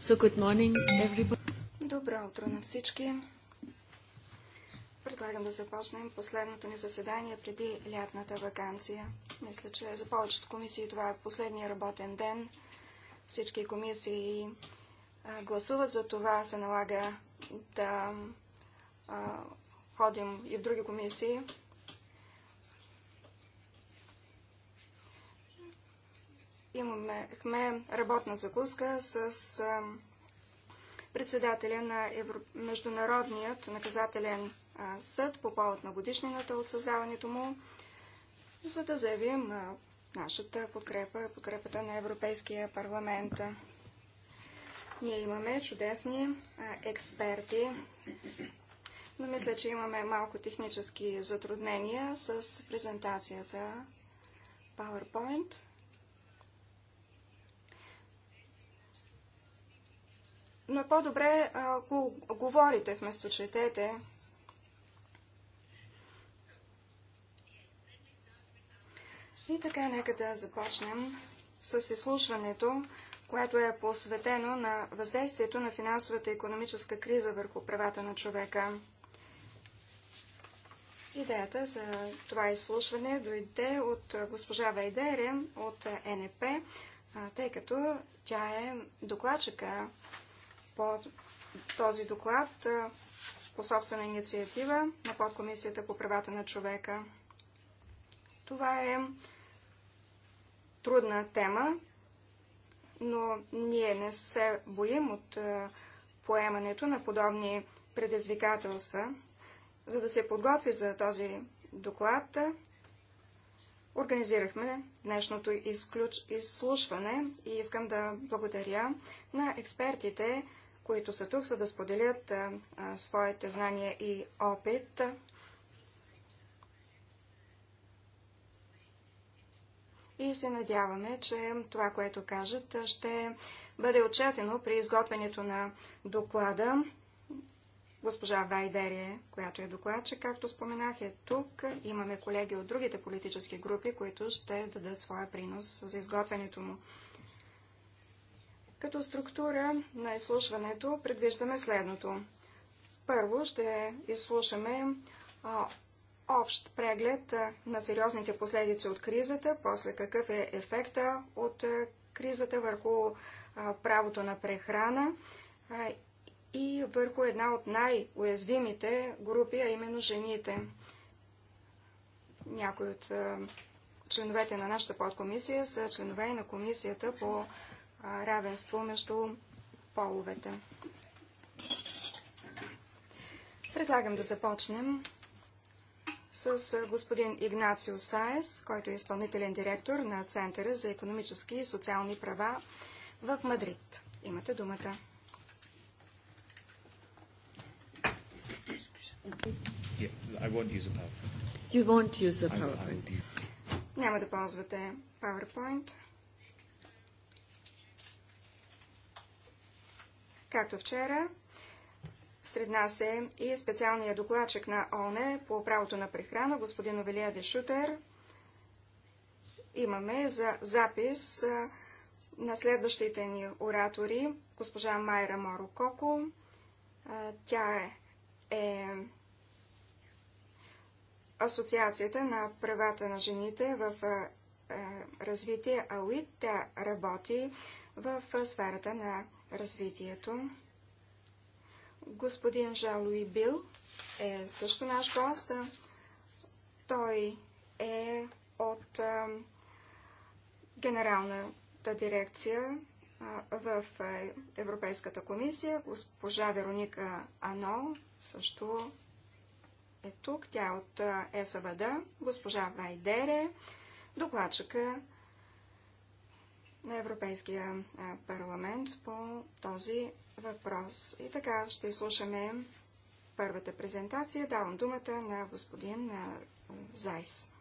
So good morning, everybody. Добро утро на всички. Предлагам да започнем последното ни заседание преди лятната вакансия. Мисля, че за повечето комисии това е последния работен ден. Всички комисии гласуват за това, се налага да ходим и в други комисии. имахме работна закуска с а, председателя на Евро... Международният наказателен а, съд по повод на годишнината от създаването му, за да заявим а, нашата подкрепа, подкрепата на Европейския парламент. Ние имаме чудесни експерти, но мисля, че имаме малко технически затруднения с презентацията PowerPoint – но е по-добре, ако говорите вместо четете. И така, нека да започнем с изслушването, което е посветено на въздействието на финансовата и економическа криза върху правата на човека. Идеята за това изслушване дойде от госпожа Вайдере от е НП, тъй като тя е докладчика по този доклад по собствена инициатива на подкомисията по правата на човека. Това е трудна тема, но ние не се боим от поемането на подобни предизвикателства. За да се подготви за този доклад, организирахме днешното изслушване и искам да благодаря на експертите които са тук, за да споделят своите знания и опит. И се надяваме, че това, което кажат, ще бъде отчетено при изготвянето на доклада. Госпожа Вайдерие, която е докладче, както споменах, е тук. Имаме колеги от другите политически групи, които ще дадат своя принос за изготвянето му. Като структура на изслушването предвиждаме следното. Първо ще изслушаме а, общ преглед а, на сериозните последици от кризата, после какъв е ефекта от а, кризата върху правото на прехрана и върху една от най-уязвимите групи, а именно жените. Някои от членовете на нашата подкомисия са членове на комисията по равенство между половете. Предлагам да започнем с господин Игнацио Саес, който е изпълнителен директор на Центъра за економически и социални права в Мадрид. Имате думата. Няма да ползвате PowerPoint. Както вчера, сред нас е и специалният докладчик на ОНЕ по правото на прехрана, господин Овелия Дешутер. Имаме за запис на следващите ни оратори госпожа Майра Морококо. Тя е, е Асоциацията на правата на жените в е, развитие АУИТ. Тя работи в сферата на развитието. Господин Жалуи Бил е също наш гост. Той е от а, генералната дирекция в Европейската комисия. Госпожа Вероника Ано също е тук. Тя е от СВД. Госпожа Вайдере, докладчика на Европейския парламент по този въпрос. И така ще изслушаме първата презентация. Давам думата на господин Зайс.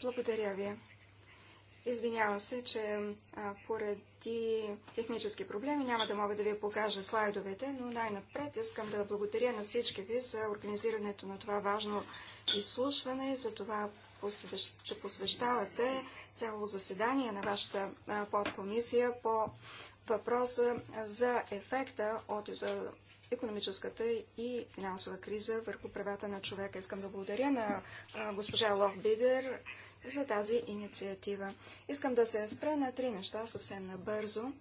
Благодаря ви. Извинявам се, че поради технически проблеми няма да мога да ви покажа слайдовете, но най-напред искам да благодаря на всички ви за организирането на това важно изслушване, за това посвещ... че посвещавате цяло заседание на вашата подкомисия по въпроса за ефекта от економическата и финансова криза върху правата на човека. Искам да благодаря на госпожа Лох Бидер за тази инициатива. Искам да се спра на три неща съвсем набързо,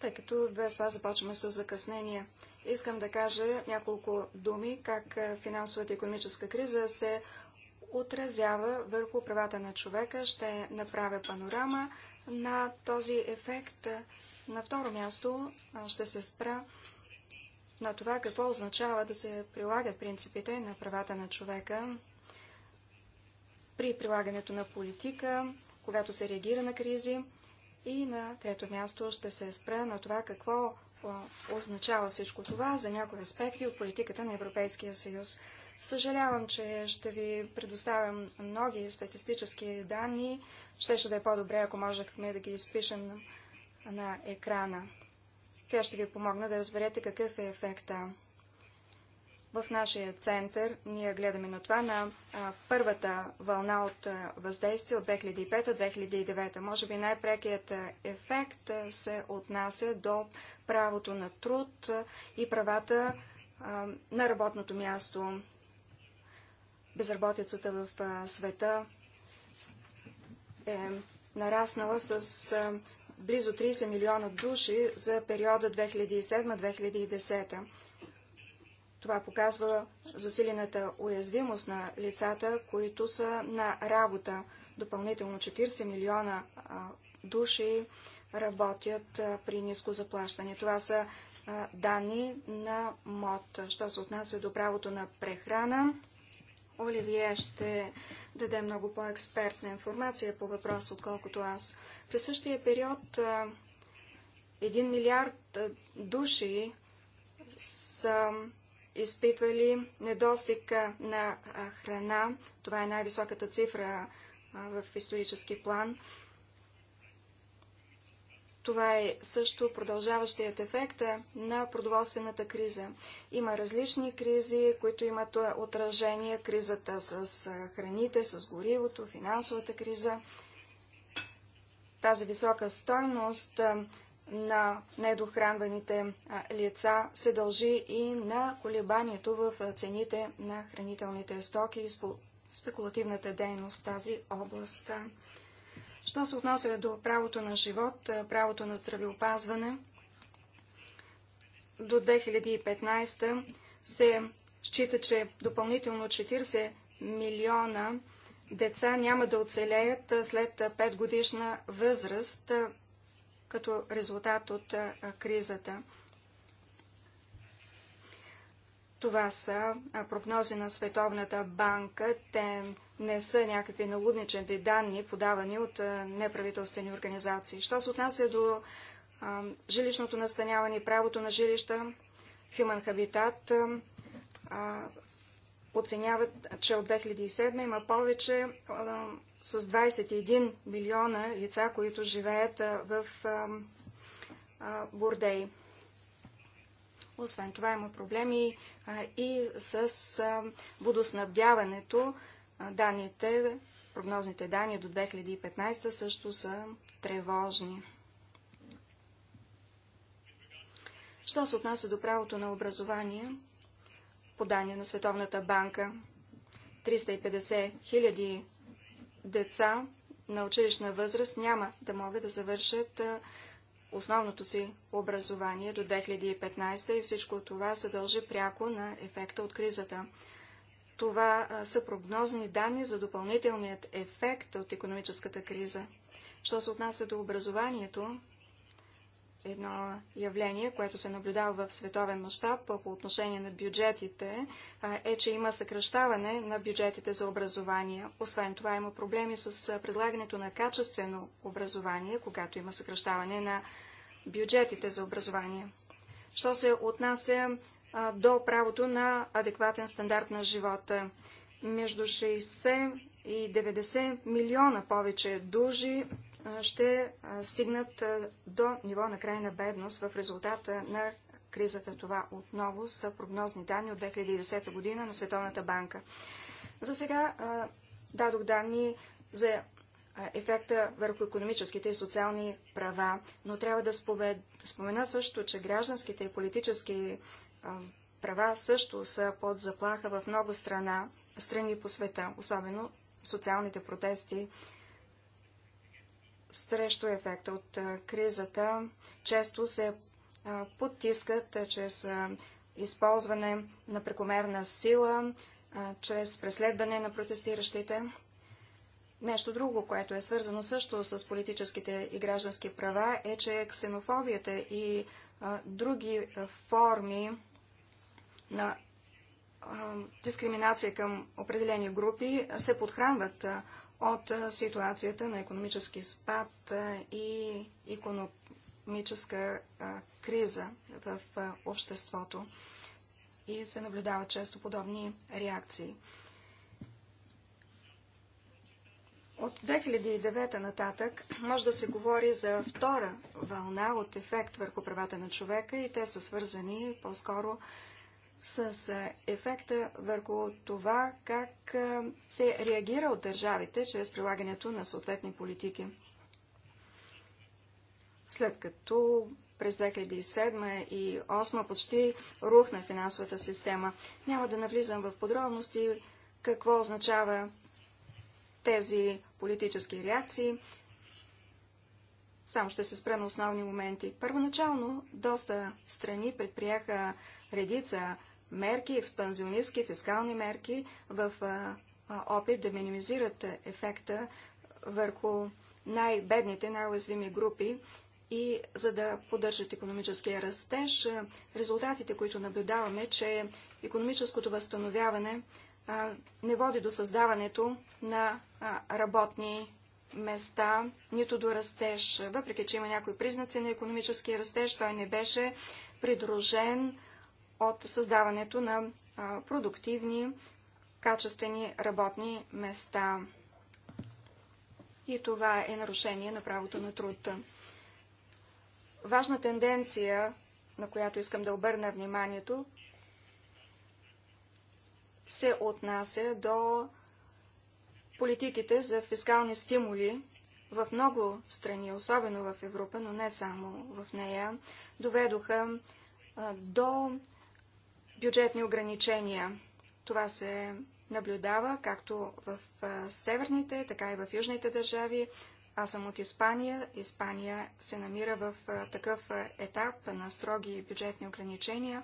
тъй като без това започваме с закъснение. Искам да кажа няколко думи как финансовата и економическа криза се отразява върху правата на човека. Ще направя панорама на този ефект. На второ място ще се спра на това какво означава да се прилагат принципите на правата на човека при прилагането на политика, когато се реагира на кризи. И на трето място ще се спра на това какво означава всичко това за някои аспекти от политиката на Европейския съюз. Съжалявам, че ще ви предоставям многи статистически данни. Щеше да е по-добре, ако можехме да ги изпишем на екрана. Тя ще ви помогна да разберете какъв е ефекта. В нашия център ние гледаме на това на а, първата вълна от въздействие от 2005-2009. Може би най-прекият ефект се отнася до правото на труд и правата на работното място. Безработицата в света е нараснала с близо 30 милиона души за периода 2007-2010. Това показва засилената уязвимост на лицата, които са на работа. Допълнително 40 милиона души работят при ниско заплащане. Това са данни на МОД. Що се отнася до правото на прехрана, Оливие ще даде много по-експертна информация по въпрос, отколкото аз. През същия период 1 милиард души са изпитвали недостиг на храна. Това е най-високата цифра в исторически план. Това е също продължаващият ефект на продоволствената криза. Има различни кризи, които имат отражение. Кризата с храните, с горивото, финансовата криза. Тази висока стойност на недохранваните лица се дължи и на колебанието в цените на хранителните стоки и спекулативната дейност в тази област. Що се отнася до правото на живот, правото на здравеопазване, до 2015 се счита, че допълнително 40 милиона деца няма да оцелеят след 5 годишна възраст като резултат от кризата. Това са прогнози на Световната банка. Те не са някакви налудничени данни, подавани от неправителствени организации. Що се отнася до жилищното настаняване и правото на жилища, Human Habitat оценяват, че от 2007 има повече с 21 милиона лица, които живеят в бордеи. Освен това има проблеми и с водоснабдяването. Даните, прогнозните данни до 2015 също са тревожни. Що се отнася до правото на образование, по данни на Световната банка, 350 хиляди деца на училищна възраст няма да могат да завършат основното си образование до 2015 и всичко това се дължи пряко на ефекта от кризата. Това са прогнозни данни за допълнителният ефект от економическата криза. Що се отнася до образованието, едно явление, което се наблюдава в световен мащаб по отношение на бюджетите, е, че има съкръщаване на бюджетите за образование. Освен това има проблеми с предлагането на качествено образование, когато има съкръщаване на бюджетите за образование. Що се отнася до правото на адекватен стандарт на живота? Между 60 и 90 милиона повече души, ще стигнат до ниво на крайна бедност в резултата на кризата. Това отново са прогнозни данни от 2010 година на Световната банка. За сега дадох данни за ефекта върху економическите и социални права, но трябва да спомена също, че гражданските и политически права също са под заплаха в много страна, страни по света, особено социалните протести срещу ефекта от кризата често се подтискат чрез използване на прекомерна сила, чрез преследване на протестиращите. Нещо друго, което е свързано също с политическите и граждански права, е, че ксенофобията и а, други а, форми на а, дискриминация към определени групи се подхранват от ситуацията на економически спад и економическа криза в обществото. И се наблюдават често подобни реакции. От 2009 нататък може да се говори за втора вълна от ефект върху правата на човека и те са свързани по-скоро с ефекта върху това как се реагира от държавите чрез прилагането на съответни политики. След като през 2007 и 2008 почти рухна финансовата система, няма да навлизам в подробности какво означава тези политически реакции. Само ще се спра на основни моменти. Първоначално доста страни предприяха редица мерки, експанзионистски фискални мерки в опит да минимизират ефекта върху най-бедните, най-уязвими групи и за да поддържат економическия растеж. Резултатите, които наблюдаваме, че економическото възстановяване не води до създаването на работни места, нито до растеж. Въпреки, че има някои признаци на економическия растеж, той не беше придружен от създаването на продуктивни, качествени работни места. И това е нарушение на правото на труд. Важна тенденция, на която искам да обърна вниманието, се отнася до политиките за фискални стимули в много страни, особено в Европа, но не само в нея, доведоха до бюджетни ограничения. Това се наблюдава както в северните, така и в южните държави. Аз съм от Испания. Испания се намира в такъв етап на строги бюджетни ограничения,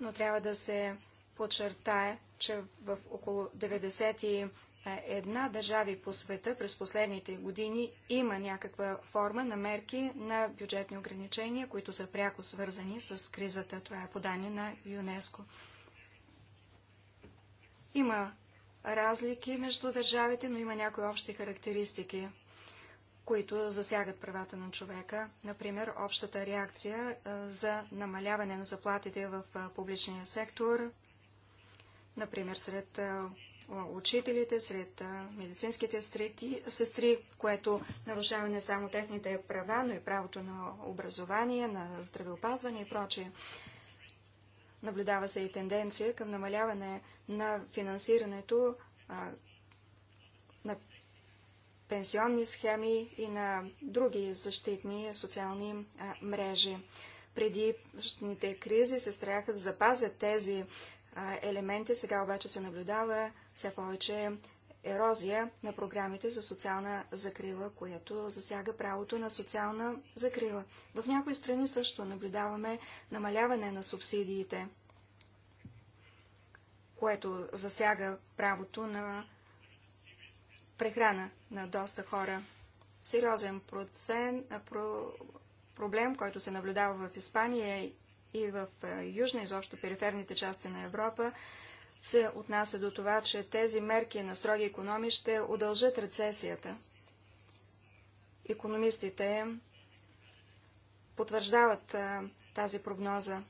но трябва да се подчертае, че в около 90 е, една държави по света през последните години има някаква форма на мерки на бюджетни ограничения, които са пряко свързани с кризата. Това е подание на ЮНЕСКО. Има разлики между държавите, но има някои общи характеристики, които засягат правата на човека. Например, общата реакция е, за намаляване на заплатите в е, публичния сектор, например, сред учителите, сред медицинските сестри, което нарушава не само техните права, но и правото на образование, на здравеопазване и прочее. Наблюдава се и тенденция към намаляване на финансирането на пенсионни схеми и на други защитни социални мрежи. Преди кризи се страяха да запазят тези елементи, сега обаче се наблюдава все повече ерозия на програмите за социална закрила, което засяга правото на социална закрила. В някои страни също наблюдаваме намаляване на субсидиите, което засяга правото на прехрана на доста хора. Сериозен процент, про, проблем, който се наблюдава в Испания и в е, южна, изобщо периферните части на Европа, се отнася до това, че тези мерки на строги економи ще удължат рецесията. Економистите потвърждават тази прогноза.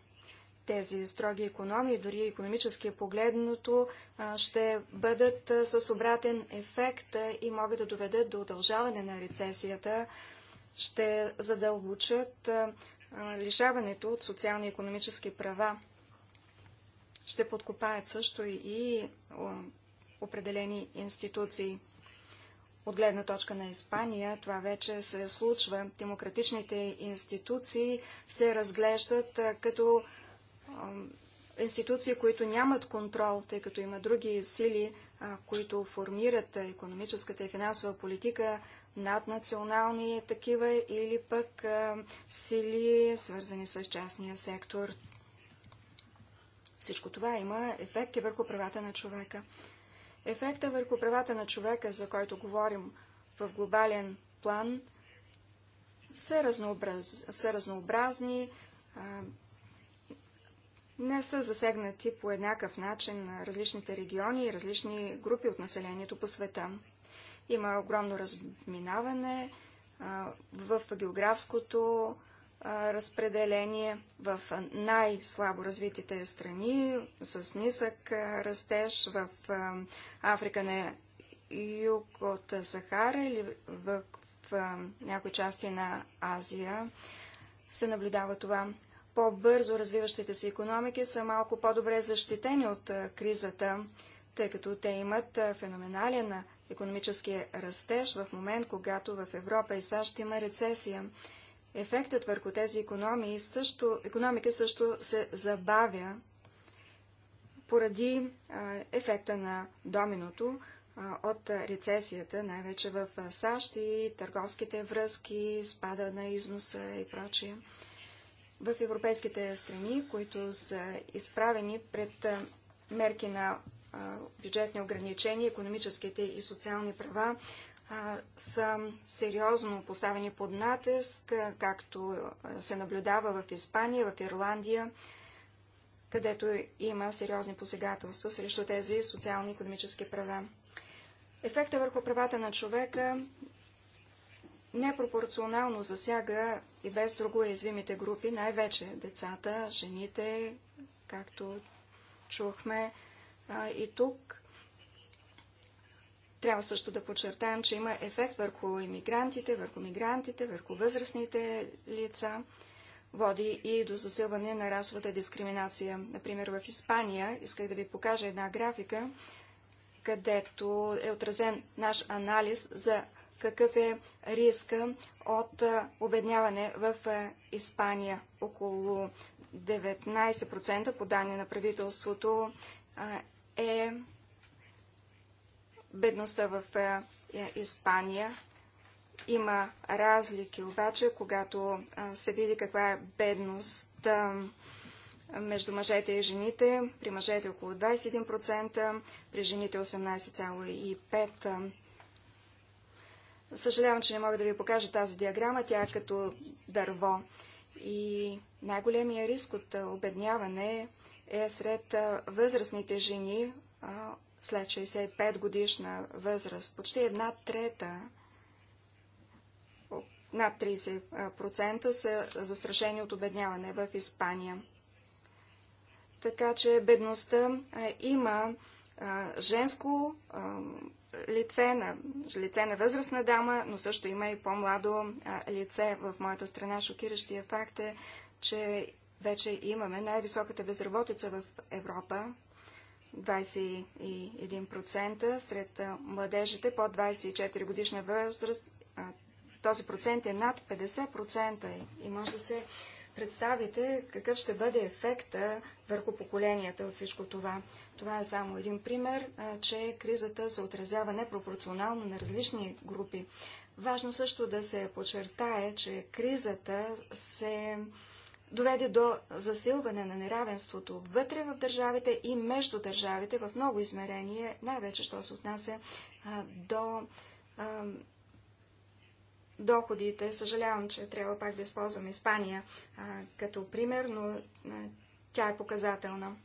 Тези строги економии, дори економически погледното, ще бъдат с обратен ефект и могат да доведат до удължаване на рецесията, ще задълбочат лишаването от социални и економически права ще подкопаят също и определени институции. От гледна точка на Испания това вече се случва. Демократичните институции се разглеждат като институции, които нямат контрол, тъй като има други сили, които формират економическата и финансова политика, наднационални такива или пък сили, свързани с частния сектор. Всичко това има ефекти върху правата на човека. Ефекта върху правата на човека, за който говорим в глобален план, са, разнообраз... са разнообразни, а... не са засегнати по еднакъв начин на различните региони и различни групи от населението по света. Има огромно разминаване а... в географското разпределение в най-слабо развитите страни, с нисък растеж в Африка на юг от Сахара или в, в някои части на Азия се наблюдава това. По-бързо развиващите се економики са малко по-добре защитени от кризата, тъй като те имат феноменален економически растеж в момент, когато в Европа и САЩ има рецесия ефектът върху тези економии също, економики също се забавя поради ефекта на доминото от рецесията, най-вече в САЩ и търговските връзки, спада на износа и прочие. В европейските страни, които са изправени пред мерки на бюджетни ограничения, економическите и социални права са сериозно поставени под натиск, както се наблюдава в Испания, в Ирландия, където има сериозни посегателства срещу тези социални и економически права. Ефекта върху правата на човека непропорционално засяга и без друго уязвимите групи, най-вече децата, жените, както чухме и тук. Трябва също да подчертаем, че има ефект върху иммигрантите, върху мигрантите, върху възрастните лица. Води и до засилване на расовата дискриминация. Например, в Испания, исках да ви покажа една графика, където е отразен наш анализ за какъв е риска от обедняване в Испания. Около 19% по данни на правителството е бедността в е, е, Испания. Има разлики обаче, когато е, се види каква е бедност между мъжете и жените. При мъжете около 21%, при жените 18,5%. Съжалявам, че не мога да ви покажа тази диаграма. Тя е като дърво. И най-големия риск от обедняване е сред възрастните жени след 65 годишна възраст. Почти една трета, над 30% са застрашени от обедняване в Испания. Така че бедността има женско лице, на, лице на възрастна дама, но също има и по-младо лице в моята страна. Шокиращия факт е, че вече имаме най-високата безработица в Европа, 21% сред младежите под 24 годишна възраст. Този процент е над 50% и може да се представите какъв ще бъде ефекта върху поколенията от всичко това. Това е само един пример, че кризата се отразява непропорционално на различни групи. Важно също да се подчертае, че кризата се доведе до засилване на неравенството вътре в държавите и между държавите в много измерение, най-вече, що се отнася а, до а, доходите. Съжалявам, че трябва пак да използвам Испания а, като пример, но а, тя е показателна.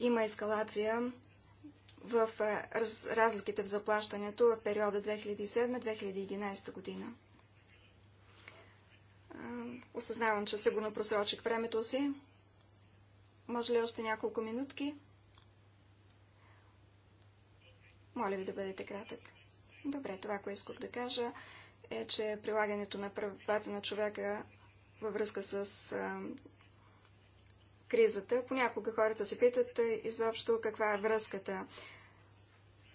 Има ескалация в а, раз, разликите в заплащането в периода 2007-2011 година осъзнавам, че сигурно просрочих времето си. Може ли още няколко минутки? Моля ви да бъдете кратък. Добре, това, което исках да кажа, е, че прилагането на правата на човека във връзка с а, кризата, понякога хората се питат изобщо каква е връзката.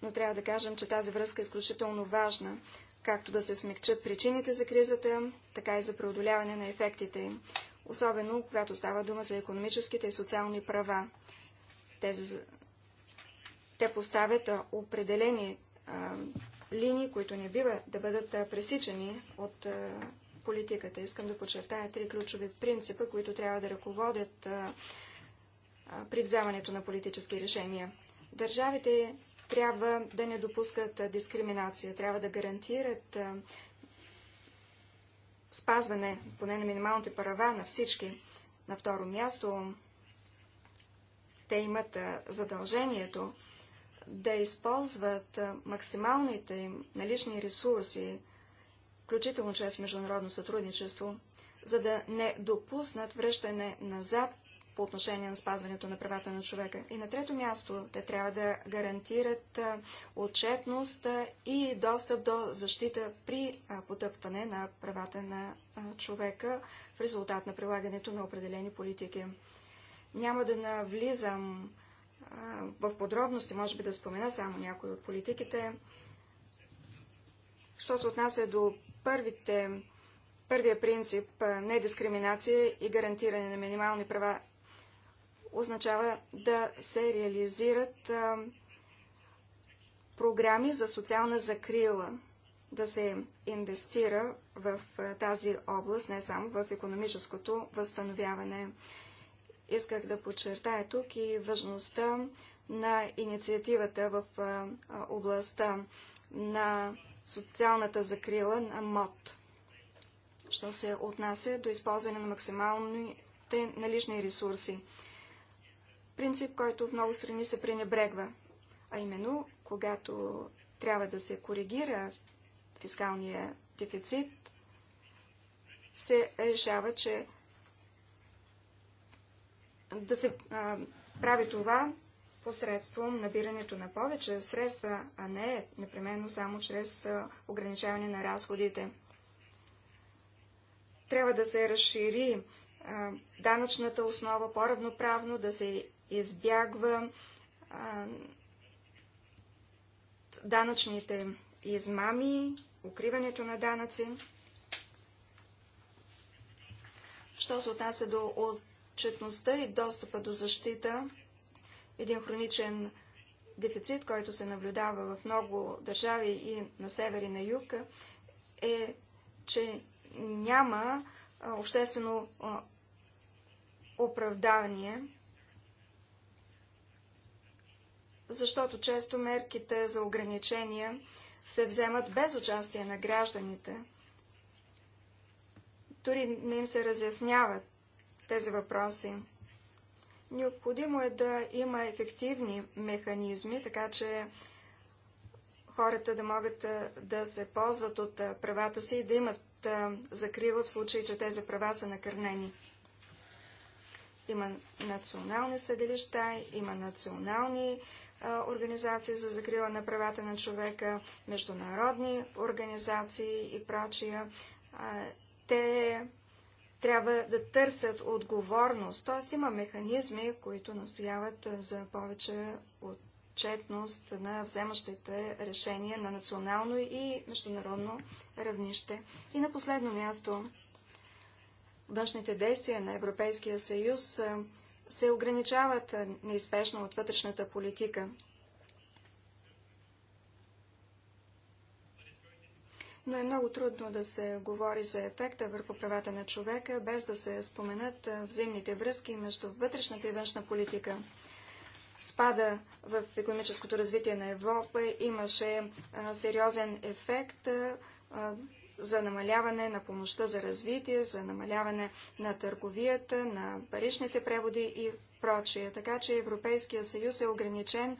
Но трябва да кажем, че тази връзка е изключително важна, както да се смекчат причините за кризата, така и за преодоляване на ефектите им, особено когато става дума за економическите и социални права. Тези, те поставят определени а, линии, които не бива да бъдат пресичани от а, политиката. Искам да подчертая три ключови принципа, които трябва да ръководят а, при вземането на политически решения. Държавите трябва да не допускат дискриминация, трябва да гарантират спазване поне на минималните права на всички. На второ място, те имат задължението да използват максималните им налични ресурси, включително чрез международно сътрудничество, за да не допуснат връщане назад по отношение на спазването на правата на човека. И на трето място, те трябва да гарантират отчетност и достъп до защита при потъпване на правата на човека в резултат на прилагането на определени политики. Няма да навлизам в подробности, може би да спомена само някои от политиките. Що се отнася до първите Първия принцип – недискриминация и гарантиране на минимални права означава да се реализират а, програми за социална закрила, да се инвестира в а, тази област, не само в економическото възстановяване. Исках да подчертая тук и важността на инициативата в а, областта на социалната закрила на МОД, що се отнася до използване на максималните налични ресурси принцип, който в много страни се пренебрегва. А именно, когато трябва да се коригира фискалния дефицит, се решава, че да се а, прави това посредством набирането на повече средства, а не непременно само чрез а, ограничаване на разходите. Трябва да се разшири а, данъчната основа по-равноправно, да се избягва а, данъчните измами, укриването на данъци. Що се отнася до отчетността и достъпа до защита, един хроничен дефицит, който се наблюдава в много държави и на север и на юг, е, че няма обществено оправдание защото често мерките за ограничения се вземат без участие на гражданите. Дори не им се разясняват тези въпроси. Необходимо е да има ефективни механизми, така че хората да могат да се ползват от правата си и да имат закрила в случай, че тези права са накърнени. Има национални съдилища, има национални организации за закрила на правата на човека, международни организации и прочия. Те трябва да търсят отговорност, т.е. има механизми, които настояват за повече отчетност на вземащите решения на национално и международно равнище. И на последно място, външните действия на Европейския съюз се ограничават неизбежно от вътрешната политика. Но е много трудно да се говори за ефекта върху правата на човека, без да се споменат взаимните връзки между вътрешната и външна политика. Спада в економическото развитие на Европа имаше сериозен ефект за намаляване на помощта за развитие, за намаляване на търговията, на паричните преводи и прочие. Така че Европейския съюз е ограничен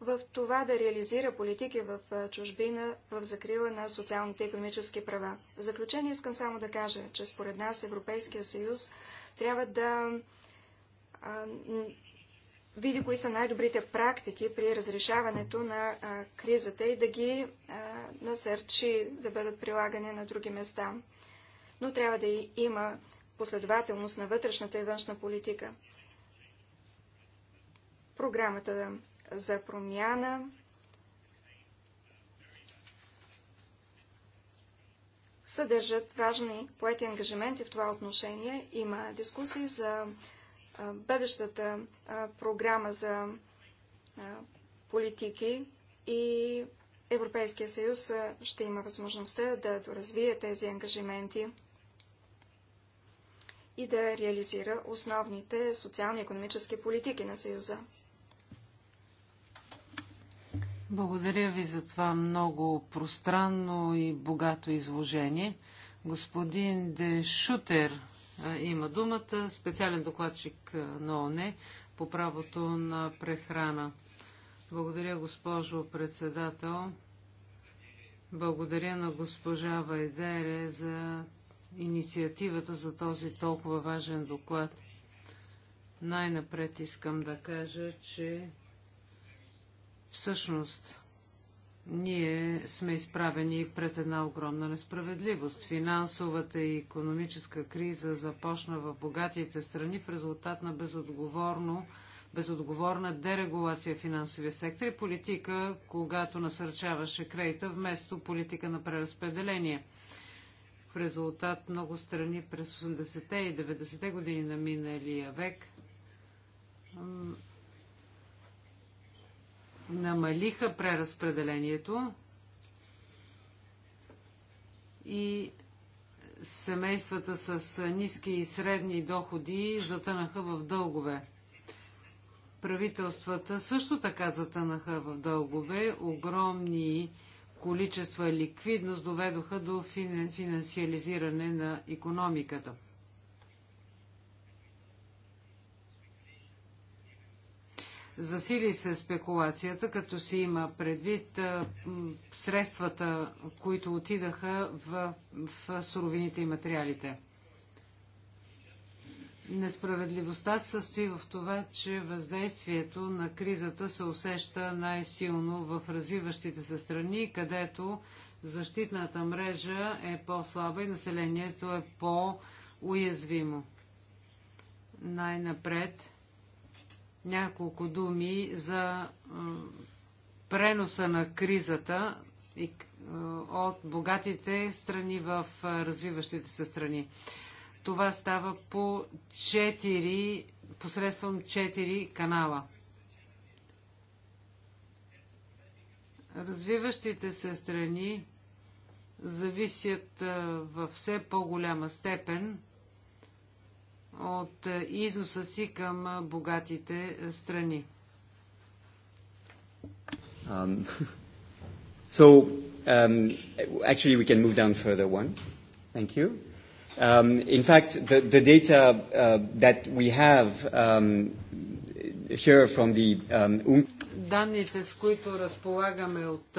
в това да реализира политики в чужбина в закрила на социалните и економически права. В заключение искам само да кажа, че според нас Европейския съюз трябва да а, види кои са най-добрите практики при разрешаването на а, кризата и да ги а, насърчи да бъдат прилагани на други места. Но трябва да има последователност на вътрешната и външна политика. Програмата за промяна съдържат важни поети ангажименти в това отношение. Има дискусии за бъдещата програма за политики и Европейския съюз ще има възможността да доразвие тези ангажименти и да реализира основните социално-економически политики на Съюза. Благодаря ви за това много пространно и богато изложение. Господин Де Шутер има думата, специален докладчик на ОНЕ по правото на прехрана. Благодаря, госпожо председател. Благодаря на госпожа Вайдере за инициативата за този толкова важен доклад. Най-напред искам да кажа, че всъщност ние сме изправени пред една огромна несправедливост. Финансовата и економическа криза започна в богатите страни в резултат на безотговорно безотговорна дерегулация в финансовия сектор и политика, когато насърчаваше кредита вместо политика на преразпределение. В резултат много страни през 80-те и 90-те години на миналия век намалиха преразпределението и семействата с ниски и средни доходи затънаха в дългове. Правителствата също така затънаха в дългове. Огромни количества ликвидност доведоха до финансиализиране на економиката. Засили се спекулацията, като се има предвид средствата, които отидаха в, в суровините и материалите. Несправедливостта състои в това, че въздействието на кризата се усеща най-силно в развиващите се страни, където защитната мрежа е по-слаба и населението е по-уязвимо. Най-напред няколко думи за преноса на кризата от богатите страни в развиващите се страни. Това става по 4, посредством 4 канала. Развиващите се страни зависят във все по-голяма степен от износа си към богатите страни. Um, so, um, actually we can move down further one. Thank you. Um, in fact, the, the data uh, that we have um, here from the um, Данните, с които разполагаме от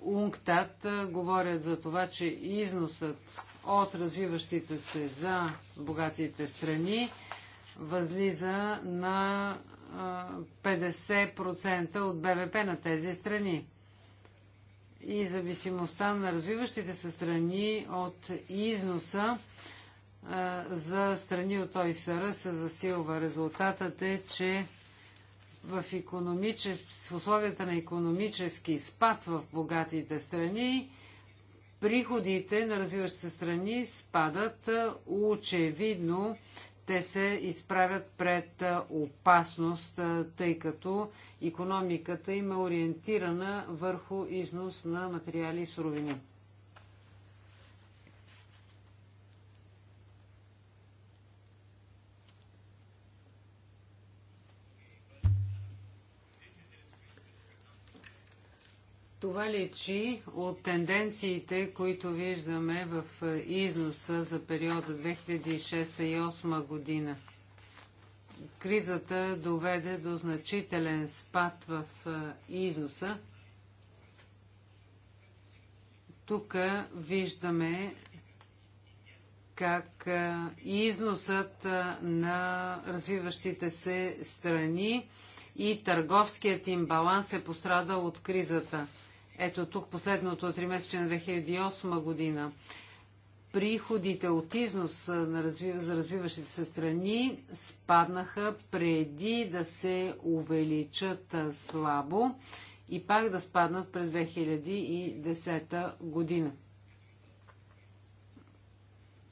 УНКТАТ, говорят за това, че износът от развиващите се за богатите страни възлиза на 50% от БВП на тези страни и зависимостта на развиващите се страни от износа за страни от ОИСР се засилва. Резултатът е, че в, економичес... в условията на економически спад в богатите страни, приходите на развиващите страни спадат очевидно те се изправят пред опасност, тъй като економиката им е ориентирана върху износ на материали и суровини. Това лечи от тенденциите, които виждаме в е, износа за периода 2006-2008 година. Кризата доведе до значителен спад в е, износа. Тук виждаме как е, износът на развиващите се страни и търговският им баланс е пострадал от кризата. Ето тук последното три месече на 2008 година. Приходите от износ на развив... за развиващите се страни спаднаха преди да се увеличат слабо и пак да спаднат през 2010 година.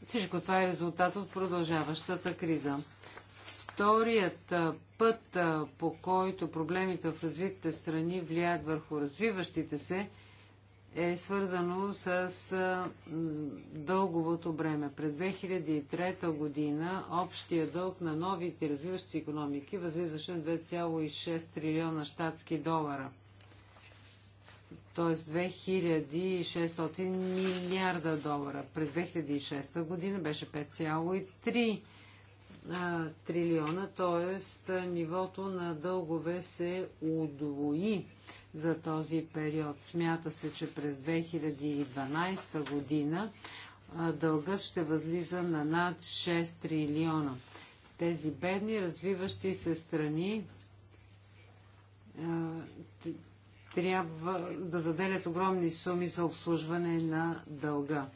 Всичко това е резултат от продължаващата криза. Вторият път, по който проблемите в развитите страни влияят върху развиващите се, е свързано с дълговото бреме. През 2003 година общия дълг на новите развиващи економики възлизаше на 2,6 трилиона щатски долара. Т.е. 2600 милиарда долара. През 2006 година беше 5,3 а, трилиона, т.е. нивото на дългове се удвои за този период. Смята се, че през 2012 година дългът ще възлиза на над 6 трилиона. Тези бедни развиващи се страни а, трябва да заделят огромни суми за обслужване на дълга.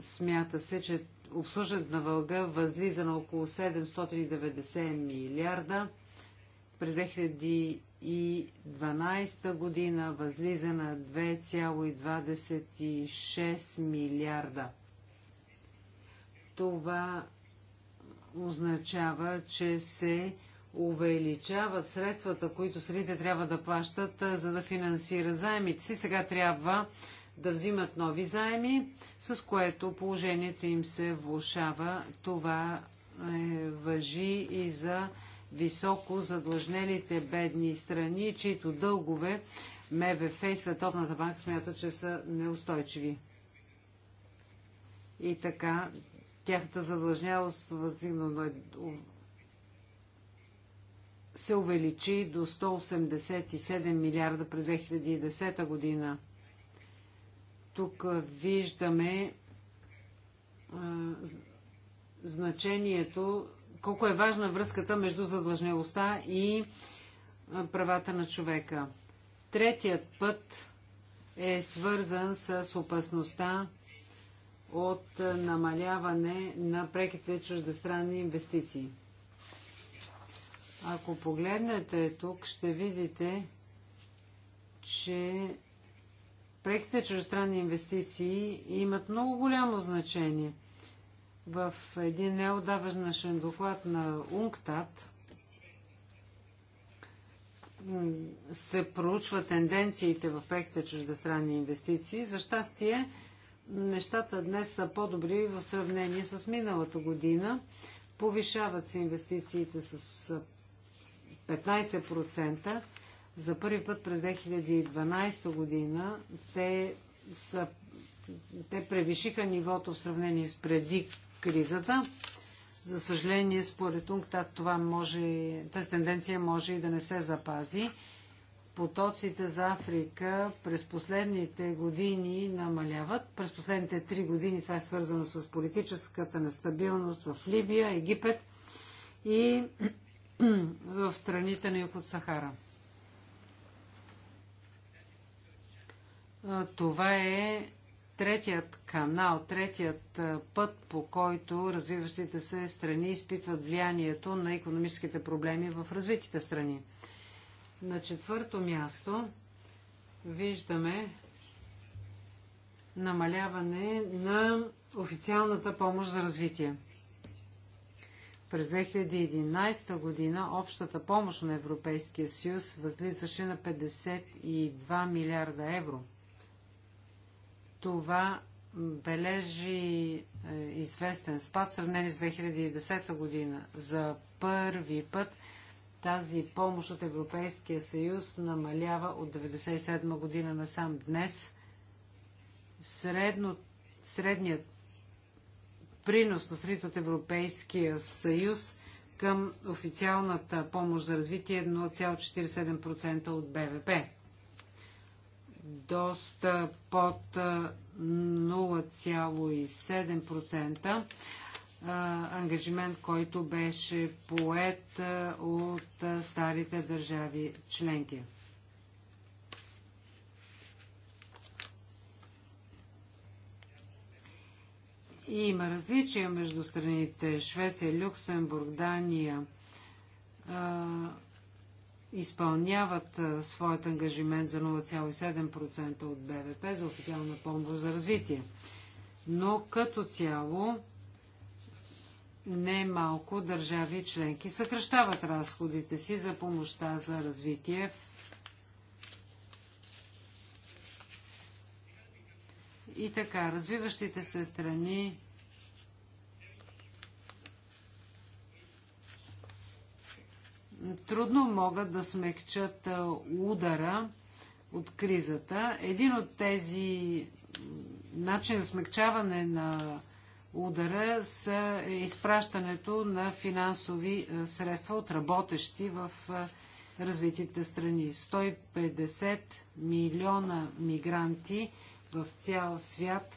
Смята се, че обслужването на вълга възлиза на около 790 милиарда. През 2012 година възлиза на 2,26 милиарда. Това означава, че се увеличават средствата, които страните трябва да плащат, за да финансира заемите си. Сега трябва да взимат нови заеми, с което положението им се влушава. Това е, въжи и за високо задлъжнелите бедни страни, чието дългове МВФ и Световната банка смятат, че са неустойчиви. И така, тяхната задлъжнялост възникна се увеличи до 187 милиарда през 2010 година. Тук виждаме а, значението, колко е важна връзката между задлъжнялостта и а, правата на човека. Третият път е свързан с опасността от намаляване на преките чуждестранни инвестиции. Ако погледнете тук, ще видите, че Преките чуждестранни инвестиции имат много голямо значение. В един неодавнашен доклад на УНКТАТ се проучва тенденциите в преките чуждестранни инвестиции. За щастие, нещата днес са по-добри в сравнение с миналата година. Повишават се инвестициите с 15%. За първи път през 2012 година те, са, те превишиха нивото в сравнение с преди кризата. За съжаление, според УНКТАД, това може, тази тенденция може и да не се запази. Потоците за Африка през последните години намаляват. През последните три години това е свързано с политическата нестабилност в Либия, Египет и в страните на юг от Сахара. Това е третият канал, третият път, по който развиващите се страни изпитват влиянието на економическите проблеми в развитите страни. На четвърто място виждаме намаляване на официалната помощ за развитие. През 2011 година общата помощ на Европейския съюз възлизаше на 52 милиарда евро – това бележи е, известен спад в сравнение с 2010 година. За първи път тази помощ от Европейския съюз намалява от 1997 година насам днес. Средно, средният принос на страните от Европейския съюз към официалната помощ за развитие е 0,47% от БВП доста под 0,7% ангажимент, който беше поет от старите държави членки. И има различия между страните Швеция, Люксембург, Дания изпълняват своят ангажимент за 0,7% от БВП за официална помощ за развитие. Но като цяло не малко държави членки съкръщават разходите си за помощта за развитие и така, развиващите се страни трудно могат да смекчат удара от кризата. Един от тези начин за смекчаване на удара са изпращането на финансови средства от работещи в развитите страни. 150 милиона мигранти в цял свят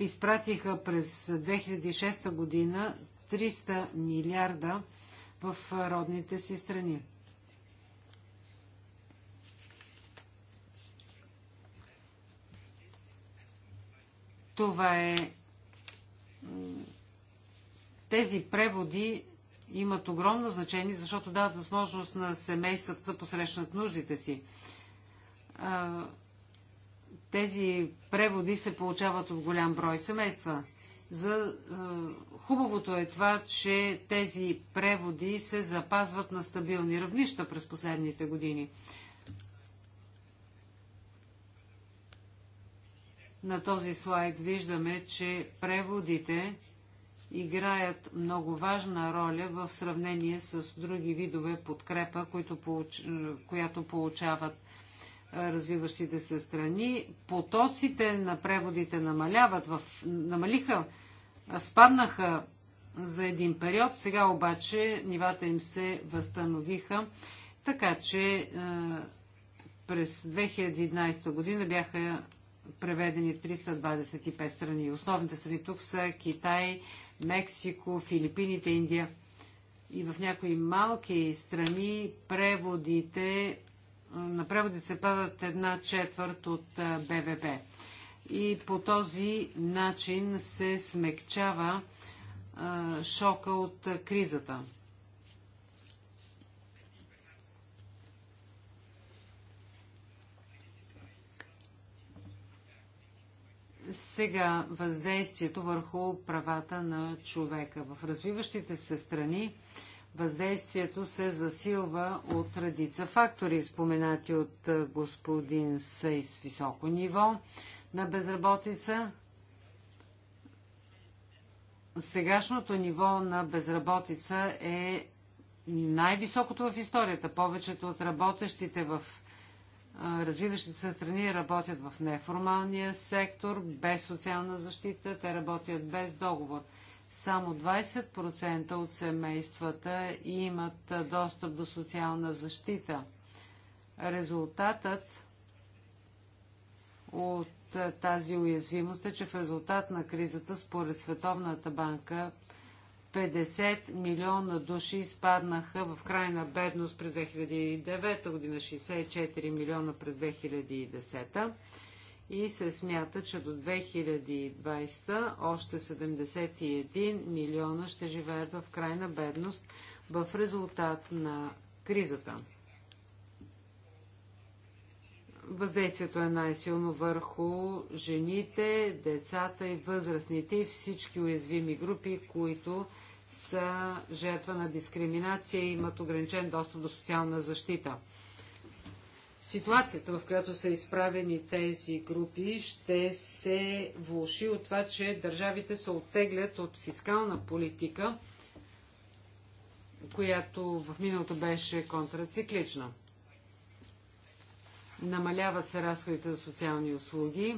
изпратиха през 2006 година 300 милиарда в родните си страни. Това е. Тези преводи имат огромно значение, защото дават възможност на семействата да посрещнат нуждите си. Тези преводи се получават от голям брой семейства. За Хубавото е това, че тези преводи се запазват на стабилни равнища през последните години. На този слайд виждаме, че преводите играят много важна роля в сравнение с други видове подкрепа, които получ... която получават развиващите се страни. Потоците на преводите намаляват в... намалиха спаднаха за един период. Сега обаче нивата им се възстановиха, така че е, през 2011 година бяха преведени 325 страни. Основните страни тук са Китай, Мексико, Филипините, Индия. И в някои малки страни преводите, е, на преводите се падат една четвърт от е, БВП и по този начин се смекчава шока от кризата. Сега въздействието върху правата на човека. В развиващите се страни въздействието се засилва от редица фактори, споменати от господин Сейс високо ниво, на безработица. Сегашното ниво на безработица е най-високото в историята. Повечето от работещите в развиващите се страни работят в неформалния сектор, без социална защита, те работят без договор. Само 20% от семействата имат достъп до социална защита. Резултатът от е, тази уязвимост е, че в резултат на кризата, според Световната банка, 50 милиона души изпаднаха в крайна бедност през 2009 година, 64 милиона през 2010 и се смята, че до 2020 още 71 милиона ще живеят в крайна бедност в резултат на кризата. Въздействието е най-силно върху жените, децата и възрастните и всички уязвими групи, които са жертва на дискриминация и имат ограничен достъп до социална защита. Ситуацията, в която са изправени тези групи, ще се влуши от това, че държавите се оттеглят от фискална политика, която в миналото беше контрациклична. Намаляват се разходите за социални услуги.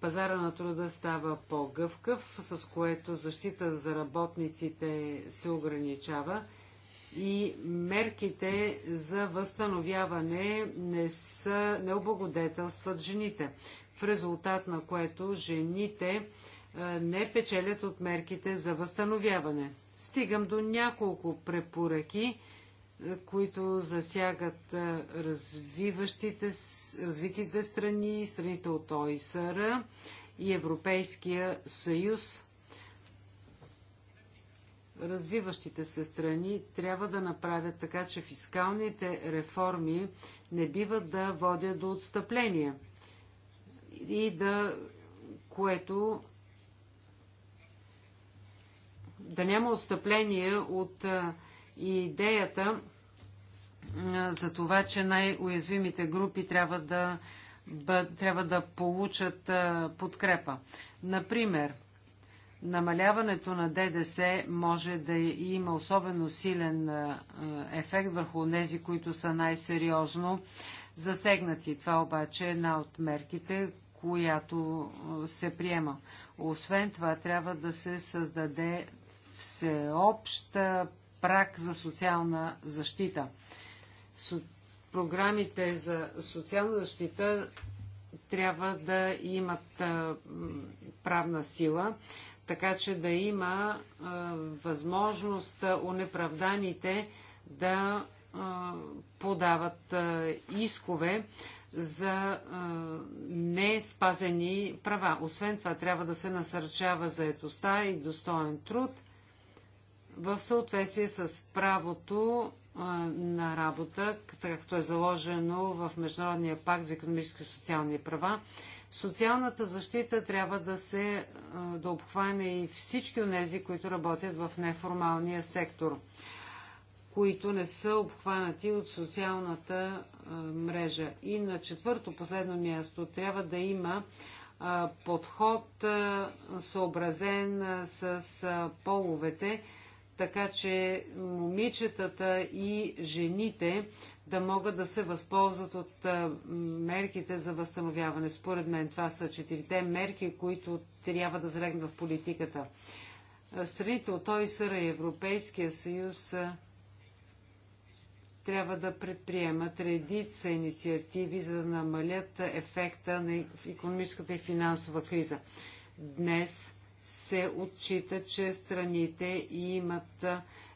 Пазара на труда става по-гъвкав, с което защита за работниците се ограничава и мерките за възстановяване не, са, не облагодетелстват жените, в резултат на което жените е, не печелят от мерките за възстановяване. Стигам до няколко препоръки, които засягат развиващите, развитите страни, страните от ОИСР и Европейския съюз. Развиващите се страни трябва да направят така, че фискалните реформи не биват да водят до отстъпления и да, което да няма отстъпление от и идеята за това, че най-уязвимите групи трябва да, трябва да получат подкрепа. Например, намаляването на ДДС може да има особено силен ефект върху тези, които са най-сериозно засегнати. Това обаче е една от мерките, която се приема. Освен това, трябва да се създаде всеобща прак за социална защита. Со... Програмите за социална защита трябва да имат а, правна сила, така че да има а, възможност у неправданите да а, подават искове за не спазени права. Освен това трябва да се насърчава заетостта и достоен труд – в съответствие с правото на работа, както е заложено в Международния пакт за економически и социални права. Социалната защита трябва да се да обхване и всички от тези, които работят в неформалния сектор, които не са обхванати от социалната мрежа. И на четвърто последно място трябва да има подход съобразен с половете, така че момичетата и жените да могат да се възползват от мерките за възстановяване. Според мен това са четирите мерки, които трябва да залегнат в политиката. Страните от ОИСР и Европейския съюз трябва да предприемат редица инициативи, за да намалят ефекта на економическата и финансова криза. Днес се отчита, че страните имат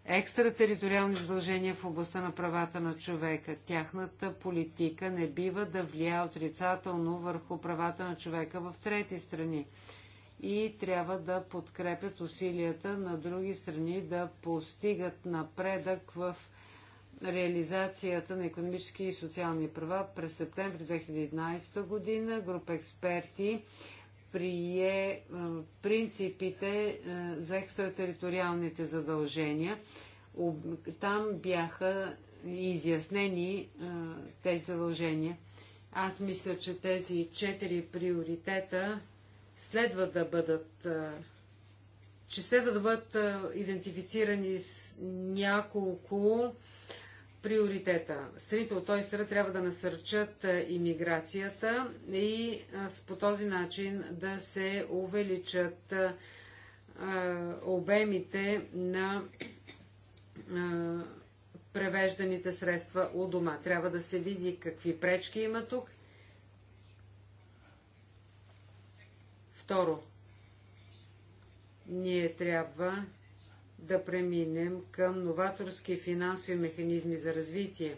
екстратериториални задължения в областта на правата на човека. Тяхната политика не бива да влияе отрицателно върху правата на човека в трети страни и трябва да подкрепят усилията на други страни да постигат напредък в реализацията на економически и социални права. През септември 2011 година група експерти прие принципите е, за екстратериториалните задължения. Там бяха изяснени е, тези задължения. Аз мисля, че тези четири приоритета следва да бъдат е, че следва да бъдат идентифицирани с няколко приоритета. Страните от сред трябва да насърчат иммиграцията и по този начин да се увеличат обемите на превежданите средства у дома. Трябва да се види какви пречки има тук. Второ, ние трябва да преминем към новаторски финансови механизми за развитие.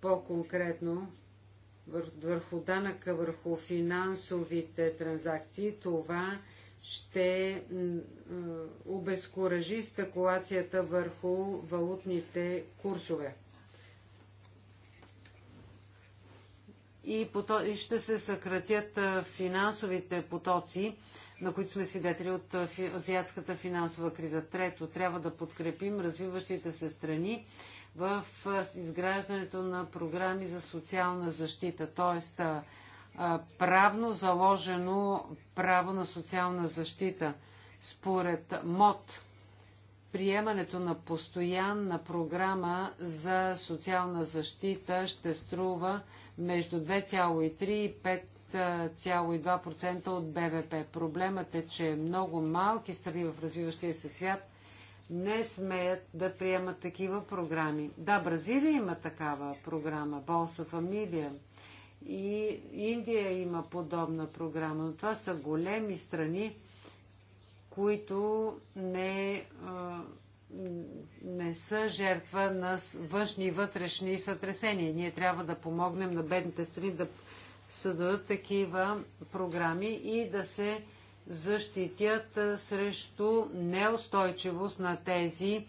По-конкретно, върху данъка върху финансовите транзакции, това ще обезкуражи спекулацията върху валутните курсове. И ще се съкратят финансовите потоци на които сме свидетели от азиатската финансова криза. Трето, трябва да подкрепим развиващите се страни в изграждането на програми за социална защита, т.е. правно заложено право на социална защита. Според МОД, приемането на постоянна програма за социална защита ще струва между 2,3 и 10,2% от БВП. Проблемът е, че много малки страни в развиващия се свят не смеят да приемат такива програми. Да, Бразилия има такава програма, Болса Фамилия. И Индия има подобна програма, но това са големи страни, които не, не са жертва на външни и вътрешни сътресения. Ние трябва да помогнем на бедните страни да създадат такива програми и да се защитят срещу неустойчивост на тези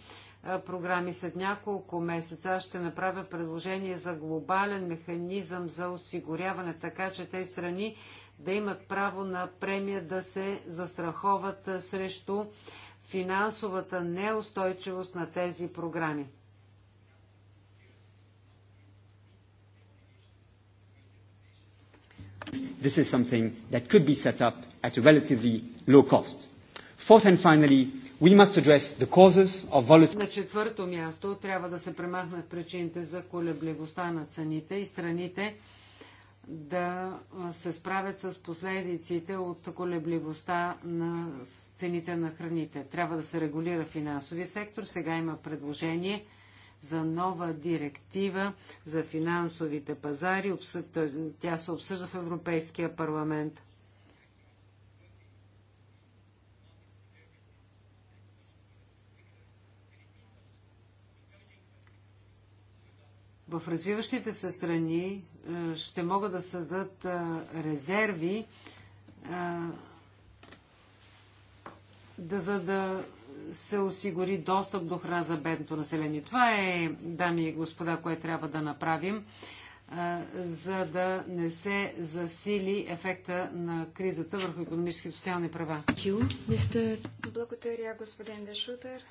програми. След няколко месеца аз ще направя предложение за глобален механизъм за осигуряване, така че тези страни да имат право на премия да се застраховат срещу финансовата неустойчивост на тези програми. This is something that could be set up at a relatively low cost. Fourth and finally, we must address the causes of volatility. На четвърто място трябва да се премахнат причините за колебливостта на цените и страните да се справят с последиците от колебливостта на цените на храните. Трябва да се регулира финансови сектор. Сега има предложение за нова директива за финансовите пазари. Тя се обсъжда в Европейския парламент. в развиващите се страни е, ще могат да създадат е, резерви, е, да, за да се осигури достъп до храна за бедното население. Това е, дами и господа, което трябва да направим, за да не се засили ефекта на кризата върху економически и социални права. Благодаря, господин Дешутер,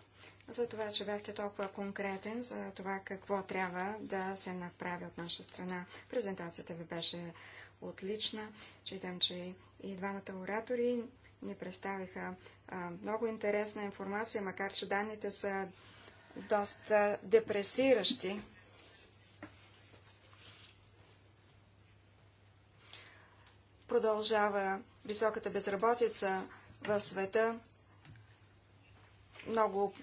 за това, че бяхте толкова конкретен за това какво трябва да се направи от наша страна. Презентацията ви беше отлична. Читам, че и двамата оратори ни представиха много интересна информация, макар че данните са доста депресиращи. Продължава високата безработица в света. Много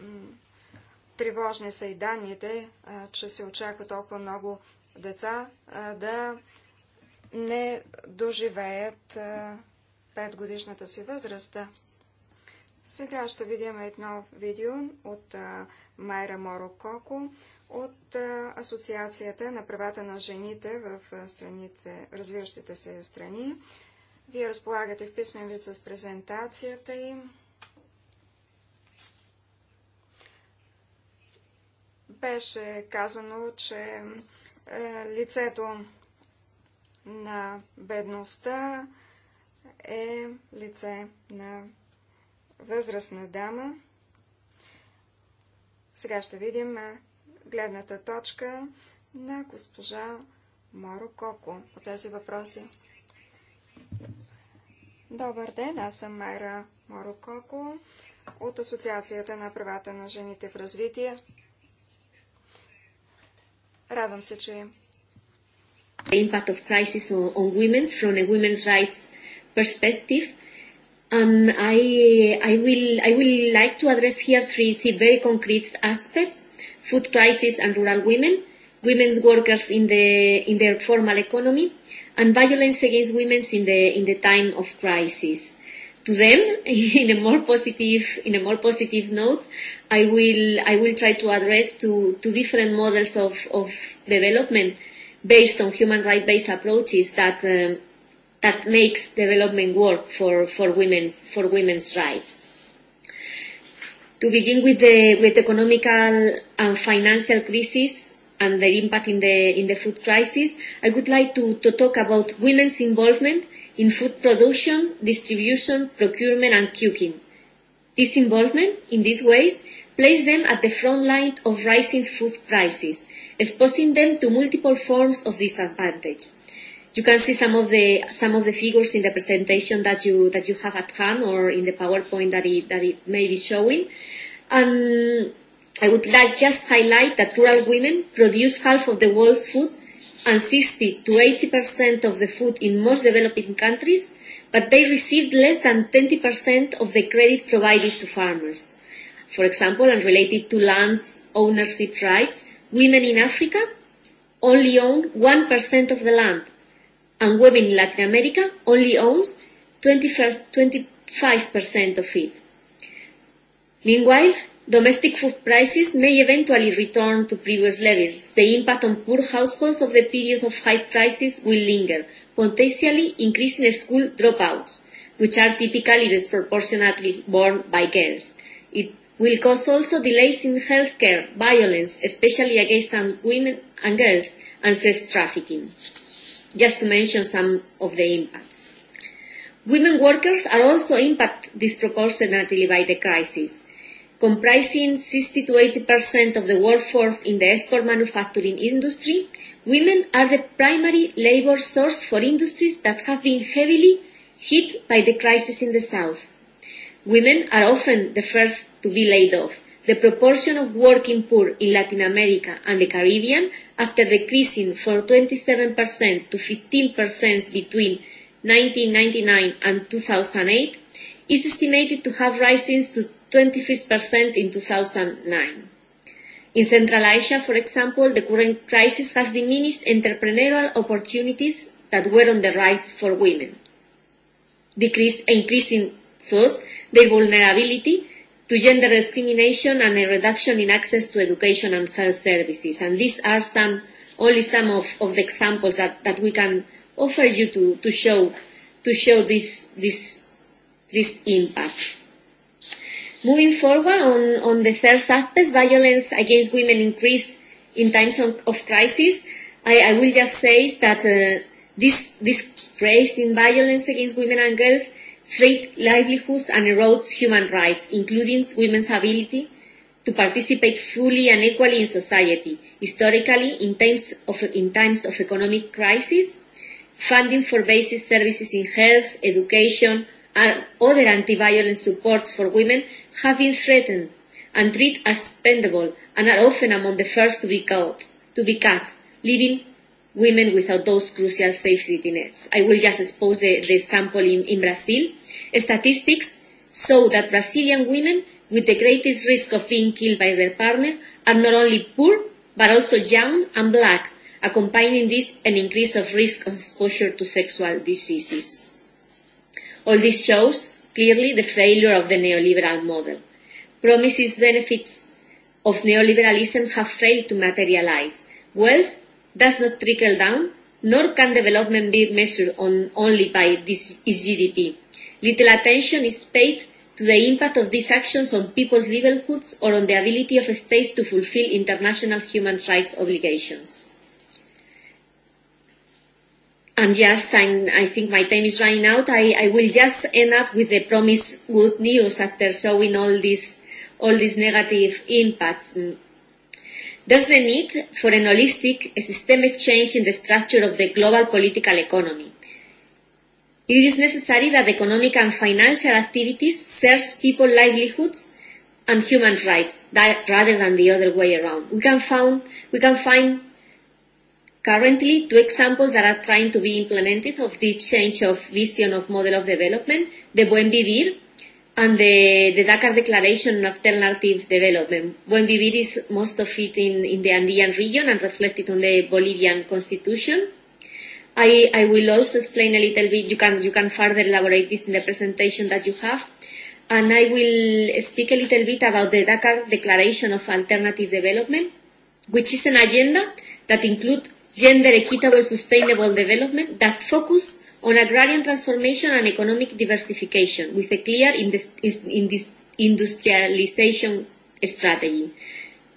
тревожни са и данните, че се очаква толкова много деца да не доживеят 5 годишната си възраст. Сега ще видим едно видео от Майра Морококо от Асоциацията на правата на жените в страните, развиващите се страни. Вие разполагате в писмен вид с презентацията им. Беше казано, че е, лицето на бедността е лице на възрастна дама. Сега ще видим гледната точка на госпожа Моро Коко по тези въпроси. Добър ден, аз съм Майра Моро Коко от Асоциацията на правата на жените в развитие. Радвам се, че... The impact of crisis on, on from a women's rights perspective. Um I, I, will, I will like to address here three, three very concrete aspects, food crisis and rural women, women's workers in the, in the formal economy, and violence against women in the, in the time of crisis. To them, in a more positive, in a more positive note, I will, I will try to address two, two different models of, of development based on human rights-based approaches that um, that makes development work for, for women's for women's rights. To begin with the with economical and financial crisis and their impact in the in the food crisis, I would like to, to talk about women's involvement in food production, distribution, procurement, and cooking. This involvement, in these ways, place them at the front line of rising food prices, exposing them to multiple forms of disadvantage You can see some of the some of the figures in the presentation that you that you have at hand or in the PowerPoint that it that it may be showing. And I would like just highlight that rural women produce half of the world's food and 60 to 80% of the food in most developing countries, but they received less than 20% of the credit provided to farmers. For example, and related to land ownership rights, women in Africa only own 1% of the land, and web in Latin America only owns 25% of it. Meanwhile, domestic food prices may eventually return to previous levels. The impact on poor households of the period of high prices will linger, potentially increasing school dropouts, which are typically disproportionately borne by girls. It will cause also delays in healthcare, violence, especially against women and girls, and sex trafficking just to mention some of the impacts. Women workers are also impacted disproportionately by the crisis, comprising 60 to 80% of the workforce in the export manufacturing industry, women are the primary labor source for industries that have been heavily hit by the crisis in the South. Women are often the first to be laid off, the proportion of working poor in Latin America and the Caribbean, after decreasing from 27% to 15% between 1999 and 2008, is estimated to have risen to 25% in 2009. In Central Asia, for example, the current crisis has diminished entrepreneurial opportunities that were on the rise for women, decreasing, increasing thus their vulnerability to gender discrimination and a reduction in access to education and health services. And these are some, only some of, of the examples that, that we can offer you to, to show, to show this, this, this impact. Moving forward on, on the first aspect, violence against women increase in times of, of crisis. I, I will just say that uh, this, this rise in violence against women and girls threat livelihoods and erodes human rights, including women's ability to participate fully and equally in society. Historically, in times of, in times of economic crisis, funding for basic services in health, education, and other anti-violence supports for women have been threatened and treated as spendable and are often among the first to be cut, to be cut leaving women without those crucial safety nets. I will just expose the, the example in, in Brazil Statistics show that Brazilian women with the greatest risk of being killed by their partner are not only poor, but also young and black, accompanying this an increase of risk of exposure to sexual diseases. All this shows clearly the failure of the neoliberal model. Promises benefits of neoliberalism have failed to materialize. Wealth does not trickle down, nor can development be measured on, only by this GDP. Little attention is paid to the impact of these actions on people's livelihoods or on the ability of states to fulfill international human rights obligations. And just, I'm, I think my time is running out. I, I will just end up with the promised good news after showing all these, all these negative impacts. There's the need for an holistic, a systemic change in the structure of the global political economy It is necessary that economic and financial activities serve people's livelihoods and human rights that, rather than the other way around. We can, found, we can find currently two examples that are trying to be implemented of this change of vision of model of development, the Buen Vivir and the, the Dakar Declaration of Alternative Development. Buen Vivir is most of it in, in the Andean region and reflected on the Bolivian constitution I, I will also explain a little bit. You can, you can further elaborate this in the presentation that you have. And I will speak a little bit about the Dakar Declaration of Alternative Development, which is an agenda that includes gender equitable sustainable development that focus on agrarian transformation and economic diversification with a clear industrialization strategy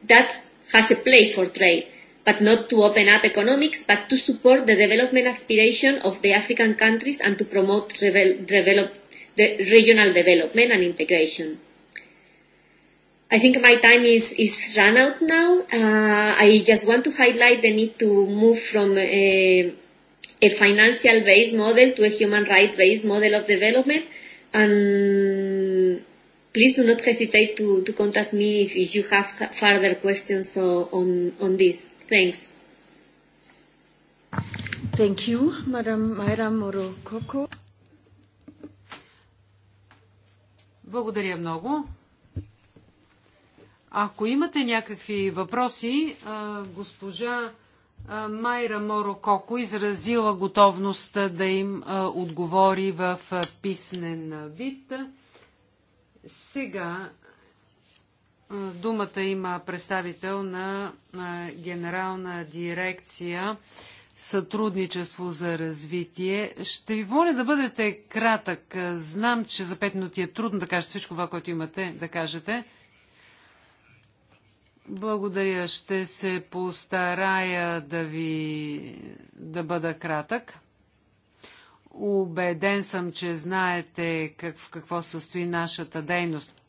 that has a place for trade but not to open up economics, but to support the development aspiration of the African countries and to promote revel- develop- the regional development and integration. I think my time is, is run out now. Uh, I just want to highlight the need to move from a, a financial based model to a human rights based model of development. And please do not hesitate to, to contact me if, if you have further questions on, on this. Thanks. Thank you, Madam Mayra Морококо. Благодаря много. Ако имате някакви въпроси, госпожа Майра Морококо изразила готовност да им отговори в писнен вид. Сега е, думата има представител на, Генерална дирекция Сътрудничество за развитие. Ще ви моля да бъдете кратък. Е, знам, че за 5 минути е трудно да кажете всичко това, което имате да кажете. Благодаря. Ще се постарая да ви да бъда кратък. Убеден съм, че знаете как, в какво състои нашата дейност.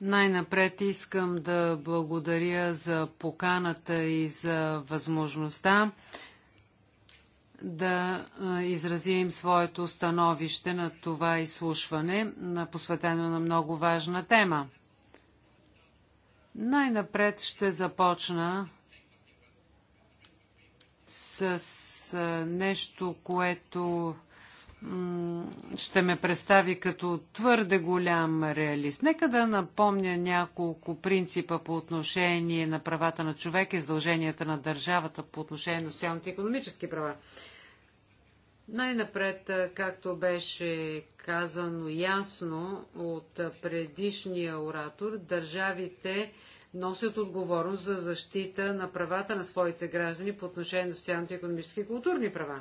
Най-напред искам да благодаря за поканата и за възможността да изразим своето становище на това изслушване, посветено на много важна тема. Най-напред ще започна с нещо, което ще ме представи като твърде голям реалист. Нека да напомня няколко принципа по отношение на правата на човека и задълженията на държавата по отношение на социалните и економически права. Най-напред, както беше казано ясно от предишния оратор, държавите носят отговорност за защита на правата на своите граждани по отношение на социалните, економически и културни права.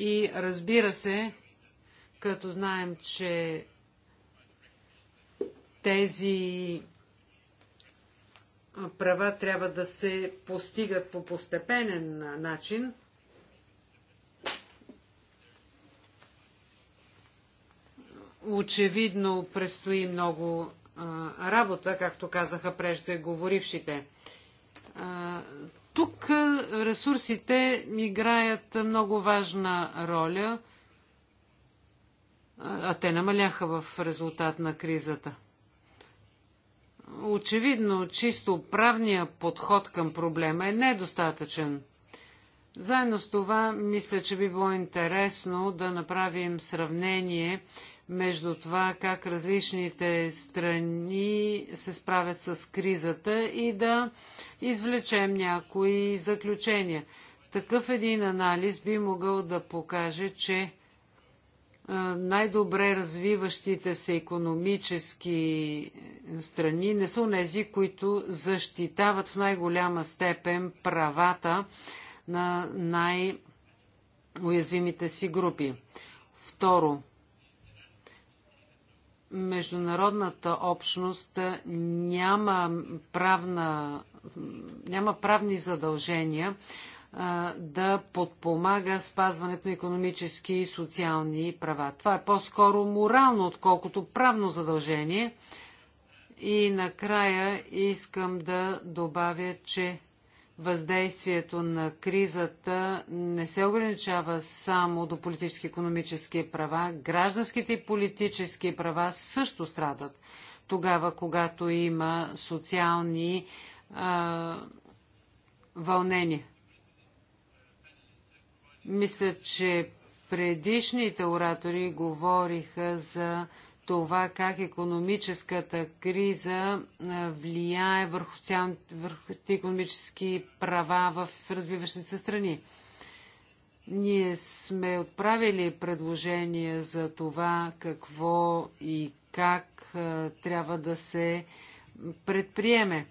И разбира се, като знаем, че тези права трябва да се постигат по постепенен начин. Очевидно предстои много а, работа, както казаха преждеговорившите. Тук ресурсите играят много важна роля, а те намаляха в резултат на кризата. Очевидно, чисто правният подход към проблема е недостатъчен. Заедно с това, мисля, че би било интересно да направим сравнение между това как различните страни се справят с кризата и да извлечем някои заключения. Такъв един анализ би могъл да покаже, че най-добре развиващите се економически страни не са тези, които защитават в най-голяма степен правата на най-уязвимите си групи. Второ, международната общност няма, правна, няма правни задължения да подпомага спазването на економически и социални права. Това е по-скоро морално, отколкото правно задължение. И накрая искам да добавя, че въздействието на кризата не се ограничава само до политически и економически права. Гражданските и политически права също страдат тогава, когато има социални а, вълнения. Мисля, че предишните оратори говориха за това как економическата криза влияе върху, цял, върху економически права в развиващите се страни. Ние сме отправили предложения за това какво и как трябва да се предприеме.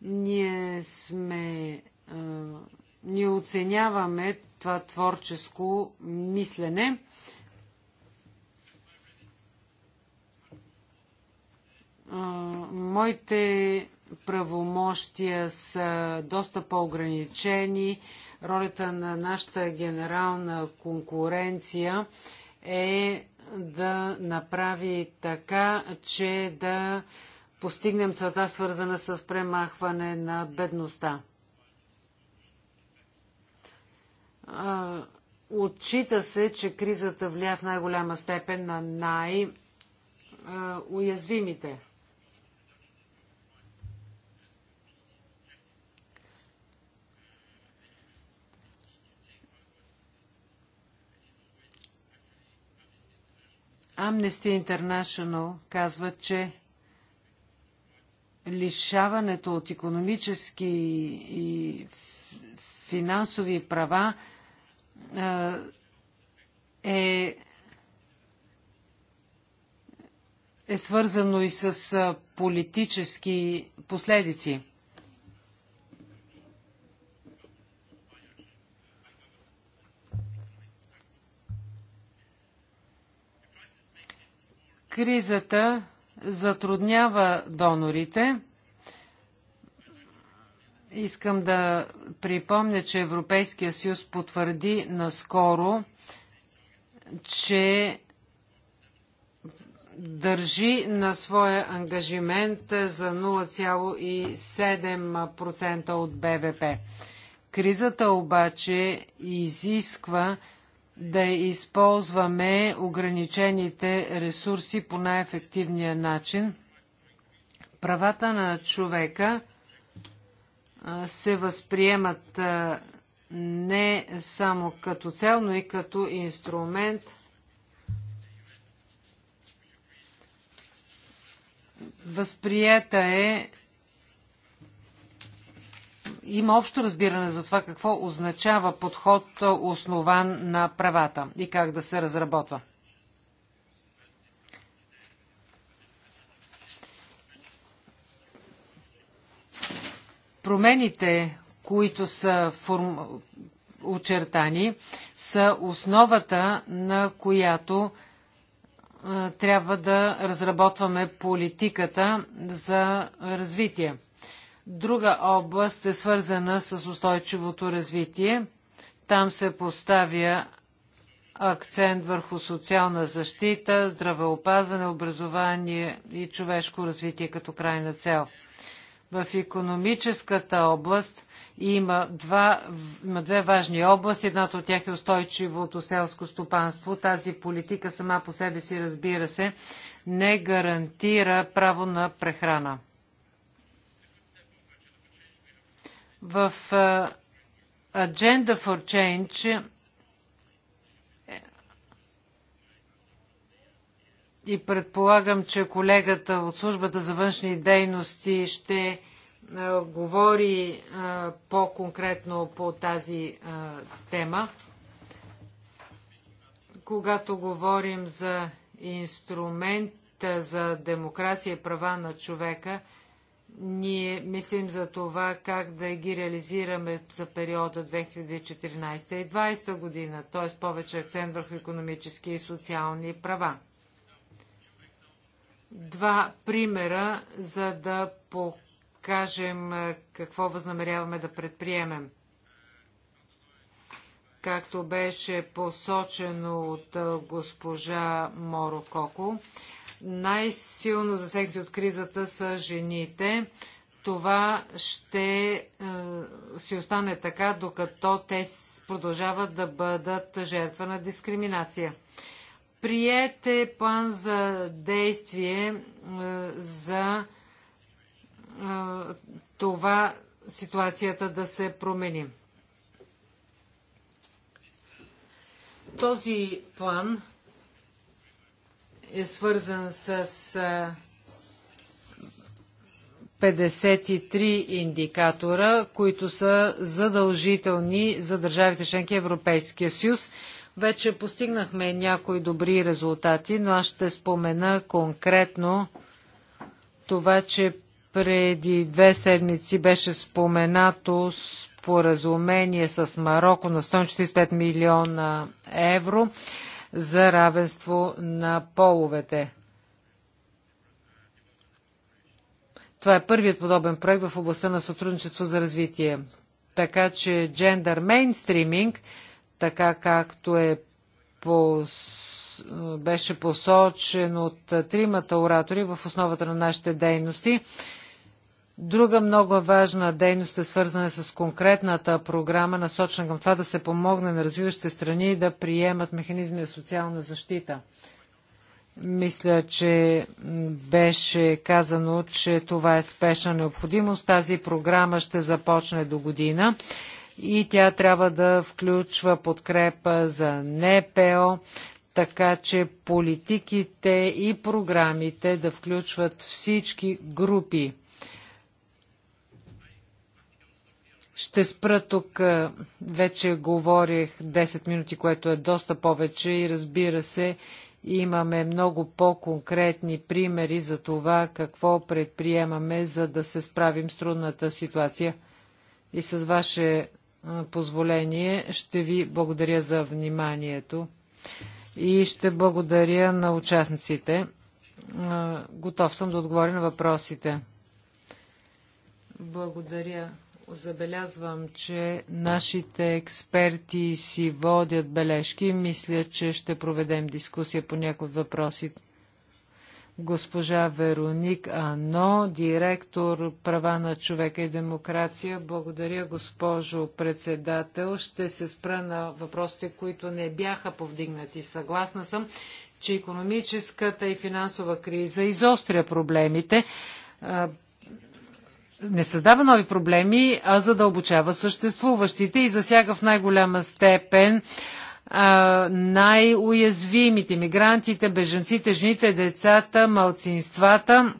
Ние сме. ние оценяваме това творческо мислене моите правомощия са доста по-ограничени. Ролята на нашата генерална конкуренция е да направи така, че да постигнем целта, свързана с премахване на бедността. Отчита се, че кризата влия в най-голяма степен на най-уязвимите. Amnesty International казва, че лишаването от економически и финансови права е, е свързано и с политически последици. Кризата затруднява донорите. Искам да припомня, че Европейския съюз потвърди наскоро, че държи на своя ангажимент за 0,7% от БВП. Кризата обаче изисква да използваме ограничените ресурси по най-ефективния начин. Правата на човека се възприемат не само като цел, но и като инструмент – възприета е има общо разбиране за това какво означава подход основан на правата и как да се разработва. Промените, които са форм... очертани, са основата, на която трябва да разработваме политиката за развитие. Друга област е свързана с устойчивото развитие. Там се поставя акцент върху социална защита, здравеопазване, образование и човешко развитие като крайна цел. В економическата област има, два, има две важни области. Едната от тях е устойчивото селско стопанство. Тази политика сама по себе си, разбира се, не гарантира право на прехрана. В Agenda for Change е, и предполагам, че колегата от службата за външни дейности ще говори по-конкретно по тази тема. Когато говорим за инструмент за демокрация и права на човека, ние мислим за това как да ги реализираме за периода 2014 и 2020 година, т.е. повече акцент върху економически и социални права. Два примера, за да покажем какво възнамеряваме да предприемем както беше посочено от госпожа Моро Коко най-силно засегнати от кризата са жените. Това ще е, си остане така, докато те продължават да бъдат жертва на дискриминация. Приете план за действие е, за е, това ситуацията да се промени. Този план е свързан с 53 индикатора, които са задължителни за държавите членки Европейския съюз. Вече постигнахме някои добри резултати, но аз ще спомена конкретно това, че преди две седмици беше споменато споразумение с Марокко на 145 милиона евро за равенство на половете. Това е първият подобен проект в областта на сътрудничество за развитие. Така че джендър мейнстриминг, така както е по беше посочен от тримата оратори в основата на нашите дейности, Друга много важна дейност е свързана с конкретната програма, насочена към това да се помогне на развиващите страни да приемат механизми за социална защита. Мисля, че беше казано, че това е спешна необходимост. Тази програма ще започне до година и тя трябва да включва подкрепа за НПО, така че политиките и програмите да включват всички групи Ще спра тук. Е, вече говорих 10 минути, което е доста повече и разбира се, имаме много по-конкретни примери за това какво предприемаме, за да се справим с трудната ситуация. И с ваше е, позволение ще ви благодаря за вниманието и ще благодаря на участниците. Е, готов съм да отговоря на въпросите. Благодаря. Забелязвам, че нашите експерти си водят бележки. Мисля, че ще проведем дискусия по някои от Госпожа Вероник Ано, директор права на човека и демокрация. Благодаря, госпожо председател. Ще се спра на въпросите, които не бяха повдигнати. Съгласна съм, че економическата и финансова криза изостря проблемите не създава нови проблеми, а задълбочава съществуващите и засяга в най-голяма степен най-уязвимите мигрантите, беженците, жените, децата, малцинствата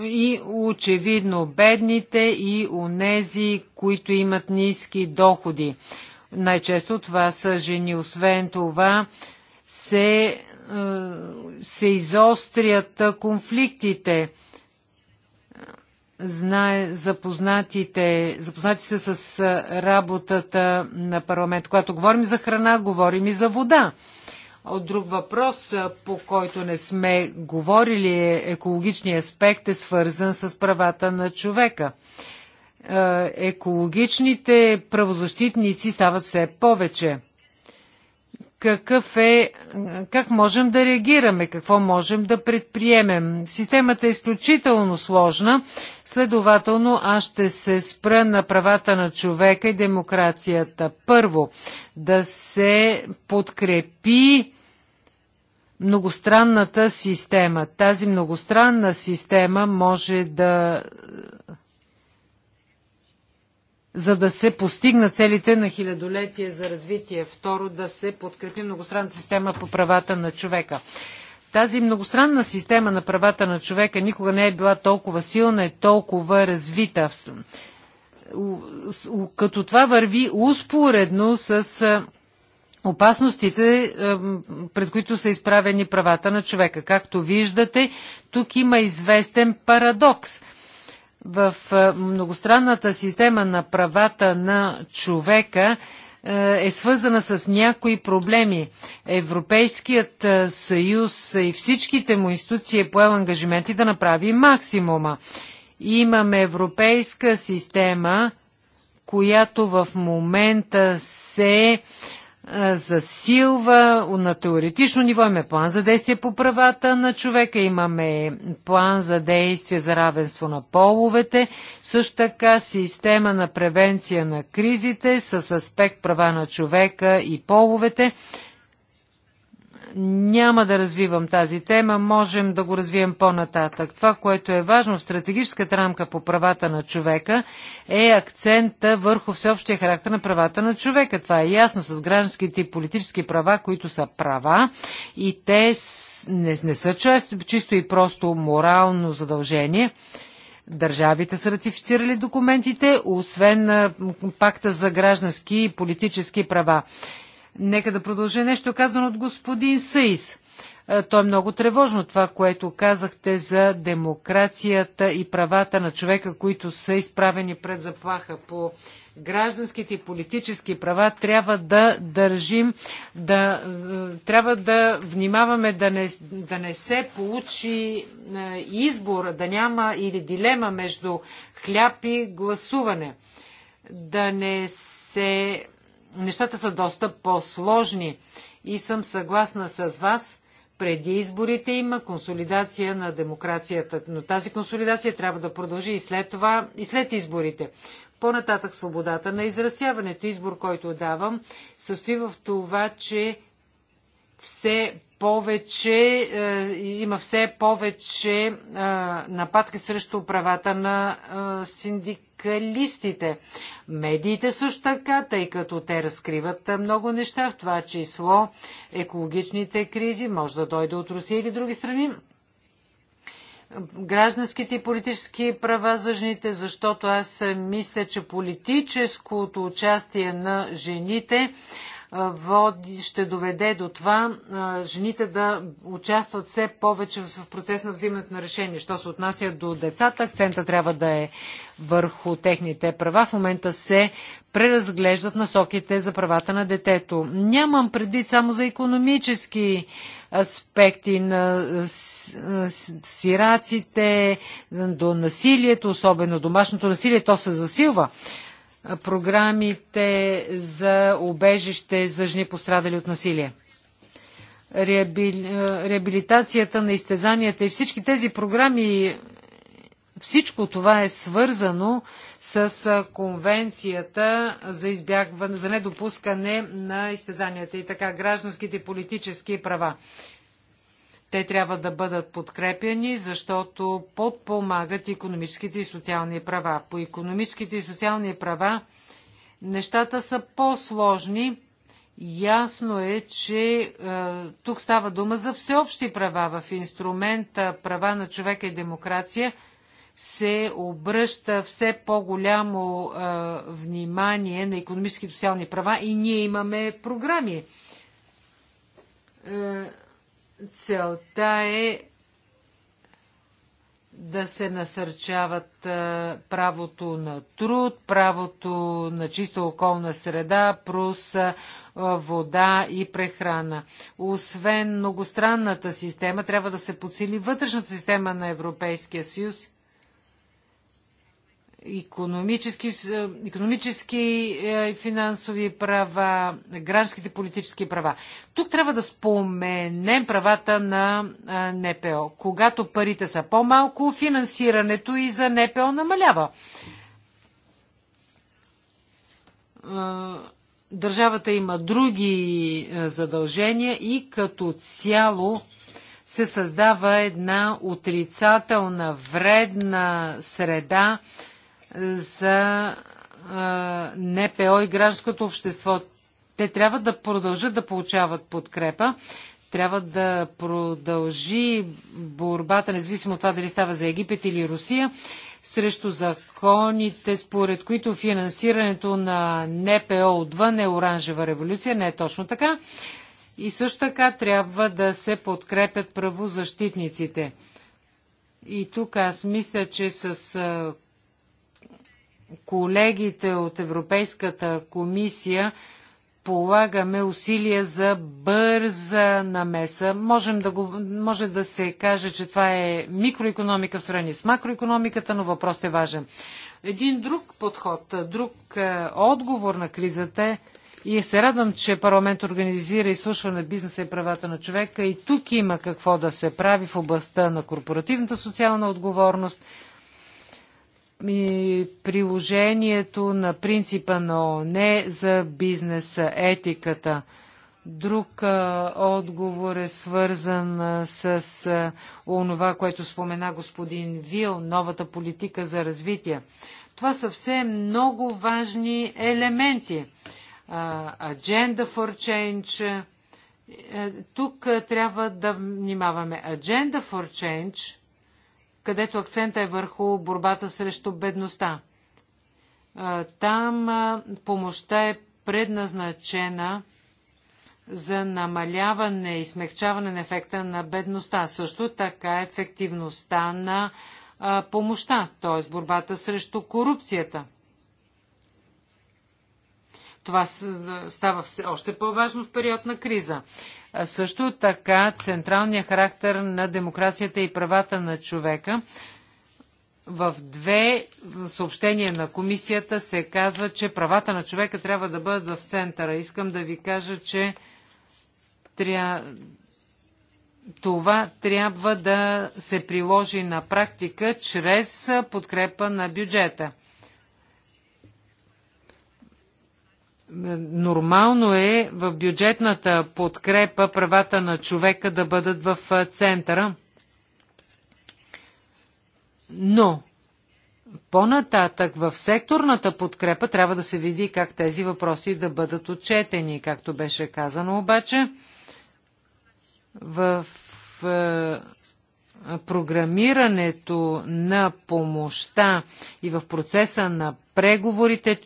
и очевидно бедните и унези, които имат ниски доходи. Най-често това са жени. Освен това се, е, се изострят конфликтите знае запознатите, запознати се с работата на парламент. Когато говорим за храна, говорим и за вода. От друг въпрос, по който не сме говорили, е екологичният аспект е свързан с правата на човека. Екологичните правозащитници стават все повече. Какъв е, как можем да реагираме, какво можем да предприемем? Системата е изключително сложна Следователно, аз ще се спра на правата на човека и демокрацията. Първо, да се подкрепи многостранната система. Тази многостранна система може да за да се постигна целите на хилядолетие за развитие. Второ, да се подкрепи многостранната система по правата на човека. Тази многостранна система на правата на човека никога не е била толкова силна и толкова развита. Като това върви успоредно с опасностите, пред които са изправени правата на човека. Както виждате, тук има известен парадокс. В многостранната система на правата на човека е свързана с някои проблеми. Европейският е, съюз и всичките му институции е поел ангажименти да направи максимума. Имаме европейска система, която в момента се е, засилва на теоретично ниво. Имаме план за действие по правата на човека, имаме план за действие за равенство на половете, също така система на превенция на кризите с аспект права на човека и половете. Няма да развивам тази тема, можем да го развием по-нататък. Това, което е важно в стратегическата рамка по правата на човека е акцента върху всеобщия характер на правата на човека. Това е ясно с гражданските и политически права, които са права и те не, не са често, чисто и просто морално задължение. Държавите са ратифицирали документите, освен пакта за граждански и политически права. Нека да продължа нещо казано от господин Саис. Е, то е много тревожно това, което казахте за демокрацията и правата на човека, които са изправени пред заплаха по гражданските и политически права. Трябва да държим, да, е, трябва да внимаваме да не, да не се получи е, избор, да няма или дилема между хляб и гласуване. Да не се нещата са доста по-сложни и съм съгласна с вас. Преди изборите има консолидация на демокрацията, но тази консолидация трябва да продължи и след това, и след изборите. По-нататък свободата на изразяването, избор, който давам, състои в това, че все повече, е, има все повече е, нападки срещу правата на е, синдикалистите. Медиите също така, тъй като те разкриват много неща, в това число екологичните кризи, може да дойде от Русия или други страни. Гражданските и политически права за жените, защото аз мисля, че политическото участие на жените води, ще доведе до това жените да участват все повече в процес на взимането на решение. Що се отнася до децата, акцента трябва да е върху техните права. В момента се преразглеждат насоките за правата на детето. Нямам предвид само за економически аспекти на сираците, до насилието, особено домашното насилие, то се засилва програмите за обежище за жени пострадали от насилие. Реабилитацията на изтезанията и всички тези програми, всичко това е свързано с конвенцията за избягване, за недопускане на изтезанията и така гражданските и политически права. Те трябва да бъдат подкрепяни, защото подпомагат економическите и социални права. По економическите и социални права нещата са по-сложни. Ясно е, че е, тук става дума за всеобщи права. В инструмента права на човека и демокрация се обръща все по-голямо е, внимание на економически и социални права и ние имаме програми. Е, Целта е да се насърчават правото на труд, правото на чиста околна среда, плюс вода и прехрана. Освен многостранната система, трябва да се подсили вътрешната система на Европейския съюз економически, е, економически и финансови права, гражданските политически права. Тук трябва да споменем правата на е, НПО. Когато парите са по-малко, финансирането и за НПО намалява. Е, държавата има други задължения и като цяло се създава една отрицателна, вредна среда за НПО и гражданското общество. Те трябва да продължат да получават подкрепа, трябва да продължи борбата, независимо от това дали става за Египет или Русия, срещу законите, според които финансирането на НПО отвън е оранжева революция. Не е точно така. И също така трябва да се подкрепят правозащитниците. И тук аз мисля, че с колегите от Европейската комисия полагаме усилия за бърза намеса. Можем да го, може да се каже, че това е микроекономика в сравнение с макроекономиката, но въпросът е важен. Един друг подход, друг е, отговор на кризата е и се радвам, че парламент организира изслушване на бизнеса и правата на човека и тук има какво да се прави в областта на корпоративната социална отговорност – приложението на принципа на ОНЕ за бизнес етиката. Друг отговор е свързан с онова, което спомена господин Вил, новата политика за развитие. Това са все много важни елементи. agenda for Change. Е, тук трябва да внимаваме. Agenda for Change – където акцента е върху борбата срещу бедността. Там помощта е предназначена за намаляване и смягчаване на ефекта на бедността. Също така ефективността на помощта, т.е. борбата срещу корупцията. Това става още по-важно в период на криза също така централния характер на демокрацията и правата на човека. В две съобщения на комисията се казва, че правата на човека трябва да бъдат в центъра. Искам да ви кажа, че тря... това трябва да се приложи на практика чрез подкрепа на бюджета. нормално е в бюджетната подкрепа правата на човека да бъдат в центъра. Но по-нататък в секторната подкрепа трябва да се види как тези въпроси да бъдат отчетени, както беше казано обаче. В програмирането на помощта и в процеса на преговорите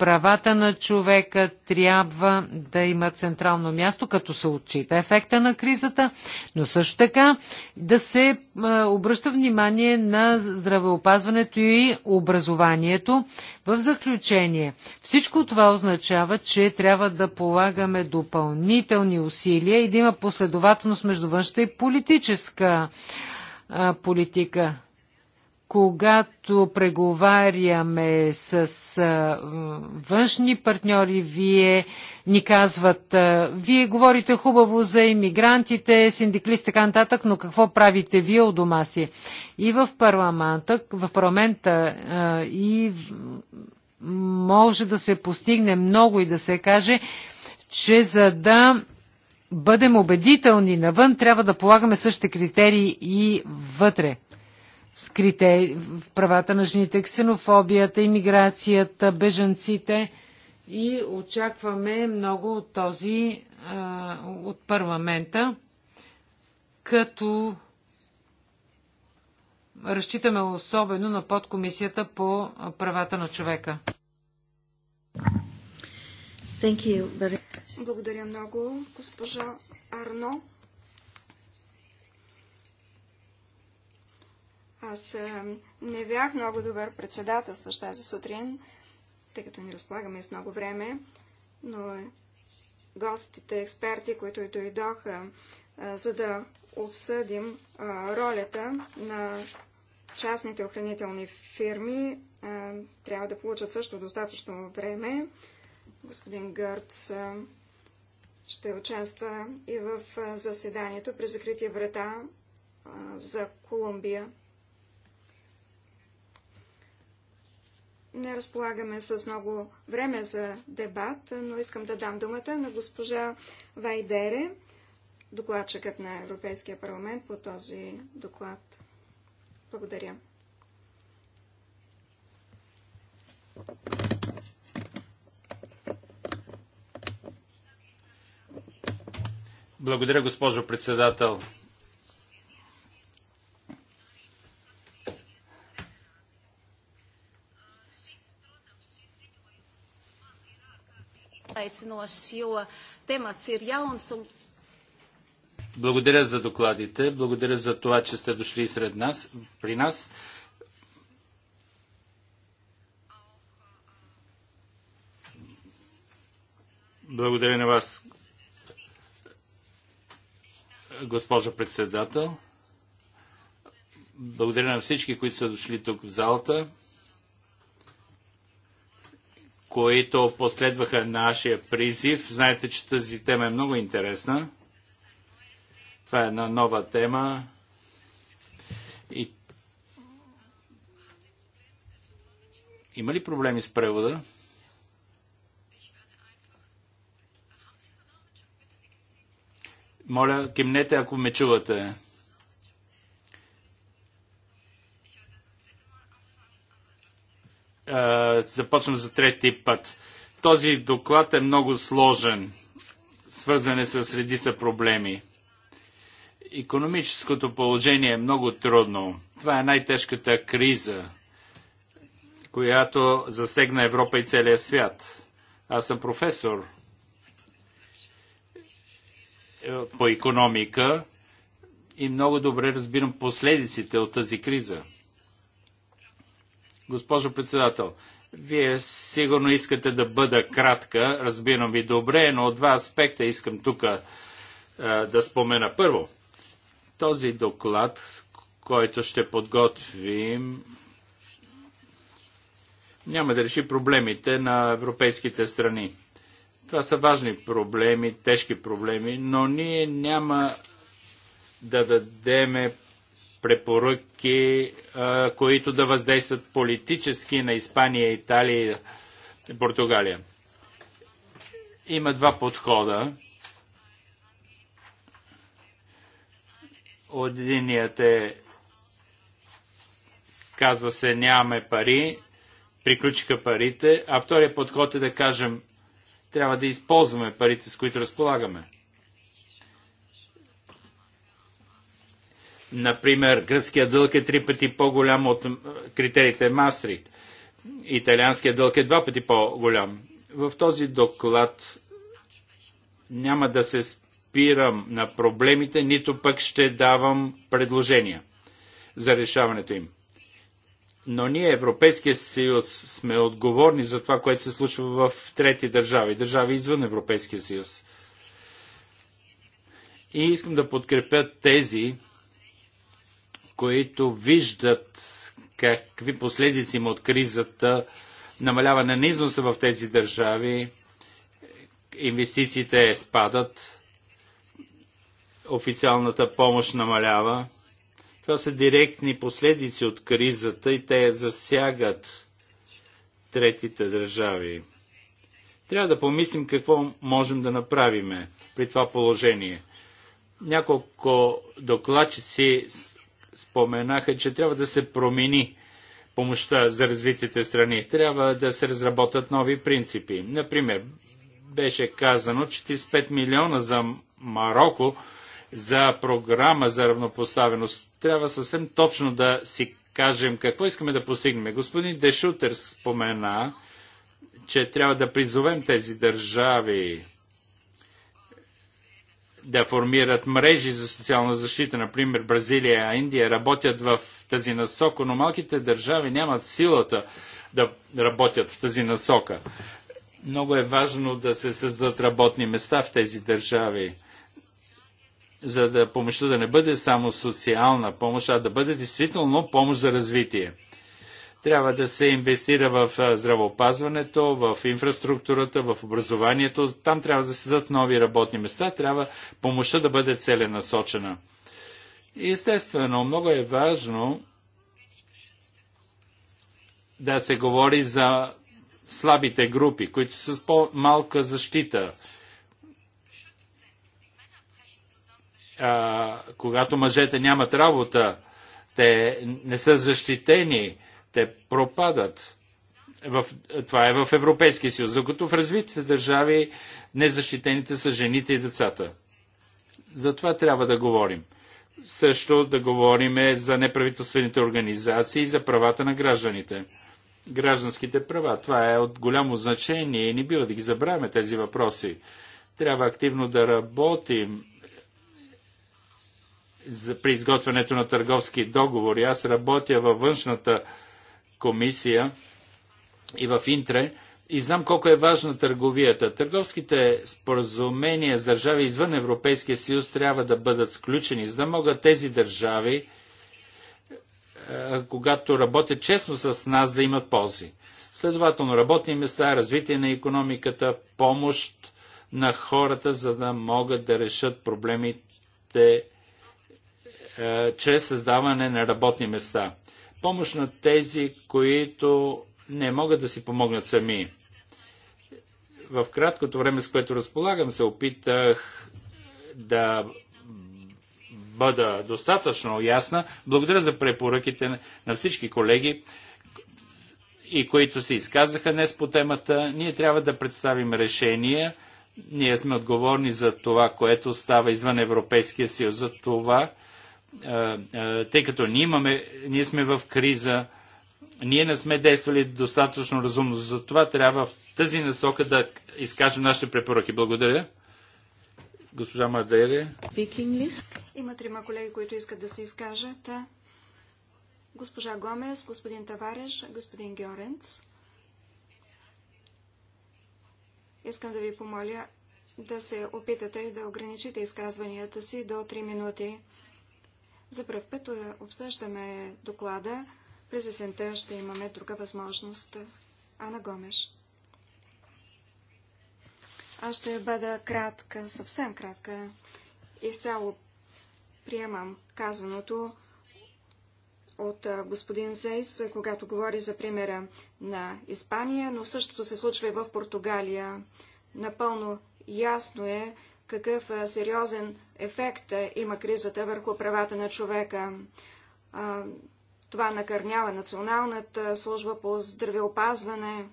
правата на човека трябва да има централно място, като се отчита ефекта на кризата, но също така да се обръща внимание на здравеопазването и образованието. В заключение, всичко това означава, че трябва да полагаме допълнителни усилия и да има последователност между външната и политическа политика когато преговаряме с а, външни партньори, вие ни казват, а, вие говорите хубаво за иммигрантите, синдиклисти, така нататък, но какво правите вие у дома си? И в парламента, в парламента а, и може да се постигне много и да се каже, че за да бъдем убедителни навън, трябва да полагаме същите критерии и вътре с критери... правата на жените, ксенофобията, иммиграцията, бежанците и очакваме много от този а, от парламента, като разчитаме особено на подкомисията по правата на човека. Благодаря много, госпожа Арно. Аз е, не бях много добър председателстващ тази сутрин, тъй като ни разполагаме с много време, но е, гостите, експерти, които дойдоха, е, за да обсъдим ролята на частните охранителни фирми, трябва да получат също достатъчно време. Господин Гърц ще участва и в заседанието при закрития врата за Колумбия. Не разполагаме с много време за дебат, но искам да дам думата на госпожа Вайдере, докладчикът на Европейския парламент по този доклад. Благодаря. Благодаря, госпожо председател. un благодаря за докладите, благодаря за това, че сте дошли сред нас, при нас. Благодаря на вас, госпожо председател. Благодаря на всички, които са дошли тук в залата които последваха нашия призив. Знаете, че тази тема е много интересна. Това е една нова тема. И... Има ли проблеми с превода? Моля, кимнете, ако ме чувате. започвам за трети път. Този доклад е много сложен, свързан е с редица проблеми. Економическото положение е много трудно. Това е най-тежката криза, която засегна Европа и целия свят. Аз съм професор е, по економика и много добре разбирам последиците от тази криза. Госпожо председател, вие сигурно искате да бъда кратка, разбирам ви добре, но от два аспекта искам тук е, да спомена. Първо, този доклад, който ще подготвим, няма да реши проблемите на европейските страни. Това са важни проблеми, тежки проблеми, но ние няма да дадеме препоръки, които да въздействат политически на Испания, Италия и Португалия. Има два подхода. Единият е казва се нямаме пари, приключиха парите, а втория подход е да кажем трябва да използваме парите, с които разполагаме. Например, гръцкия дълг е три пъти по-голям от критериите Мастрихт. Италианският дълг е два пъти по-голям. В този доклад няма да се спирам на проблемите, нито пък ще давам предложения за решаването им. Но ние, Европейския съюз, сме отговорни за това, което се случва в трети държави, държави извън Европейския съюз. И искам да подкрепя тези, които виждат какви последици има от кризата, намаляване на износа в тези държави, инвестициите спадат, официалната помощ намалява. Това са директни последици от кризата и те засягат третите държави. Трябва да помислим какво можем да направим при това положение. Няколко докладчици споменаха, че трябва да се промени помощта за развитите страни. Трябва да се разработят нови принципи. Например, беше казано 45 милиона за Марокко за програма за равнопоставеност. Трябва съвсем точно да си кажем какво искаме да постигнем. Господин Дешутер спомена, че трябва да призовем тези държави да формират мрежи за социална защита, например Бразилия, и Индия, работят в тази насока, но малките държави нямат силата да работят в тази насока. Много е важно да се създадат работни места в тези държави, за да помощта да не бъде само социална помощ, а да бъде действително помощ за развитие. Трябва да се инвестира в здравеопазването, в инфраструктурата, в образованието. Там трябва да се дадат нови работни места, трябва помощта да бъде целенасочена. И естествено, много е важно да се говори за слабите групи, които са с по-малка защита. А, когато мъжете нямат работа, те не са защитени, те пропадат. В, това е в Европейския съюз, докато в развитите държави незащитените са жените и децата. За това трябва да говорим. Също да говорим за неправителствените организации и за правата на гражданите. Гражданските права. Това е от голямо значение и не бива да ги забравяме тези въпроси. Трябва активно да работим за, при изготвянето на търговски договори. Аз работя във външната комисия и в Интре и знам колко е важна търговията. Търговските споразумения с държави извън Европейския съюз трябва да бъдат сключени, за да могат тези държави, е, когато работят честно с нас, да имат ползи. Следователно, работни места, развитие на економиката, помощ на хората, за да могат да решат проблемите е, чрез създаване на работни места помощ на тези, които не могат да си помогнат сами. В краткото време, с което разполагам, се опитах да бъда достатъчно ясна. Благодаря за препоръките на всички колеги и които се изказаха днес по темата. Ние трябва да представим решения. Ние сме отговорни за това, което става извън Европейския съюз, за това, тъй като ние, имаме, ние сме в криза, ние не сме действали достатъчно разумно. Затова трябва в тази насока да изкажем нашите препоръки. Благодаря. Госпожа Мадере. Има трима колеги, които искат да се изкажат. Госпожа Гомес, господин Тавареш, господин Георенц. Искам да ви помоля да се опитате да ограничите изказванията си до 3 минути. За първ път е, обсъждаме доклада. През есента ще имаме друга възможност. Ана Гомеш. Аз ще бъда кратка, съвсем кратка. Изцяло приемам казаното от е, господин Зейс, когато говори за примера на Испания, но същото се случва и в Португалия. Напълно ясно е, какъв сериозен ефект има кризата върху правата на човека. Това накърнява Националната служба по здравеопазване.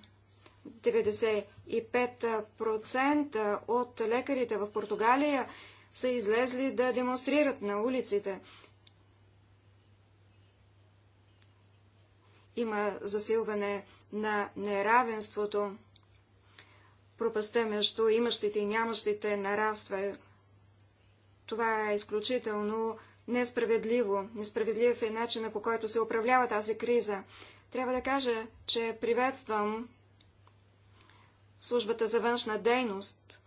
95% от лекарите в Португалия са излезли да демонстрират на улиците. Има засилване на неравенството пропаста между имащите и нямащите нараства. Това е изключително несправедливо. Несправедлив е начина по който се управлява тази криза. Трябва да кажа, че приветствам службата за външна дейност,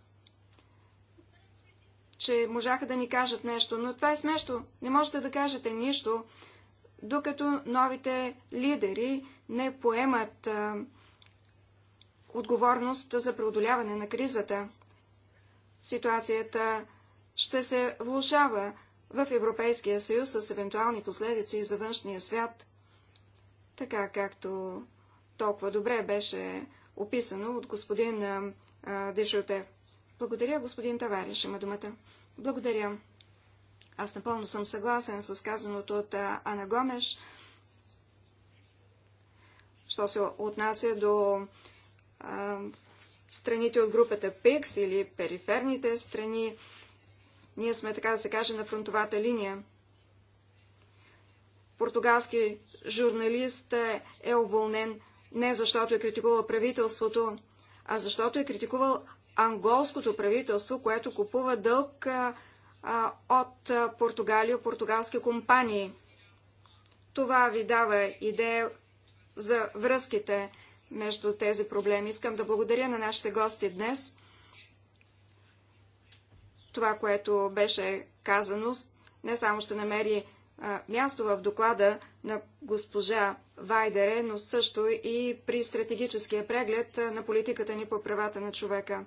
че можаха да ни кажат нещо, но това е смешно. Не можете да кажете нищо, докато новите лидери не поемат а, отговорност за преодоляване на кризата. Ситуацията ще се влушава в Европейския съюз с евентуални последици за външния свят, така както толкова добре беше описано от господин Дешуте. Дешоте. Благодаря, господин Тавариш, има думата. Благодаря. Аз напълно съм съгласен с казаното от Ана Гомеш. Що се отнася до страните от групата ПИКС или периферните страни. Ние сме, така да се каже, на фронтовата линия. Португалски журналист е, е уволнен не защото е критикувал правителството, а защото е критикувал анголското правителство, което купува дълг от Португалия, португалски компании. Това ви дава идея за връзките между тези проблеми. Искам да благодаря на нашите гости днес. Това, което беше казано, не само ще намери място в доклада на госпожа Вайдере, но също и при стратегическия преглед на политиката ни по правата на човека.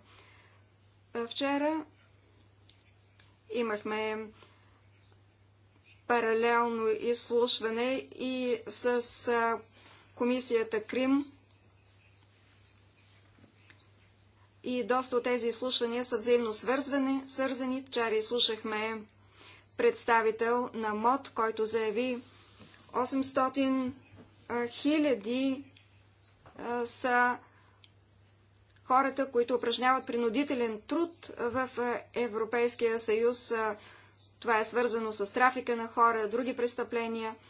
Вчера имахме паралелно изслушване и с комисията Крим и доста от тези изслушвания са взаимно свързвани, свързани. Вчера изслушахме представител на МОД, който заяви 800 хиляди са хората, които упражняват принудителен труд в Европейския съюз. Това е свързано с трафика на хора, други престъпления –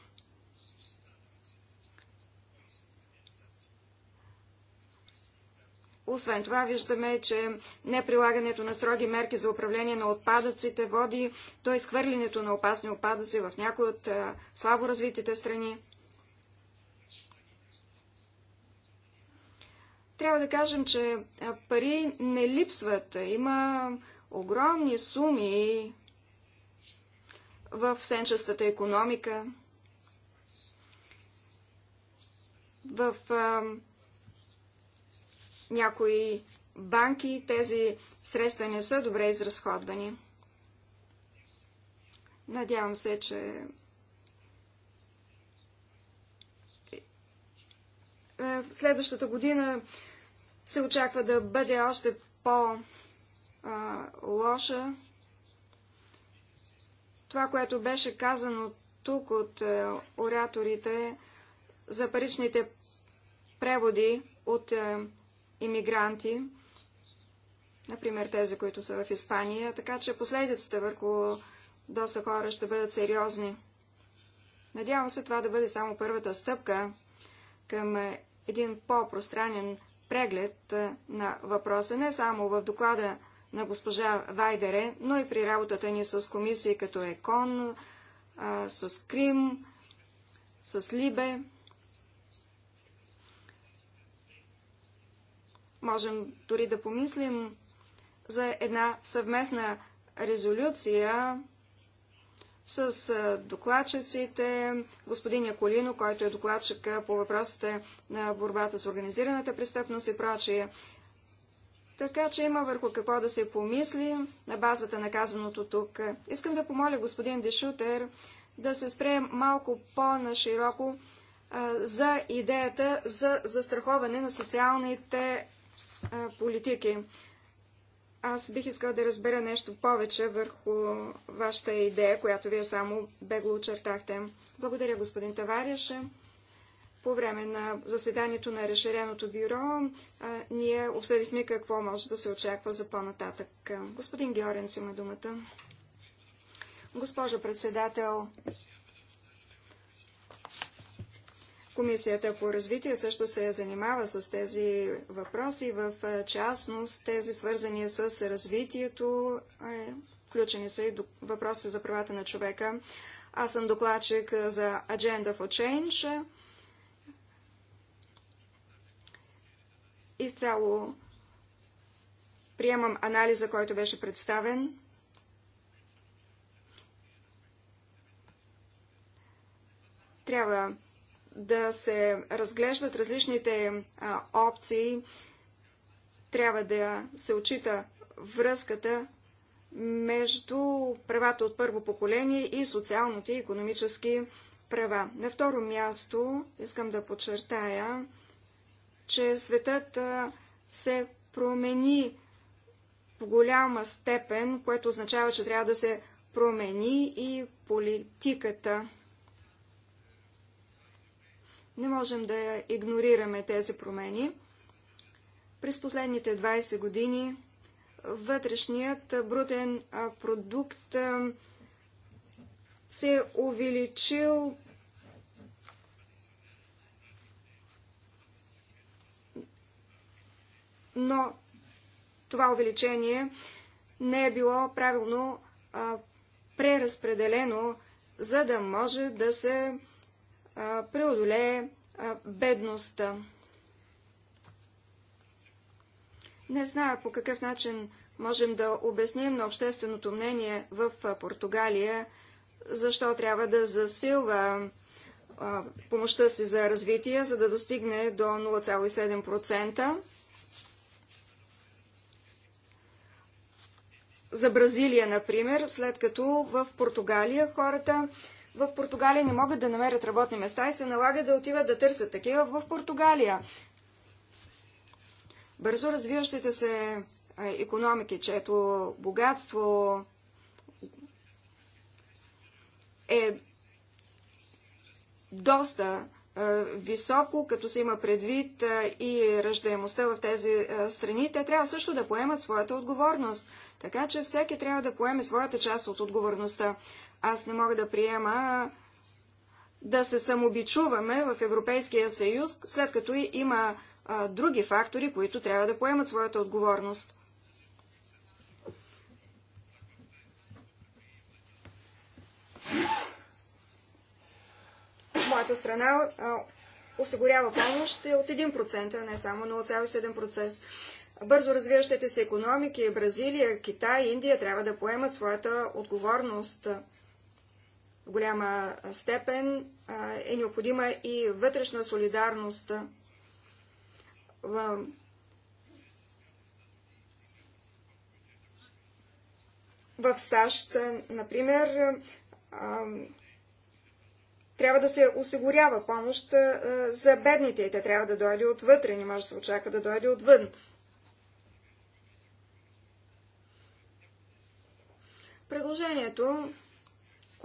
Освен това, виждаме, че неприлагането на строги мерки за управление на отпадъците води до изхвърлянето на опасни отпадъци в някои от слабо развитите страни. Трябва да кажем, че пари не липсват. Има огромни суми в сенчестата економика, в някои банки тези средства не са добре изразходвани. Надявам се, че е, следващата година се очаква да бъде още по-лоша. Това, което беше казано тук от е, ораторите за паричните преводи от е, иммигранти, например тези, които са в Испания, така че последиците върху доста хора ще бъдат сериозни. Надявам се това да бъде само първата стъпка към един по-пространен преглед на въпроса, не само в доклада на госпожа Вайдере, но и при работата ни с комисии като ЕКОН, с Крим, с Либе. Можем дори да помислим за една съвместна резолюция с докладчиците, господин Яколино, който е докладчика по въпросите на борбата с организираната престъпност и прочие. Така че има върху какво да се помисли на базата на казаното тук. Искам да помоля господин Дешутер да се спре малко по-нашироко за идеята за застраховане на социалните политики. Аз бих искал да разбера нещо повече върху вашата идея, която вие само бегло очертахте. Благодаря, господин Таваряше. По време на заседанието на Решереното бюро а, ние обсъдихме какво може да се очаква за по-нататък. Господин Георенц има думата. Госпожо председател, Комисията по развитие също се занимава с тези въпроси, в частност тези свързани с развитието. Е, включени са и въпроси за правата на човека. Аз съм докладчик за Agenda for Change. Изцяло приемам анализа, който беше представен. Трябва да се разглеждат различните а, опции, трябва да се очита връзката между правата от първо поколение и социалните и економически права. На второ място искам да подчертая, че светът се промени в голяма степен, което означава, че трябва да се промени и политиката. Не можем да игнорираме тези промени. През последните 20 години вътрешният брутен продукт се е увеличил но това увеличение не е било правилно а, преразпределено, за да може да се преодолее бедността. Не зная по какъв начин можем да обясним на общественото мнение в Португалия, защо трябва да засилва помощта си за развитие, за да достигне до 0,7%. За Бразилия, например, след като в Португалия хората в Португалия не могат да намерят работни места и се налага да отиват да търсят такива в Португалия. Бързо развиващите се економики, чето богатство е доста високо, като се има предвид и ръждаемостта в тези страни, те трябва също да поемат своята отговорност. Така че всеки трябва да поеме своята част от отговорността. Аз не мога да приема да се самобичуваме в Европейския съюз, след като и има а, други фактори, които трябва да поемат своята отговорност. Моята страна а, осигурява помощ е от 1%, а не само 0,7%. Бързо развиващите се економики, Бразилия, Китай, Индия трябва да поемат своята отговорност голяма степен е необходима и вътрешна солидарност. В САЩ, например, трябва да се осигурява помощ за бедните и те трябва да дойде отвътре, не може да се очаква да дойде отвън. Предложението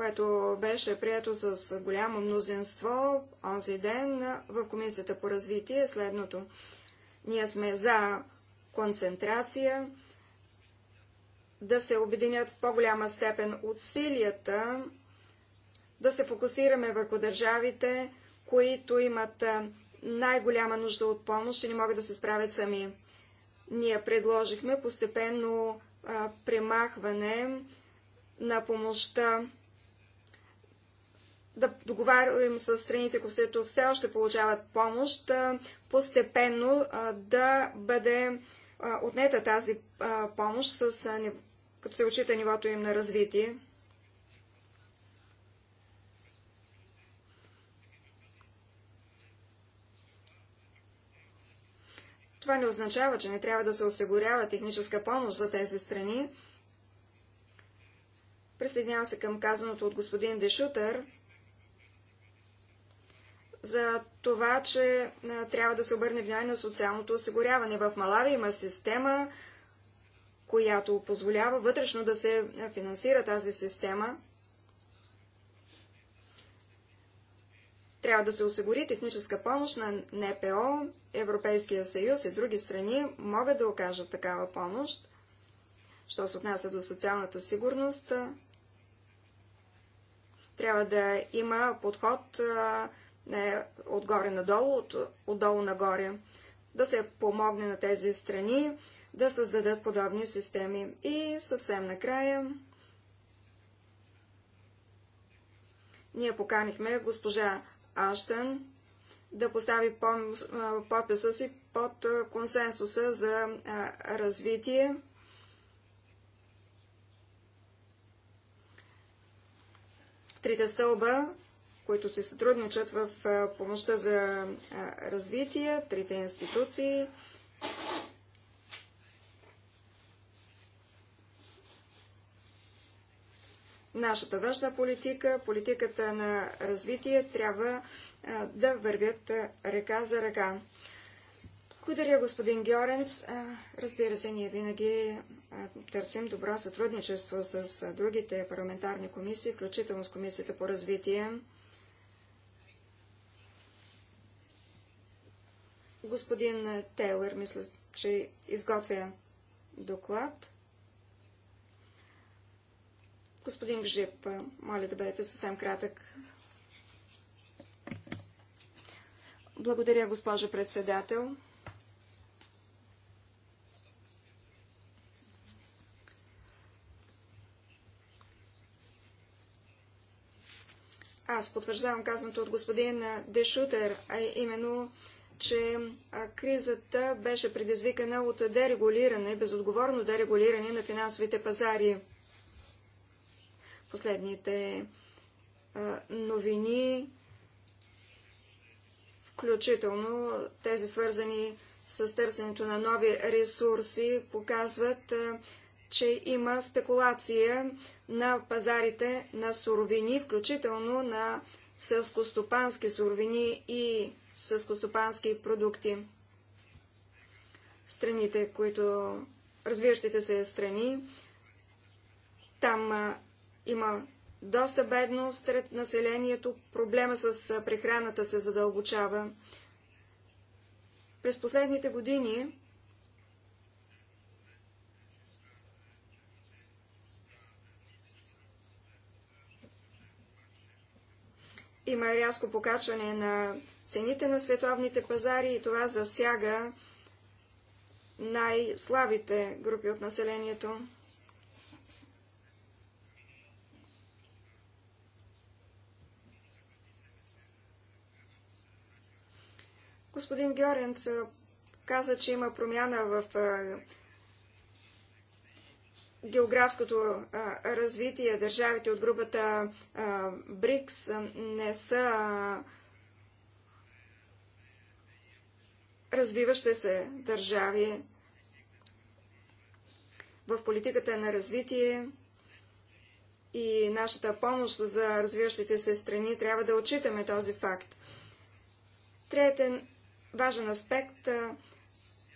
което беше прието с голямо мнозинство онзи ден в Комисията по развитие е следното. Ние сме за концентрация, да се обединят в по-голяма степен усилията, да се фокусираме върху държавите, които имат най-голяма нужда от помощ и не могат да се справят сами. Ние предложихме постепенно а, премахване на помощта да договарям с страните, които все още получават помощ, постепенно да бъде отнета тази помощ, с, като се очита нивото им на развитие. Това не означава, че не трябва да се осигурява техническа помощ за тези страни. Присъединявам се към казаното от господин Дешутър – за това, че трябва да се обърне внимание на социалното осигуряване. В Малави има система, която позволява вътрешно да се финансира тази система. Трябва да се осигури техническа помощ на НПО, Европейския съюз и други страни могат да окажат такава помощ. Що се отнася до социалната сигурност, трябва да има подход а, не е отгоре надолу, от, отдолу нагоре. Да се помогне на тези страни да създадат подобни системи. И съвсем накрая ние поканихме госпожа Аштън да постави пописа си под консенсуса за развитие. Трите стълба които се сътрудничат в помощта за развитие, трите институции. Нашата външна политика, политиката на развитие трябва да вървят ръка за ръка. Благодаря, господин Георенц. Разбира се, ние винаги търсим добро сътрудничество с другите парламентарни комисии, включително с Комисията по развитие. Господин Тейлър, мисля, че изготвя доклад. Господин Гжип, моля да бъдете съвсем кратък. Благодаря, госпожо председател. Аз потвърждавам казаното от господин Дешутер, а именно, че кризата беше предизвикана от дерегулиране, безотговорно дерегулиране на финансовите пазари. Последните новини, включително тези свързани с търсенето на нови ресурси, показват, че има спекулация на пазарите на суровини, включително на селскостопански суровини и селскостопански продукти. Страните, които развиващите се страни, там а, има доста бедност сред населението, проблема с прехраната се задълбочава. През последните години има рязко покачване на цените на световните пазари и това засяга най-слабите групи от населението. Господин Гьоренц каза, че има промяна в географското развитие. Държавите от групата БРИКС не са развиващи се държави в политиката на развитие и нашата помощ за развиващите се страни трябва да отчитаме този факт. Третен важен аспект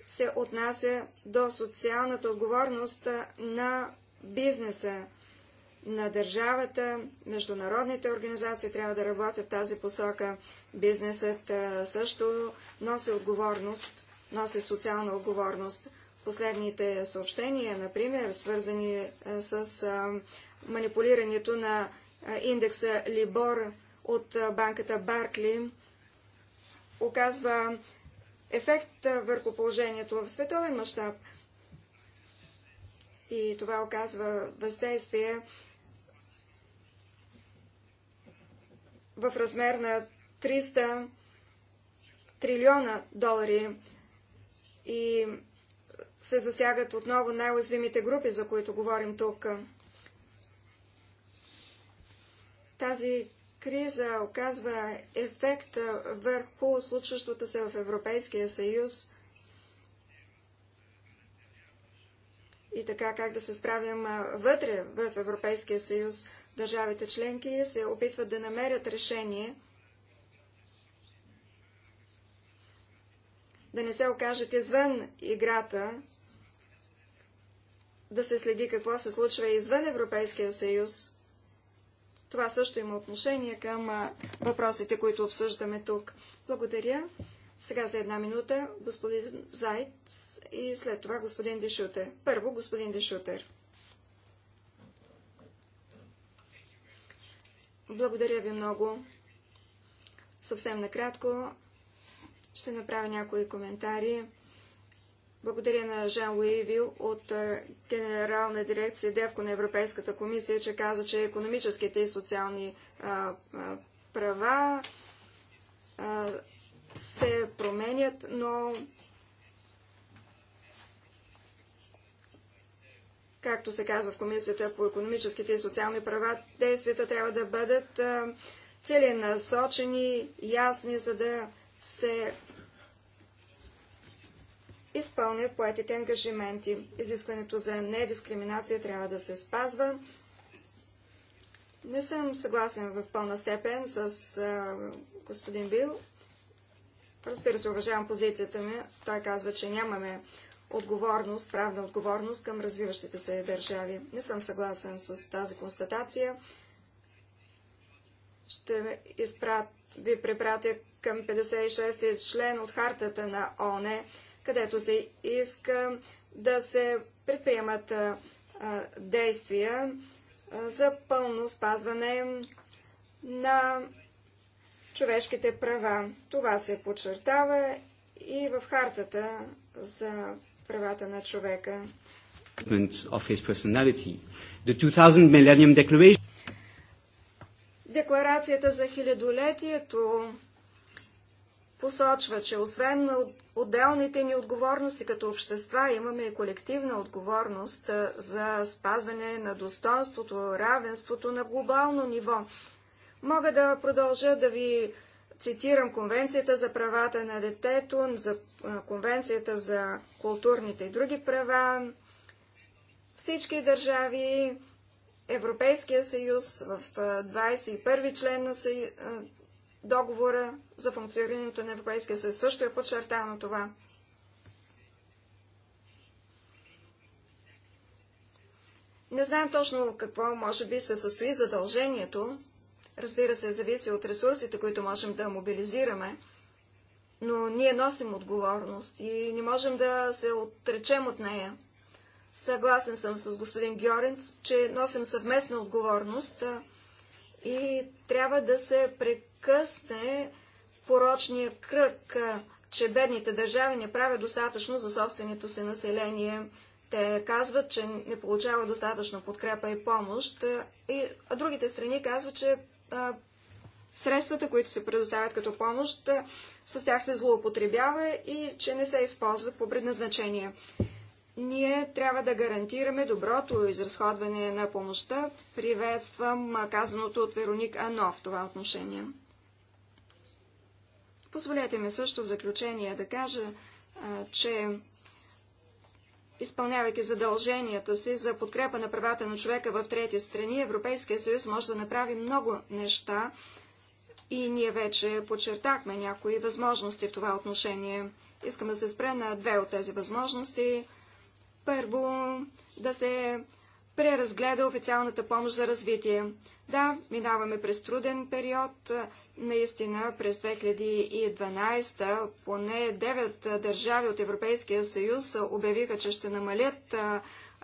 се отнася до социалната отговорност на бизнеса на държавата, международните организации трябва да работят в тази посока. Бизнесът също носи отговорност, носи социална отговорност. Последните съобщения, например, свързани с манипулирането на индекса Либор от банката Баркли, оказва ефект върху положението в световен мащаб. И това оказва въздействие в размер на 300 трилиона долари и се засягат отново най-уязвимите групи, за които говорим тук. Тази криза оказва ефект върху случващото се в Европейския съюз и така как да се справим вътре в Европейския съюз. Държавите членки се опитват да намерят решение, да не се окажат извън играта, да се следи какво се случва извън Европейския съюз. Това също има отношение към въпросите, които обсъждаме тук. Благодаря. Сега за една минута господин Зайц и след това господин Дешутер. Първо господин Дешутер. Благодаря ви много. Съвсем накратко ще направя някои коментари. Благодаря на Жан Луи Вил от е, Генерална дирекция Девко на Европейската комисия, че каза, че економическите и социални а, е, а, е, права а, се променят, но Както се казва в Комисията по економическите и социални права, действията трябва да бъдат целенасочени, ясни, за да се изпълнят поетите ангажименти. Изискването за недискриминация трябва да се спазва. Не съм съгласен в пълна степен с а, господин Бил. Разбира се, уважавам позицията ми. Той казва, че нямаме отговорност, правна отговорност към развиващите се държави. Не съм съгласен с тази констатация. Ще изпрат, ви препратя към 56 я член от хартата на ОНЕ, където се иска да се предприемат а, действия а, за пълно спазване на човешките права. Това се подчертава и в хартата за правата на човека. Декларацията за хилядолетието посочва, че освен отделните ни отговорности като общества, имаме и колективна отговорност за спазване на достоинството, равенството на глобално ниво. Мога да продължа да ви Цитирам Конвенцията за правата на детето, за Конвенцията за културните и други права. Всички държави, Европейския съюз в 21 член на договора за функционирането на Европейския съюз също е подчертано това. Не знаем точно какво може би се състои задължението, Разбира се, зависи от ресурсите, които можем да мобилизираме, но ние носим отговорност и не можем да се отречем от нея. Съгласен съм с господин Георинц, че носим съвместна отговорност и трябва да се прекъсне порочния кръг, че бедните държави не правят достатъчно за собственото си население. Те казват, че не получава достатъчно подкрепа и помощ, а, а другите страни казват, че средствата, които се предоставят като помощ, с тях се злоупотребява и че не се използват по предназначение. Ние трябва да гарантираме доброто изразходване на помощта. Приветствам казаното от Вероник Ано в това отношение. Позволете ми също в заключение да кажа, че изпълнявайки задълженията си за подкрепа на правата на човека в трети страни, Европейския съюз може да направи много неща и ние вече подчертахме някои възможности в това отношение. Искам да се спре на две от тези възможности. Първо, да се преразгледа официалната помощ за развитие. Да, минаваме през труден период, Наистина през 2012 поне 9 държави от Европейския съюз обявиха, че ще намалят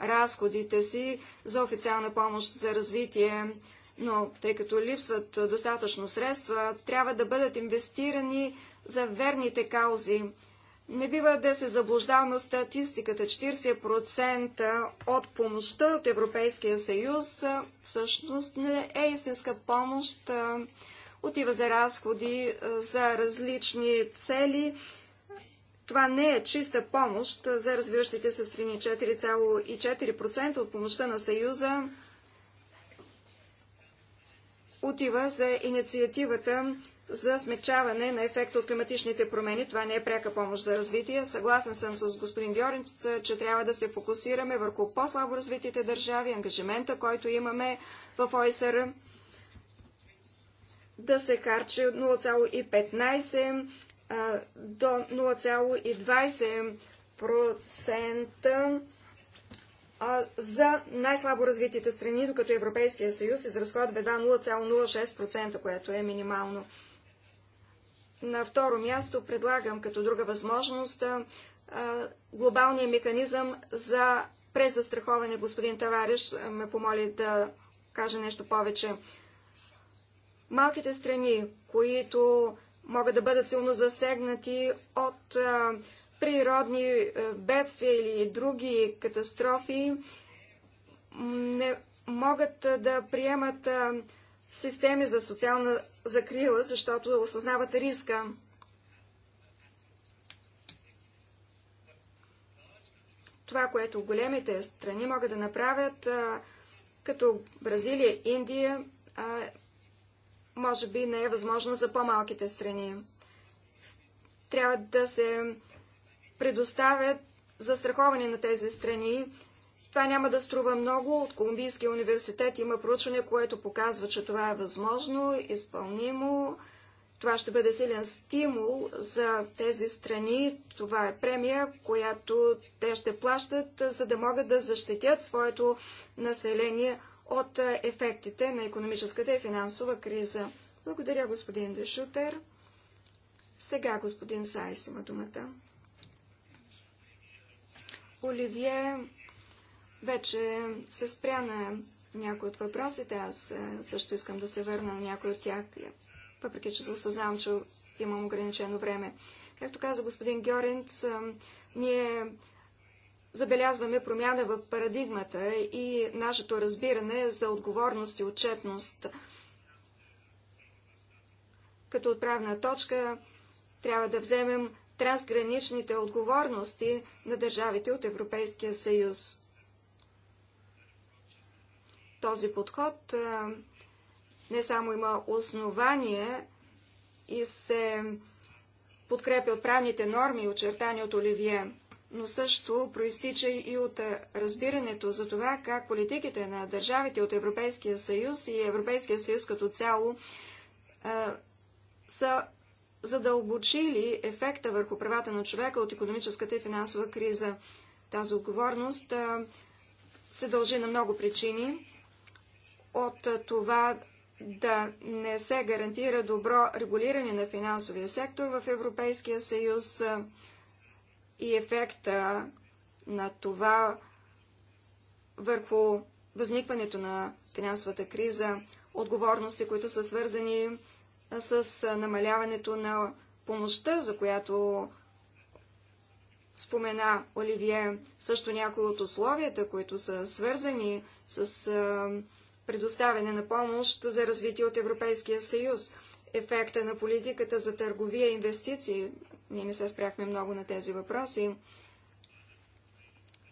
разходите си за официална помощ за развитие, но тъй като липсват достатъчно средства, трябва да бъдат инвестирани за верните каузи. Не бива да се заблуждаваме от статистиката. 40% от помощта от Европейския съюз всъщност не е истинска помощ отива за разходи за различни цели. Това не е чиста помощ за развиващите се страни. 4,4% от помощта на Съюза отива за инициативата за смечаване на ефекта от климатичните промени. Това не е пряка помощ за развитие. Съгласен съм с господин Георгиц, че трябва да се фокусираме върху по-слабо развитите държави, ангажимента, който имаме в ОСР да се харчи от 0,15 до 0,20% за най-слабо развитите страни, докато Европейския съюз изразходва едва 0,06%, което е минимално. На второ място предлагам като друга възможност глобалния механизъм за презастраховане. Господин Тавариш ме помоли да каже нещо повече. Малките страни, които могат да бъдат силно засегнати от природни бедствия или други катастрофи, не могат да приемат системи за социална закрила, защото осъзнават риска. Това, което големите страни могат да направят, като Бразилия, Индия, може би не е възможно за по-малките страни. Трябва да се предоставят застраховане на тези страни. Това няма да струва много. От Колумбийския университет има проучване, което показва, че това е възможно, изпълнимо. Това ще бъде силен стимул за тези страни. Това е премия, която те ще плащат, за да могат да защитят своето население от е, ефектите на економическата и финансова криза. Благодаря, господин Дешутер. Сега господин Сайс има думата. Оливие вече се спря на някои от въпросите. Аз е, също искам да се върна на някои от тях, въпреки че осъзнавам, че имам ограничено време. Както каза господин Гьоринц, е, ние забелязваме промяна в парадигмата и нашето разбиране за отговорност и отчетност. Като отправна точка трябва да вземем трансграничните отговорности на държавите от Европейския съюз. Този подход не само има основание и се подкрепя от правните норми, очертани от Оливие но също проистича и от разбирането за това как политиките на държавите от Европейския съюз и Европейския съюз като цяло са задълбочили ефекта върху правата на човека от економическата и финансова криза. Тази отговорност се дължи на много причини. От това да не се гарантира добро регулиране на финансовия сектор в Европейския съюз, и ефекта на това върху възникването на финансовата криза, отговорности, които са свързани с намаляването на помощта, за която спомена Оливие, също някои от условията, които са свързани с предоставяне на помощ за развитие от Европейския съюз, ефекта на политиката за търговия и инвестиции, ние не се спряхме много на тези въпроси.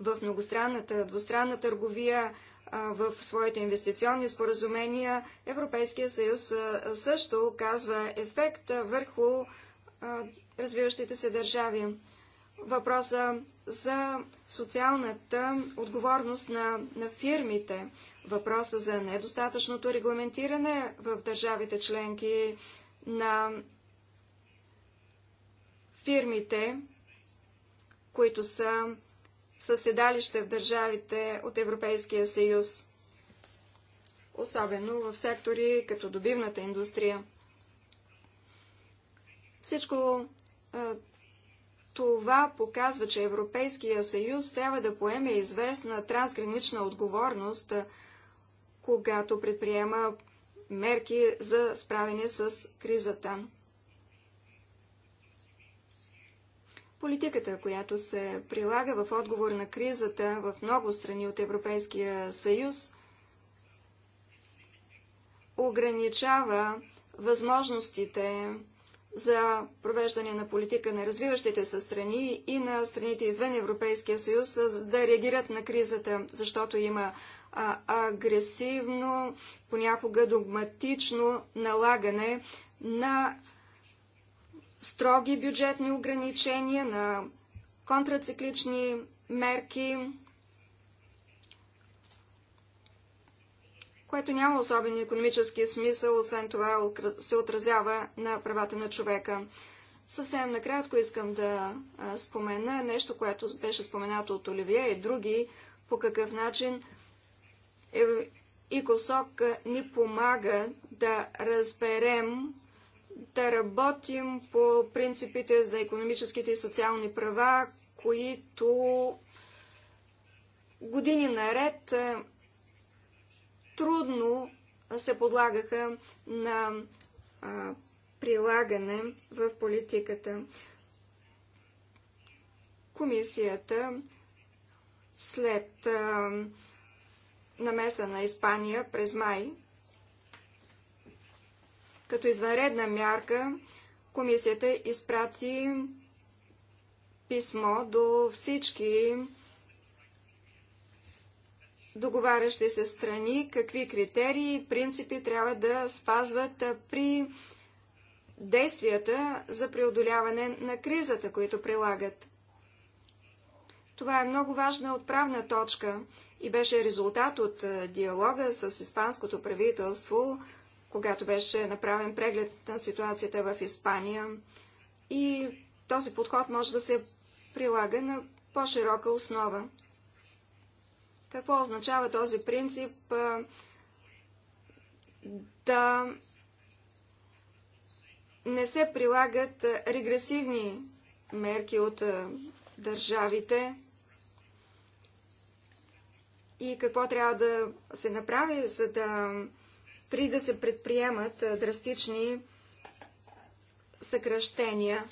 В многостранната, двустранна търговия, в своите инвестиционни споразумения Европейския съюз също оказва ефект върху развиващите се държави. Въпроса за социалната отговорност на, на фирмите, въпроса за недостатъчното регламентиране в държавите членки на фирмите, които са със седалище в държавите от Европейския съюз, особено в сектори като добивната индустрия. Всичко това показва, че Европейския съюз трябва да поеме известна трансгранична отговорност, когато предприема мерки за справяне с кризата. Политиката, която се прилага в отговор на кризата в много страни от Европейския съюз, ограничава възможностите за провеждане на политика на развиващите се страни и на страните извън Европейския съюз да реагират на кризата, защото има агресивно, понякога догматично налагане на строги бюджетни ограничения, на контрациклични мерки, което няма особен економически смисъл, освен това се отразява на правата на човека. Съвсем накратко искам да спомена нещо, което беше споменато от Оливия и други, по какъв начин е- ИКОСОК ни помага да разберем да работим по принципите за економическите и социални права, които години наред е, трудно се подлагаха на прилагане в политиката. Комисията след намеса на Испания през май като извънредна мярка, комисията изпрати писмо до всички договарящи се страни, какви критерии и принципи трябва да спазват при действията за преодоляване на кризата, които прилагат. Това е много важна отправна точка и беше резултат от диалога с испанското правителство, когато беше направен преглед на ситуацията в Испания. И този подход може да се прилага на по-широка основа. Какво означава този принцип да не се прилагат регресивни мерки от държавите и какво трябва да се направи, за да при да се предприемат драстични съкръщения.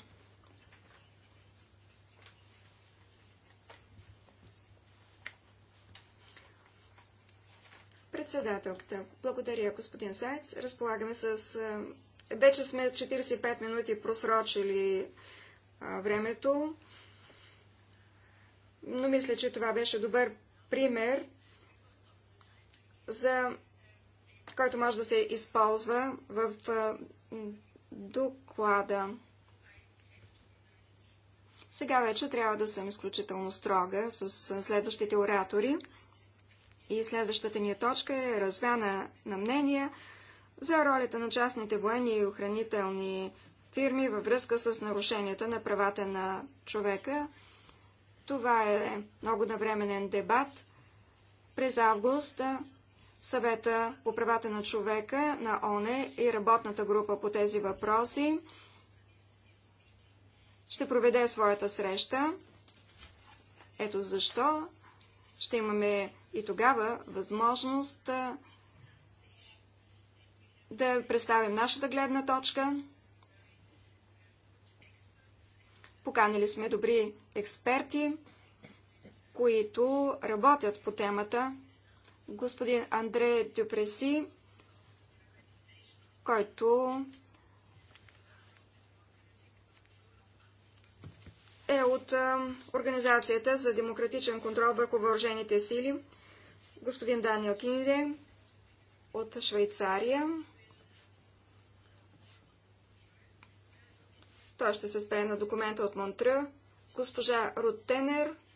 Председателката. Благодаря, господин Сайц. Разполагаме с... Вече сме 45 минути просрочили времето, но мисля, че това беше добър пример за който може да се използва в доклада. Сега вече трябва да съм изключително строга с следващите оратори. И следващата ни точка е размяна на мнения за ролята на частните военни и охранителни фирми във връзка с нарушенията на правата на човека. Това е много навременен дебат. През август съвета по правата на човека на ОНЕ и работната група по тези въпроси ще проведе своята среща. Ето защо ще имаме и тогава възможност да представим нашата гледна точка. Поканили сме добри експерти, които работят по темата господин Андре Дюпреси, който е от Организацията за демократичен контрол върху въоръжените сили, господин Даниел Киниде от Швейцария. Той ще се спре на документа от Монтрeux, госпожа Рут Тенер –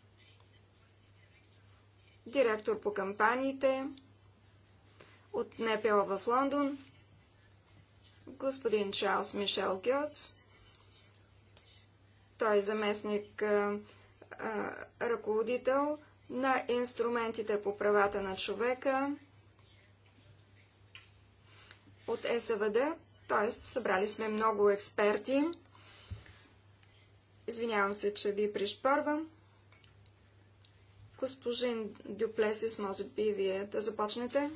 директор по кампаниите от НПО в Лондон, господин Чарлз Мишел Гьоц. Той е заместник а, а, ръководител на инструментите по правата на човека от СВД, т.е. събрали сме много експерти. Извинявам се, че ви пришпорвам. Госпожин Дюплесис, може би вие да започнете.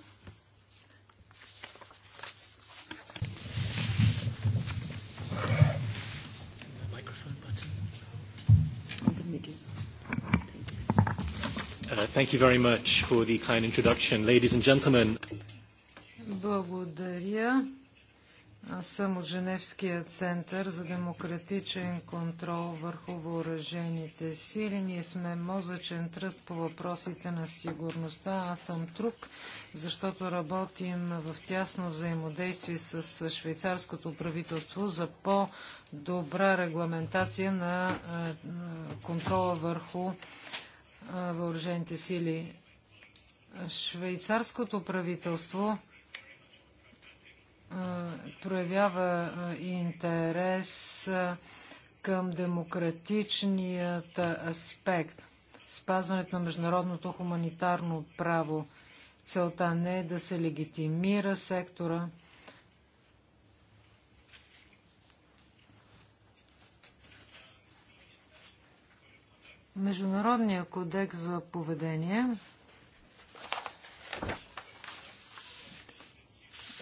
Thank you very much for the kind introduction. Ladies and gentlemen. Благодаря. Аз съм от Женевския център за демократичен контрол върху въоръжените сили. Ние сме мозъчен тръст по въпросите на сигурността. Аз съм тук, защото работим в тясно взаимодействие с швейцарското правителство за по-добра регламентация на контрола върху въоръжените сили. Швейцарското правителство проявява интерес към демократичният аспект, спазването на международното хуманитарно право. Целта не е да се легитимира сектора. Международния кодекс за поведение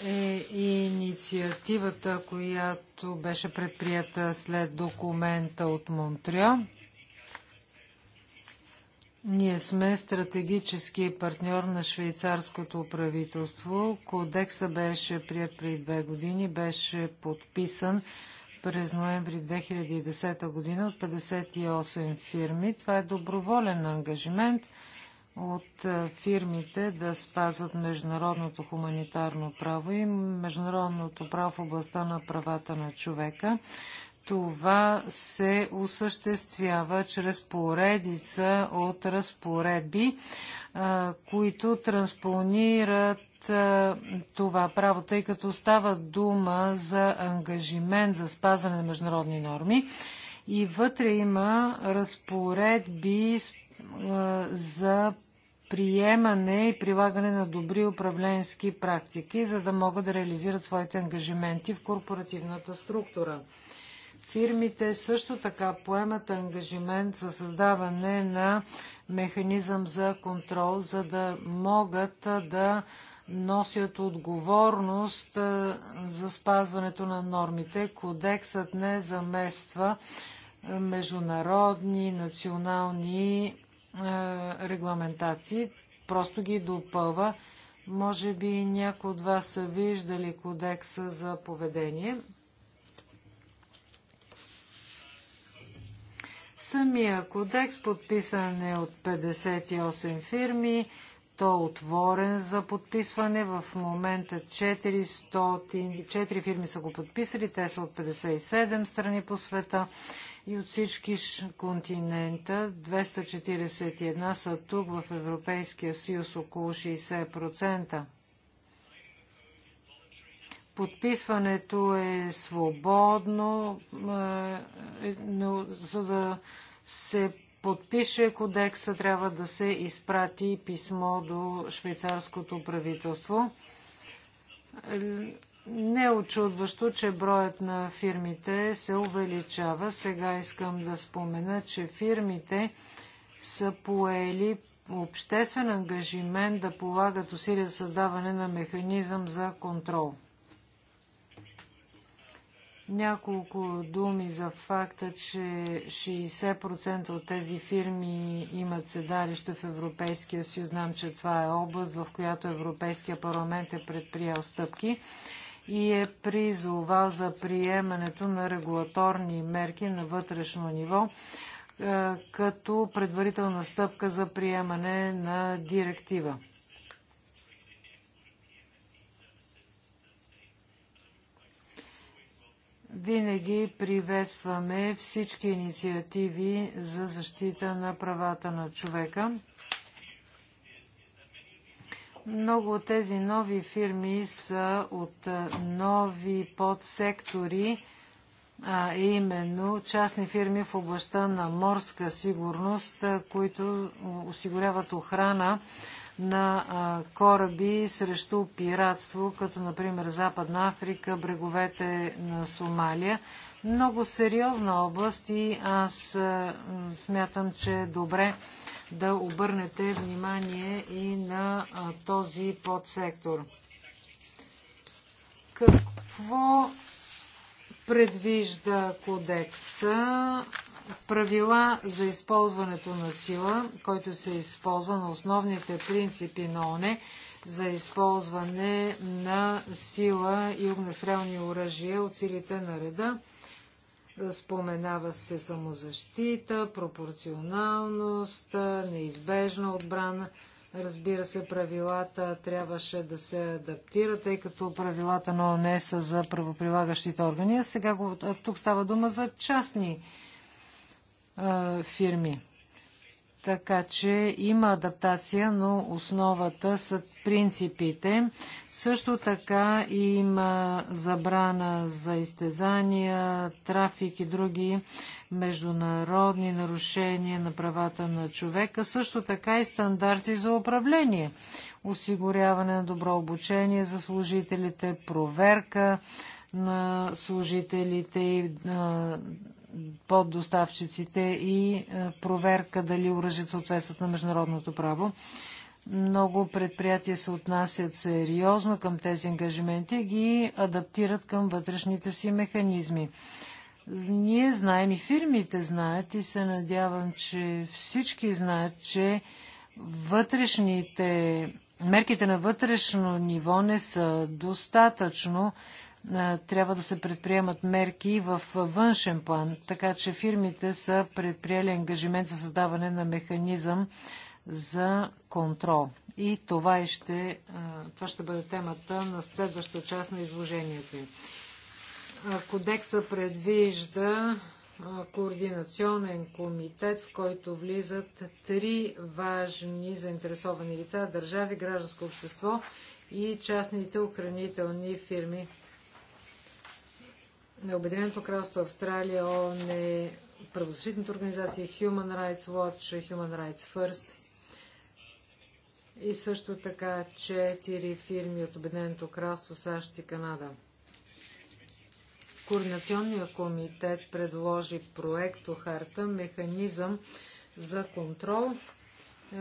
е инициативата, която беше предприята след документа от Монтрео. Ние сме стратегически партньор на швейцарското правителство. Кодекса беше прият преди две години, беше подписан през ноември 2010 година от 58 фирми. Това е доброволен ангажимент – от фирмите да спазват международното хуманитарно право и международното право в областта на правата на човека. Това се осъществява чрез поредица от разпоредби, които транспонират това право, тъй като става дума за ангажимент за спазване на международни норми. И вътре има разпоредби, за приемане и прилагане на добри управленски практики, за да могат да реализират своите ангажименти в корпоративната структура. Фирмите също така поемат ангажимент за създаване на механизъм за контрол, за да могат да носят отговорност за спазването на нормите. Кодексът не замества международни, национални е, регламентации, просто ги допълва. Може би някои от вас са виждали кодекса за поведение. Самия кодекс подписан е от 58 фирми. Той е отворен за подписване. В момента 400, 4 фирми са го подписали. Те са от 57 страни по света и от всички континента. 241 са тук в Европейския съюз, около 60%. Подписването е свободно, е, е, но за да се подпише кодекса, трябва да се изпрати писмо до швейцарското правителство. Е, не е очудващо, че броят на фирмите се увеличава. Сега искам да спомена, че фирмите са поели обществен ангажимент да полагат усилия за създаване на механизъм за контрол. Няколко думи за факта, че 60% от тези фирми имат седалище в Европейския съюз. Знам, че това е област, в която Европейския парламент е предприял стъпки и е призовал за приемането на регулаторни мерки на вътрешно ниво е, като предварителна стъпка за приемане на директива. Винаги приветстваме всички инициативи за защита на правата на човека. Много от тези нови фирми са от нови подсектори, а именно частни фирми в областта на морска сигурност, които осигуряват охрана на кораби срещу пиратство, като например Западна Африка, бреговете на Сомалия. Много сериозна област и аз смятам, че е добре да обърнете внимание и на този подсектор. Какво предвижда кодекса? Правила за използването на сила, който се използва на основните принципи на ОНЕ за използване на сила и огнестрелни оръжия от силите на реда Споменава се самозащита, пропорционалност, неизбежна отбрана. Разбира се, правилата трябваше да се адаптират, тъй като правилата на ОНЕ са за правоприлагащите органи. А сега тук става дума за частни а, фирми. Така че има адаптация, но основата са принципите. Също така има забрана за изтезания, трафик и други международни нарушения на правата на човека. Също така и стандарти за управление, осигуряване на добро обучение за служителите, проверка на служителите и поддоставчиците и е, проверка дали оръжията съответстват на международното право. Много предприятия се отнасят сериозно към тези ангажименти и ги адаптират към вътрешните си механизми. Ние знаем и фирмите знаят и се надявам, че всички знаят, че вътрешните мерките на вътрешно ниво не са достатъчно трябва да се предприемат мерки в външен план, така че фирмите са предприели ангажимент за създаване на механизъм за контрол. И това, и ще, това ще бъде темата на следваща част на изложението Кодекса предвижда координационен комитет, в който влизат три важни заинтересовани лица – държави, гражданско общество и частните охранителни фирми. На Обединеното кралство Австралия, ООН, правозащитните организации Human Rights Watch, Human Rights First и също така четири фирми от Обединеното кралство САЩ и Канада. Координационният комитет предложи проекто харта механизъм за контрол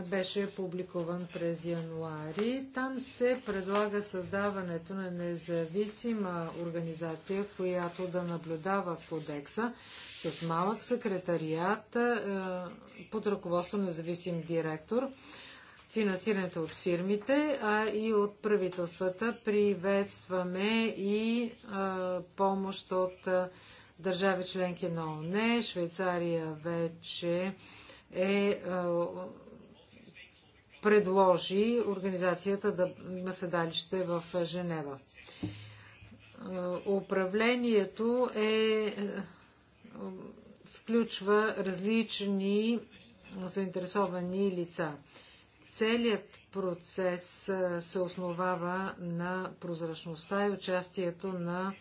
беше публикуван през януари. Там се предлага създаването на независима организация, която да наблюдава кодекса с малък секретариат е, под ръководство на зависим директор. Финансирането от фирмите, а и от правителствата. Приветстваме и е, помощ от е, държави членки на ОНЕ. Швейцария вече е предложи организацията да има седалище в Женева. Е, управлението е, е, включва различни заинтересовани лица. Целият процес е, се основава на прозрачността и участието на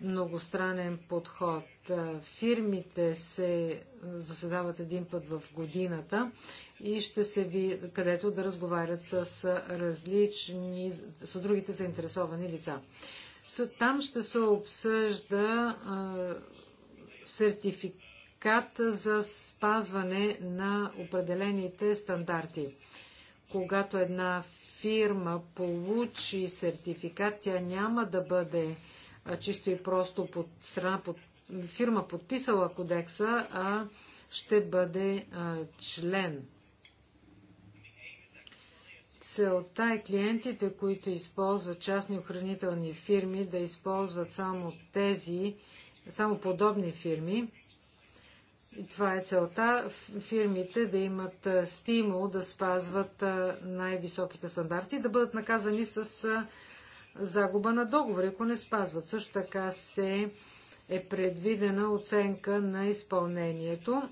многостранен подход. Фирмите се заседават един път в годината и ще се ви, където да разговарят с различни, с другите заинтересовани лица. Там ще се обсъжда сертификат за спазване на определените стандарти. Когато една фирма получи сертификат, тя няма да бъде чисто и просто под страна, под, фирма подписала кодекса, а ще бъде а, член. Целта е клиентите, които използват частни охранителни фирми, да използват само тези, само подобни фирми. И това е целта фирмите да имат стимул да спазват най-високите стандарти, да бъдат наказани с загуба на договори, ако не спазват. Също така се е предвидена оценка на изпълнението.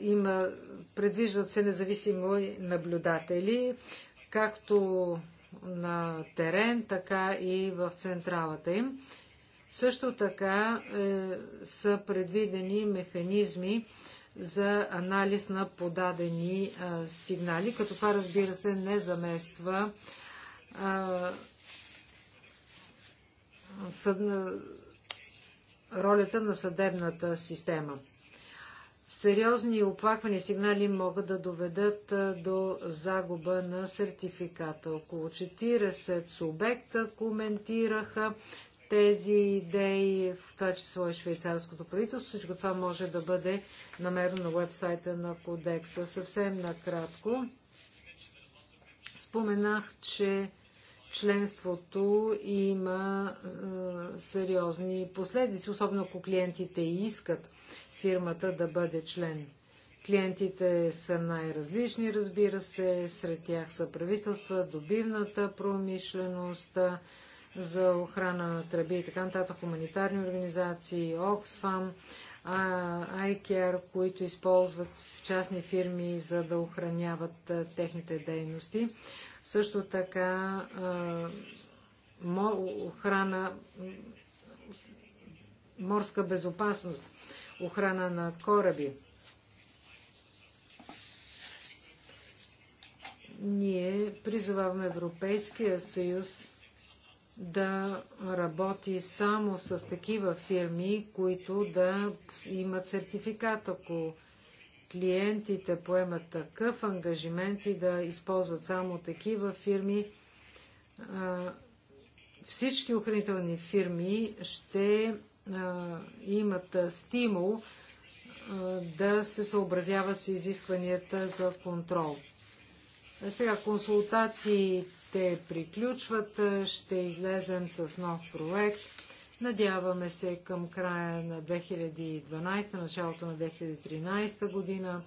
Има, предвиждат се независими наблюдатели, както на терен, така и в централата им. Също така е, са предвидени механизми за анализ на подадени е, сигнали, като това разбира се не замества ролята на съдебната система. Сериозни оплаквани сигнали могат да доведат до загуба на сертификата. Около 40 субекта коментираха тези идеи, в това число и швейцарското правителство. Всичко това може да бъде намерено на вебсайта на Кодекса. Съвсем накратко споменах, че членството има е, сериозни последици, особено ако клиентите искат фирмата да бъде член. Клиентите са най-различни, разбира се. Сред тях са правителства, добивната промишленост, е, за охрана на тръби и така нататък, хуманитарни организации, Оксфам, iCare, които използват частни фирми, за да охраняват е, техните дейности. Също така охрана, морска безопасност, охрана на кораби. Ние призоваваме Европейския съюз да работи само с такива фирми, които да имат сертификат. Ако клиентите поемат такъв ангажимент и да използват само такива фирми, всички охранителни фирми ще имат стимул да се съобразяват с изискванията за контрол. Сега консултациите приключват, ще излезем с нов проект Надяваме се към края на 2012, началото на 2013 година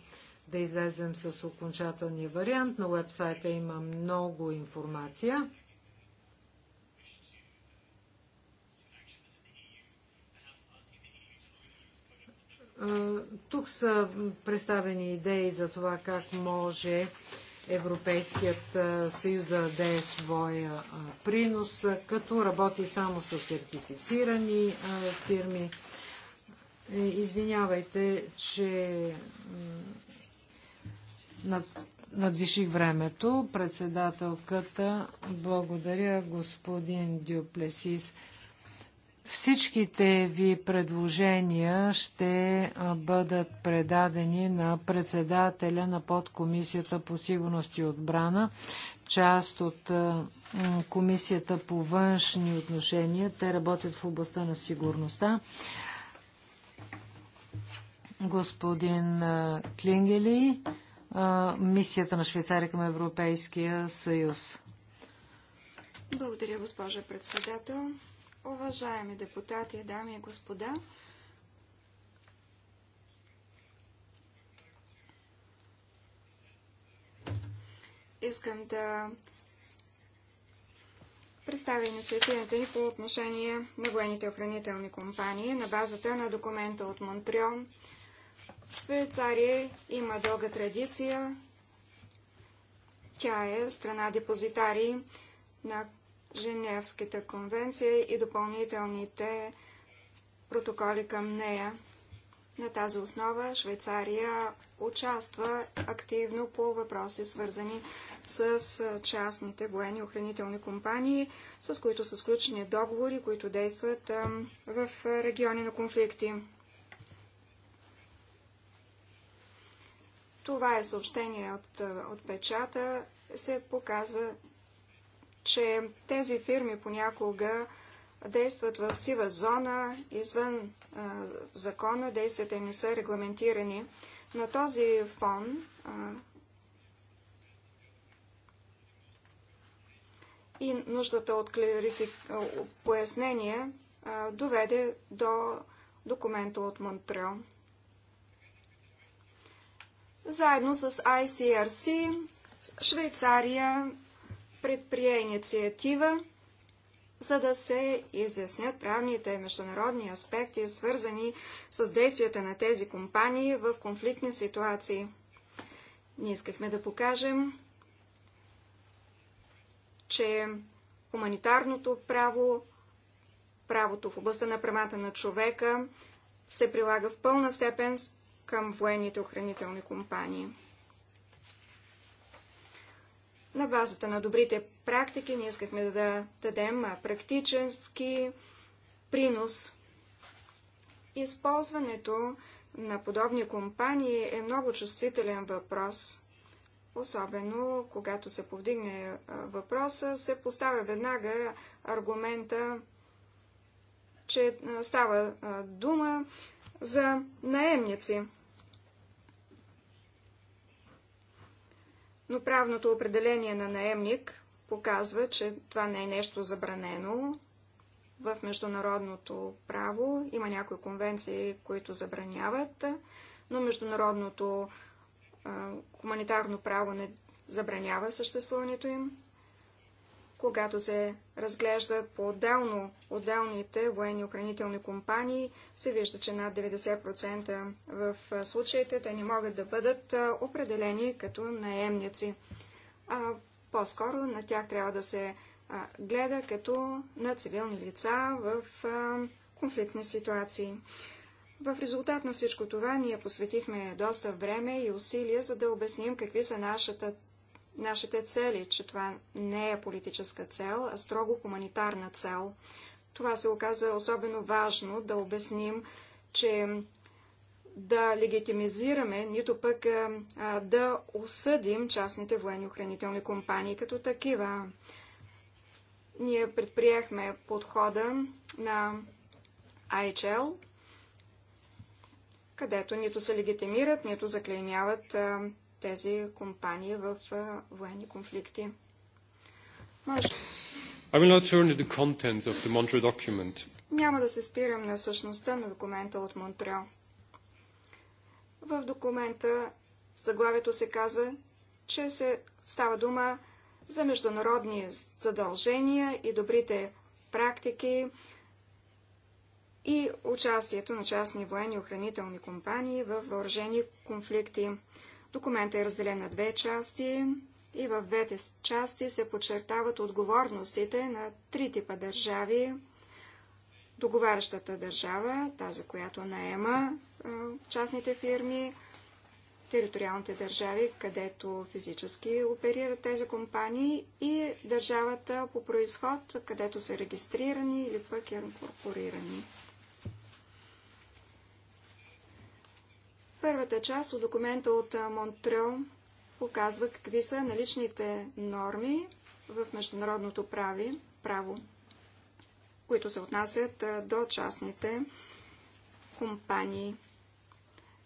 да излезем с окончателния вариант. На вебсайта има много информация. Е, тук са представени идеи за това как може Европейският съюз да даде своя принос, като работи само с сертифицирани фирми. Е, извинявайте, че надвиших времето. Председателката, благодаря господин Дюплесис. Всичките ви предложения ще бъдат предадени на председателя на подкомисията по сигурност и отбрана, част от комисията по външни отношения. Те работят в областта на сигурността. Господин Клингели, мисията на Швейцария към Европейския съюз. Благодаря, госпожа председател. Уважаеми депутати, дами и господа, искам да представя инициативата ни по отношение на военните охранителни компании на базата на документа от Монтрео. Швейцария има дълга традиция. Тя е страна депозитари на Женевската конвенция и допълнителните протоколи към нея. На тази основа Швейцария участва активно по въпроси, свързани с частните военни охранителни компании, с които са сключени договори, които действат в региони на конфликти. Това е съобщение от, от печата. Се показва, че тези фирми понякога действат в сива зона, извън а, закона, действията им не са регламентирани. На този фон а, и нуждата от пояснение а, доведе до документа от Монтрео. Заедно с ICRC Швейцария предприе инициатива, за да се изяснят правните международни аспекти, свързани с действията на тези компании в конфликтни ситуации. Ние искахме да покажем, че хуманитарното право, правото в областта на правата на човека се прилага в пълна степен към военните охранителни компании. На базата на добрите практики ние искахме да дадем практически принос. Използването на подобни компании е много чувствителен въпрос. Особено когато се повдигне въпроса, се поставя веднага аргумента, че става дума за наемници. но правното определение на наемник показва, че това не е нещо забранено в международното право. Има някои конвенции, които забраняват, но международното а, хуманитарно право не забранява съществуването им когато се разглеждат по-отделно отделните военни охранителни компании, се вижда, че над 90% в случаите те не могат да бъдат определени като наемници. А по-скоро на тях трябва да се гледа като на цивилни лица в конфликтни ситуации. В резултат на всичко това ние посветихме доста време и усилия, за да обясним какви са нашата нашите цели, че това не е политическа цел, а строго хуманитарна цел. Това се оказа особено важно да обясним, че да легитимизираме, нито пък а, да осъдим частните военни охранителни компании като такива. Ние предприехме подхода на IHL, където нито се легитимират, нито заклеймяват а, тези компании в военни конфликти. Може. Няма да се спирам на същността на документа от Монтреал. В документа заглавието се казва, че се става дума за международни задължения и добрите практики и участието на частни военни охранителни компании в въоръжени конфликти. Документът е разделен на две части и в двете части се подчертават отговорностите на три типа държави. Договарящата държава, тази, която наема частните фирми, териториалните държави, където физически оперират тези компании и държавата по происход, където са регистрирани или пък инкорпорирани. Първата част от документа от Монтрео показва какви са наличните норми в международното прави, право, които се отнасят до частните компании.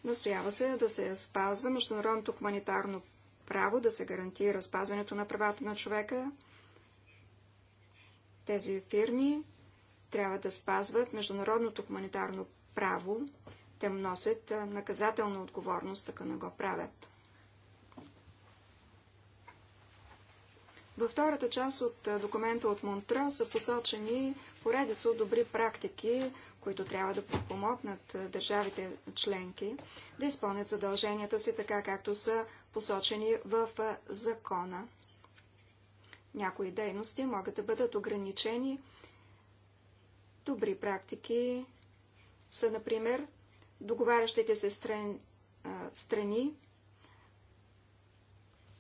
Настоява се да се спазва международното хуманитарно право, да се гарантира спазването на правата на човека. Тези фирми трябва да спазват международното хуманитарно право, те носят наказателна отговорност, така не го правят. Във втората част от документа от Монтра са посочени поредица от добри практики, които трябва да подпомогнат държавите членки да изпълнят задълженията си така, както са посочени в закона. Някои дейности могат да бъдат ограничени. Добри практики са, например, договарящите се стран, а, страни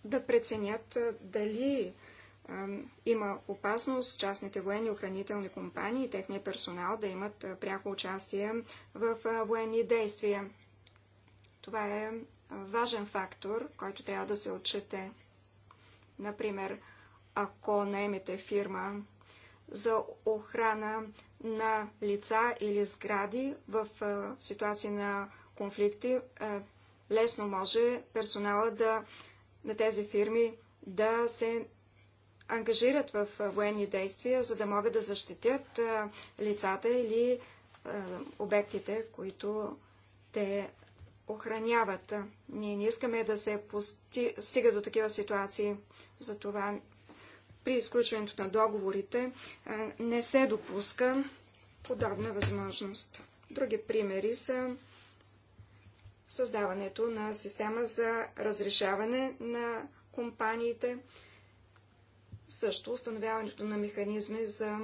да преценят дали а, има опасност частните военни охранителни компании и техния персонал да имат пряко участие в а, военни действия. Това е важен фактор, който трябва да се отчете. Например, ако наемете фирма за охрана на лица или сгради в ситуации на конфликти, лесно може персонала да, на тези фирми да се ангажират в военни действия, за да могат да защитят лицата или обектите, които те охраняват. Ние не искаме да се стига до такива ситуации. Затова при изключването на договорите не се допуска подобна възможност. Други примери са създаването на система за разрешаване на компаниите, също установяването на механизми за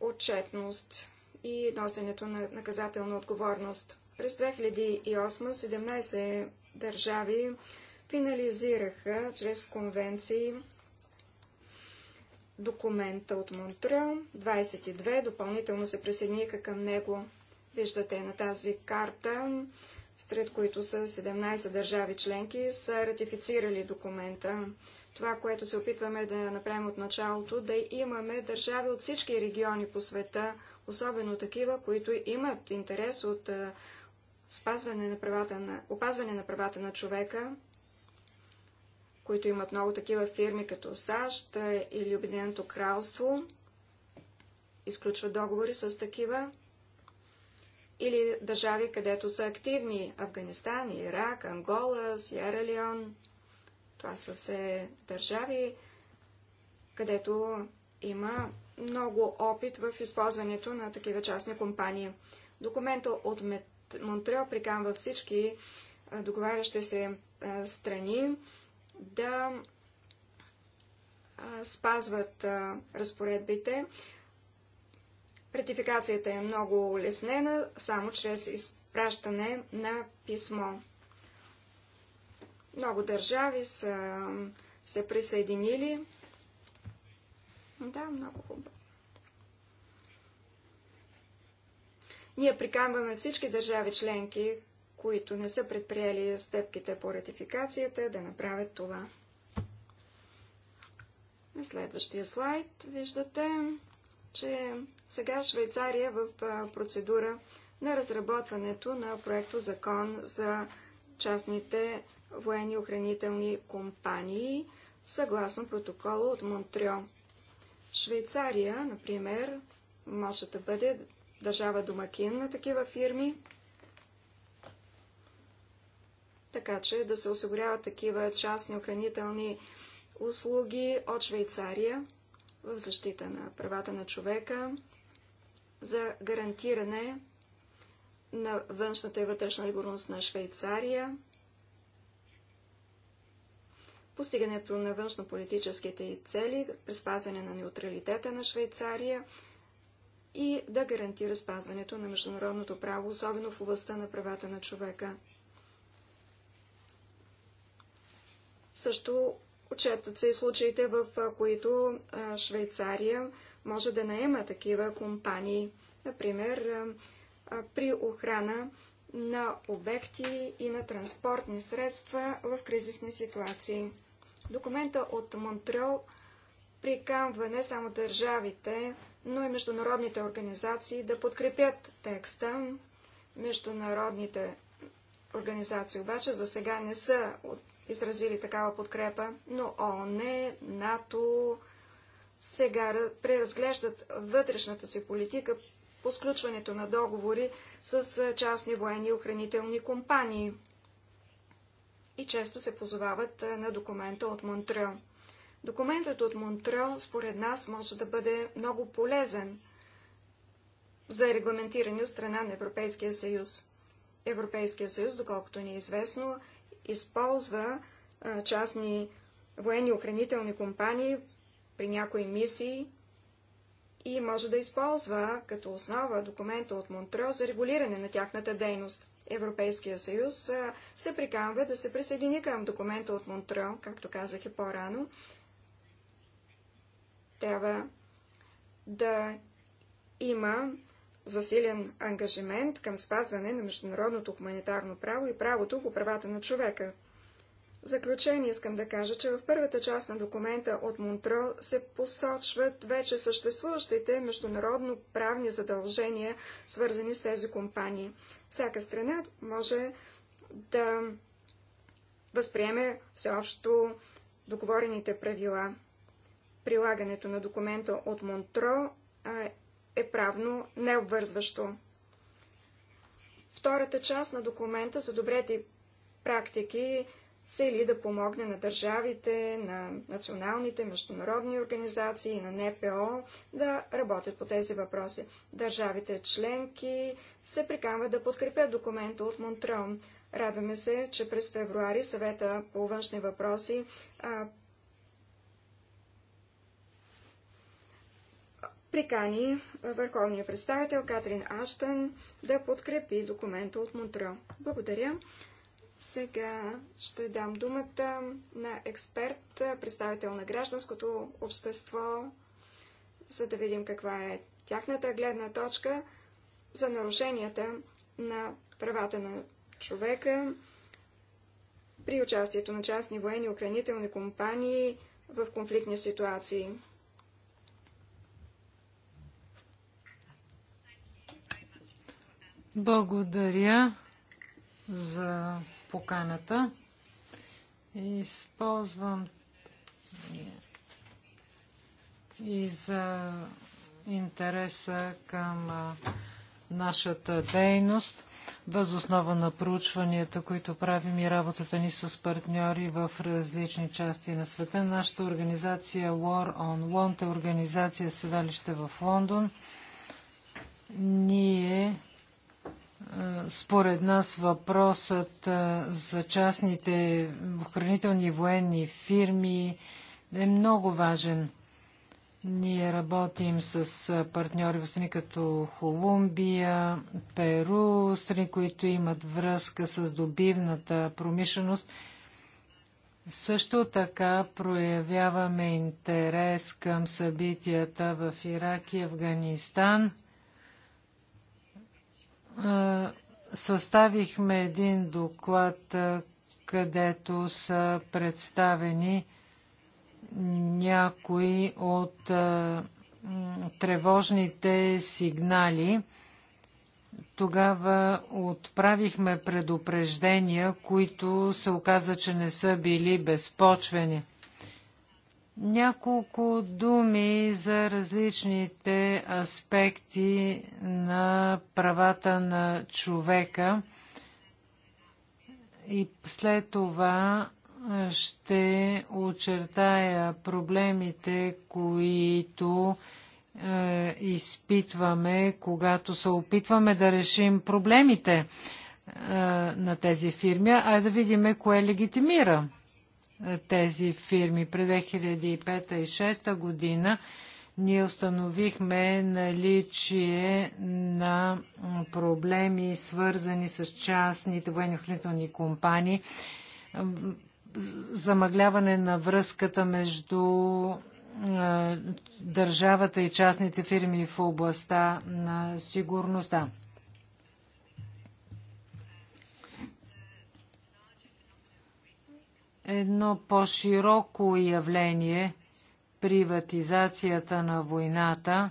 отчетност и носенето на наказателна отговорност. През 2008 17 държави финализираха чрез конвенции документа от Монтреал. 22 допълнително се присъединиха към него. Виждате на тази карта, сред които са 17 държави членки, са ратифицирали документа. Това, което се опитваме да направим от началото, да имаме държави от всички региони по света, особено такива, които имат интерес от спазване на правата на, опазване на правата на човека които имат много такива фирми като САЩ или Обединеното кралство, изключват договори с такива, или държави, където са активни Афганистан, Ирак, Ангола, Сиера Леон. Това са все държави, където има много опит в използването на такива частни компании. Документа от Монтрео приканва всички договарящи се страни да спазват разпоредбите. Ратификацията е много улеснена, само чрез изпращане на писмо. Много държави са се присъединили. Да, много хубаво. Ние приканваме всички държави членки, които не са предприели стъпките по ратификацията, да направят това. На следващия слайд виждате, че сега Швейцария е в процедура на разработването на проекто закон за частните военни охранителни компании съгласно протокола от Монтрео. Швейцария, например, може да бъде държава домакин на такива фирми, така че да се осигуряват такива частни охранителни услуги от Швейцария в защита на правата на човека за гарантиране на външната и вътрешна сигурност на Швейцария, постигането на външнополитическите и цели, приспазване на неутралитета на Швейцария и да гарантира спазването на международното право, особено в областта на правата на човека. Също отчетат се и случаите, в които Швейцария може да наема такива компании. Например, при охрана на обекти и на транспортни средства в кризисни ситуации. Документа от Монтрел приканва не само държавите, но и международните организации да подкрепят текста. Международните организации обаче за сега не са изразили такава подкрепа, но ООН, НАТО сега преразглеждат вътрешната си политика по сключването на договори с частни военни охранителни компании и често се позовават на документа от Монтрео. Документът от Монтрео, според нас, може да бъде много полезен за регламентиране от страна на Европейския съюз. Европейския съюз, доколкото ни е известно, използва а, частни военни охранителни компании при някои мисии и може да използва като основа документа от Монтрео за регулиране на тяхната дейност. Европейския съюз а, се приканва да се присъедини към документа от Монтрео, както казах и по-рано. Трябва да има засилен ангажимент към спазване на международното хуманитарно право и правото по правата на човека. В заключение искам да кажа, че в първата част на документа от Монтро се посочват вече съществуващите международно правни задължения, свързани с тези компании. Всяка страна може да възприеме всеобщо договорените правила. Прилагането на документа от Монтро е правно необвързващо. Втората част на документа за добрите практики цели да помогне на държавите, на националните, международни организации и на НПО да работят по тези въпроси. Държавите членки се прикамват да подкрепят документа от Монтрон. Радваме се, че през февруари съвета по външни въпроси а, прикани върховния представител Катрин Аштън да подкрепи документа от Монтрео. Благодаря. Сега ще дам думата на експерт, представител на гражданското общество, за да видим каква е тяхната гледна точка за нарушенията на правата на човека при участието на частни военни охранителни компании в конфликтни ситуации. Благодаря за поканата. Използвам и за интереса към нашата дейност, възоснова на проучванията, които правим и работата ни с партньори в различни части на света. Нашата организация War on Want е организация седалище в Лондон. Ние е, според нас въпросът е, за частните охранителни военни фирми е много важен. Ние работим с е, партньори в страни като Колумбия, Перу, страни, които имат връзка с добивната промишленост. Също така проявяваме интерес към събитията в Ирак и Афганистан – съставихме един доклад, където са представени някои от тревожните сигнали. Тогава отправихме предупреждения, които се оказа, че не са били безпочвени. Няколко думи за различните аспекти на правата на човека и след това ще очертая проблемите, които е, изпитваме, когато се опитваме да решим проблемите е, на тези фирми, а да видим кое легитимира тези фирми. През 2005 и 2006 година ние установихме наличие на проблеми, свързани с частните военно-хранителни компании, замъгляване на връзката между държавата и частните фирми в областта на сигурността. едно по-широко явление приватизацията на войната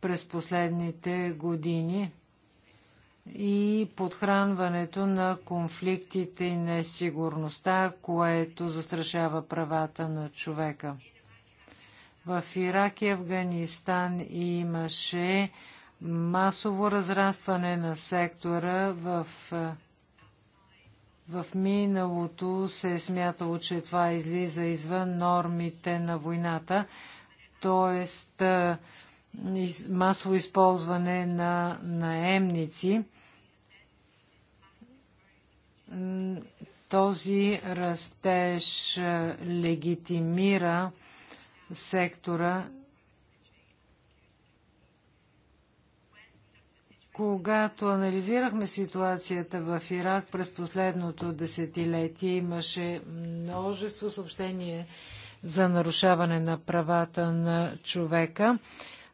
през последните години и подхранването на конфликтите и несигурността, което застрашава правата на човека. В Ирак и Афганистан имаше масово разрастване на сектора в в миналото се е смятало, че това излиза извън нормите на войната, т.е. масово използване на наемници. Този растеж легитимира сектора Когато анализирахме ситуацията в Ирак през последното десетилетие, имаше множество съобщения за нарушаване на правата на човека.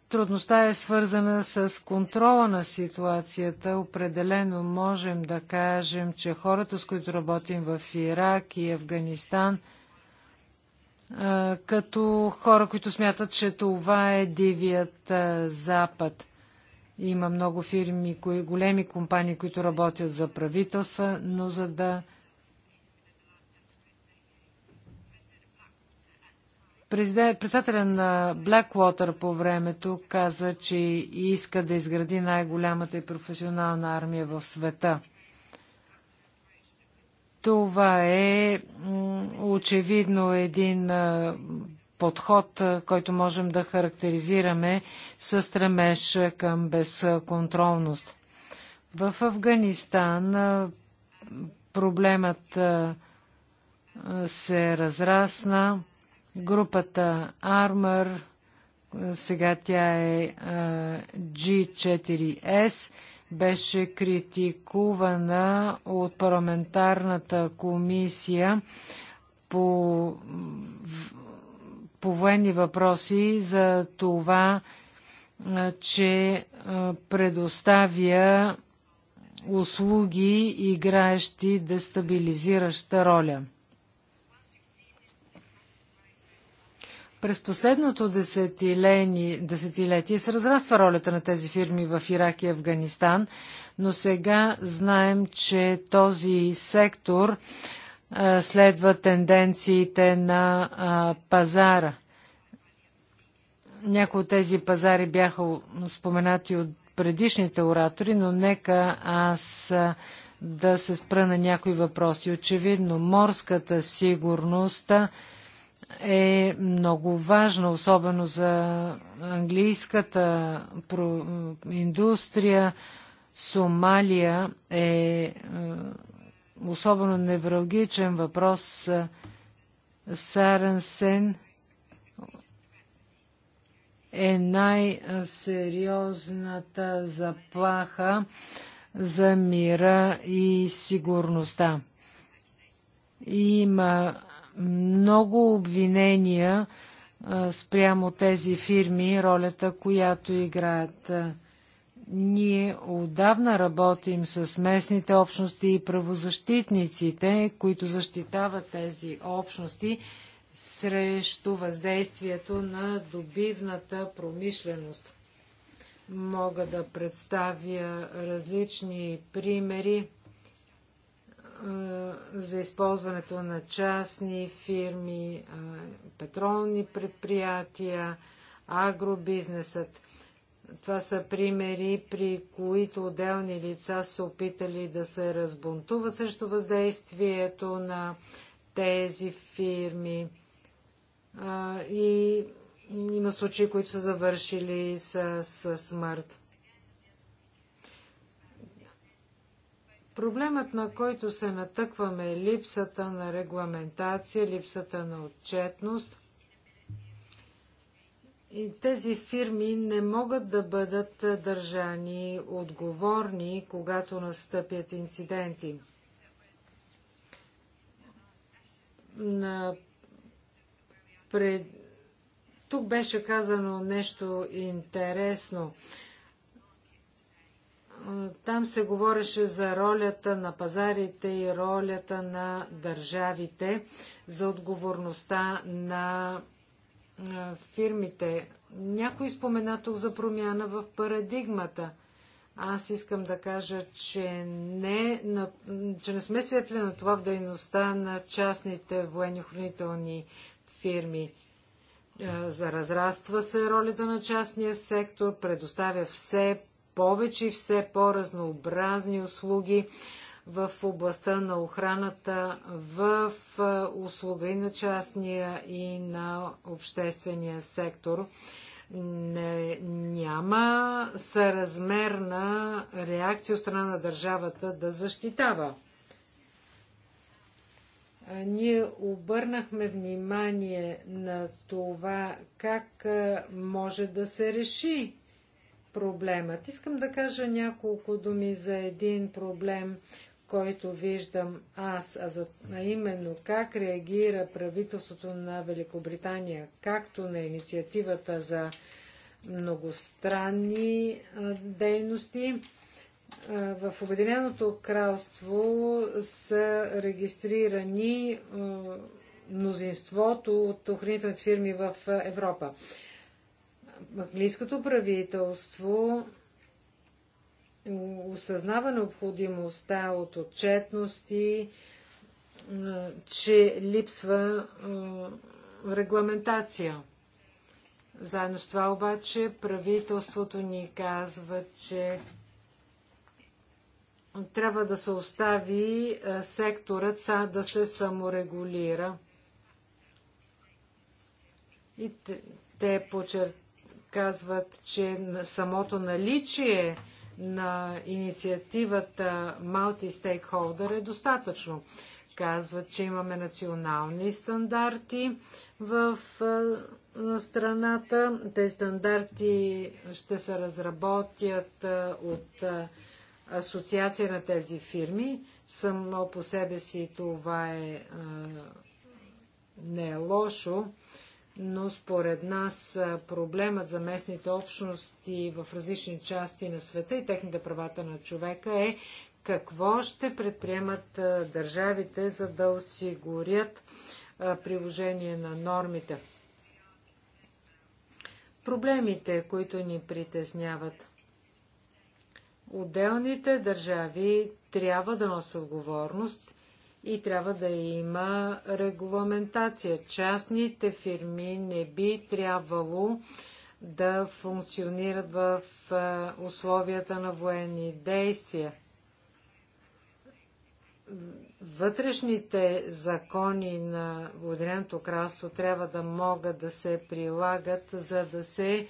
Трудността е свързана с контрола на ситуацията. Определено можем да кажем, че хората, с които работим в Ирак и Афганистан, като хора, които смятат, че това е дивият запад. Има много фирми, кои, големи компании, които работят за правителства, но за да Председателя на Blackwater по времето каза, че иска да изгради най-голямата и професионална армия в света. Това е очевидно един подход, който можем да характеризираме с стремеж към безконтролност. В Афганистан проблемът се разрасна. Групата Армър, сега тя е G4S, беше критикувана от парламентарната комисия по по военни въпроси за това, че предоставя услуги, играещи дестабилизираща роля. През последното десетилетие се разраства ролята на тези фирми в Ирак и Афганистан, но сега знаем, че този сектор следва тенденциите на пазара. Някои от тези пазари бяха споменати от предишните оратори, но нека аз да се спра на някои въпроси. Очевидно, морската сигурност е много важна, особено за английската индустрия. Сомалия е особено невралгичен въпрос Сарансен е най-сериозната заплаха за мира и сигурността. Има много обвинения спрямо тези фирми, ролята, която играят. Ние отдавна работим с местните общности и правозащитниците, които защитават тези общности срещу въздействието на добивната промишленост. Мога да представя различни примери за използването на частни фирми, петролни предприятия, агробизнесът. Това са примери, при които отделни лица са опитали да се разбунтуват срещу въздействието на тези фирми. А, и има случаи, които са завършили с, с смърт. Проблемът, на който се натъкваме, е липсата на регламентация, липсата на отчетност – и тези фирми не могат да бъдат държани отговорни, когато настъпят инциденти. На пред... Тук беше казано нещо интересно. Там се говореше за ролята на пазарите и ролята на държавите, за отговорността на фирмите. Някой спомена тук за промяна в парадигмата. Аз искам да кажа, че не, на, че не сме свидетели на това в дейността на частните военни хранителни фирми. За разраства се ролята на частния сектор, предоставя все повече и все по-разнообразни услуги в областта на охраната, в услуга и на частния и на обществения сектор. Не, няма съразмерна реакция от страна на държавата да защитава. Ние обърнахме внимание на това как може да се реши проблемът. Искам да кажа няколко думи за един проблем, който виждам аз, а, за, а именно как реагира правителството на Великобритания, както на инициативата за многостранни а, дейности. в Обединеното кралство са регистрирани мнозинството от охранителните фирми в Европа. Английското правителство осъзнава необходимостта от отчетност и е, че липсва е, регламентация. Заедно с това обаче правителството ни казва, че трябва да се остави е, секторът да се саморегулира. И те, те почер... казват, че самото наличие на инициативата Multi Stakeholder е достатъчно. Казват, че имаме национални стандарти в страната. Те стандарти ще се разработят от асоциация на тези фирми. Само по себе си това е, не е лошо но според нас проблемът за местните общности в различни части на света и техните правата на човека е какво ще предприемат държавите, за да осигурят приложение на нормите. Проблемите, които ни притесняват. Отделните държави трябва да носят отговорност и трябва да има регламентация. Частните фирми не би трябвало да функционират в условията на военни действия. Вътрешните закони на Обединеното кралство трябва да могат да се прилагат, за да се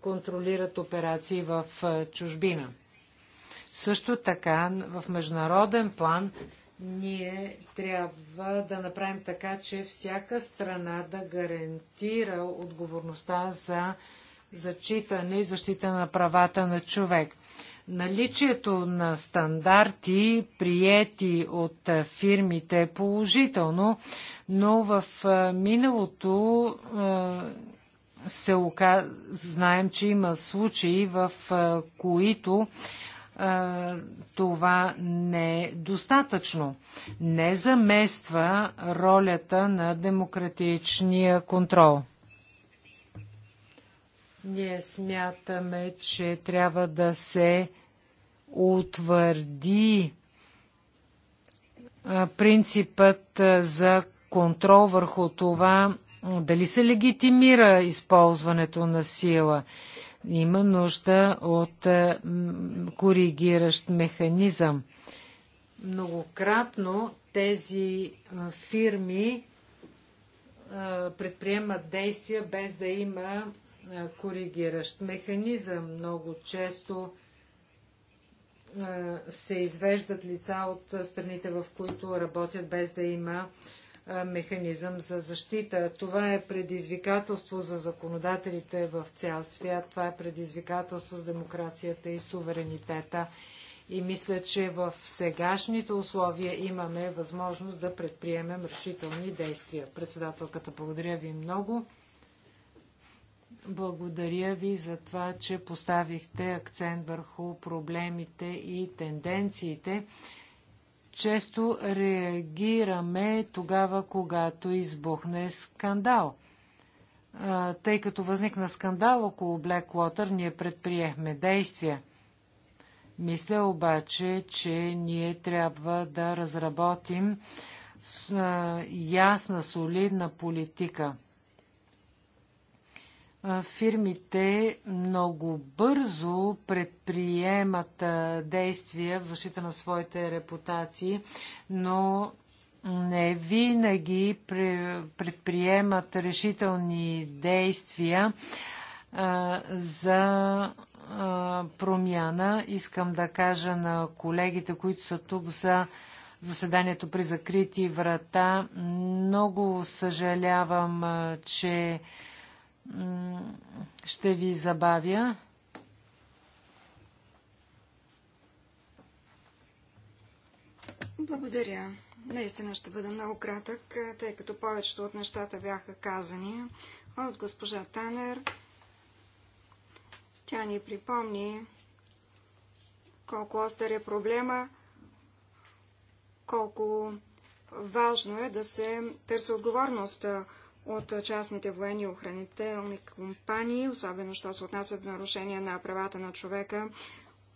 контролират операции в чужбина. Също така, в международен план ние трябва да направим така, че всяка страна да гарантира отговорността за зачитане и защита на правата на човек. Наличието на стандарти, приети от е, фирмите, е положително, но в е, миналото е, се ока... знаем, че има случаи, в които това не е достатъчно. Не замества ролята на демократичния контрол. Ние смятаме, че трябва да се утвърди принципът за контрол върху това дали се легитимира използването на сила. Има нужда от е, коригиращ механизъм. Многократно тези е, фирми е, предприемат действия без да има коригиращ механизъм. Много често се извеждат лица от страните, в които работят без да има механизъм за защита. Това е предизвикателство за законодателите в цял свят, това е предизвикателство с демокрацията и суверенитета. И мисля, че в сегашните условия имаме възможност да предприемем решителни действия. Председателката, благодаря ви много. Благодаря ви за това, че поставихте акцент върху проблемите и тенденциите, често реагираме тогава, когато избухне скандал. Тъй като възникна скандал около Blackwater, ние предприехме действия. Мисля обаче, че ние трябва да разработим ясна, солидна политика – фирмите много бързо предприемат действия в защита на своите репутации, но не винаги предприемат решителни действия за промяна. Искам да кажа на колегите, които са тук за заседанието при закрити врата. Много съжалявам, че ще ви забавя. Благодаря. Наистина ще бъда много кратък, е, тъй като повечето от нещата бяха казани от госпожа Танер. Тя ни припомни колко остър е проблема, колко важно е да се търси отговорност от частните военни охранителни компании, особено що се отнасят до нарушения на правата на човека.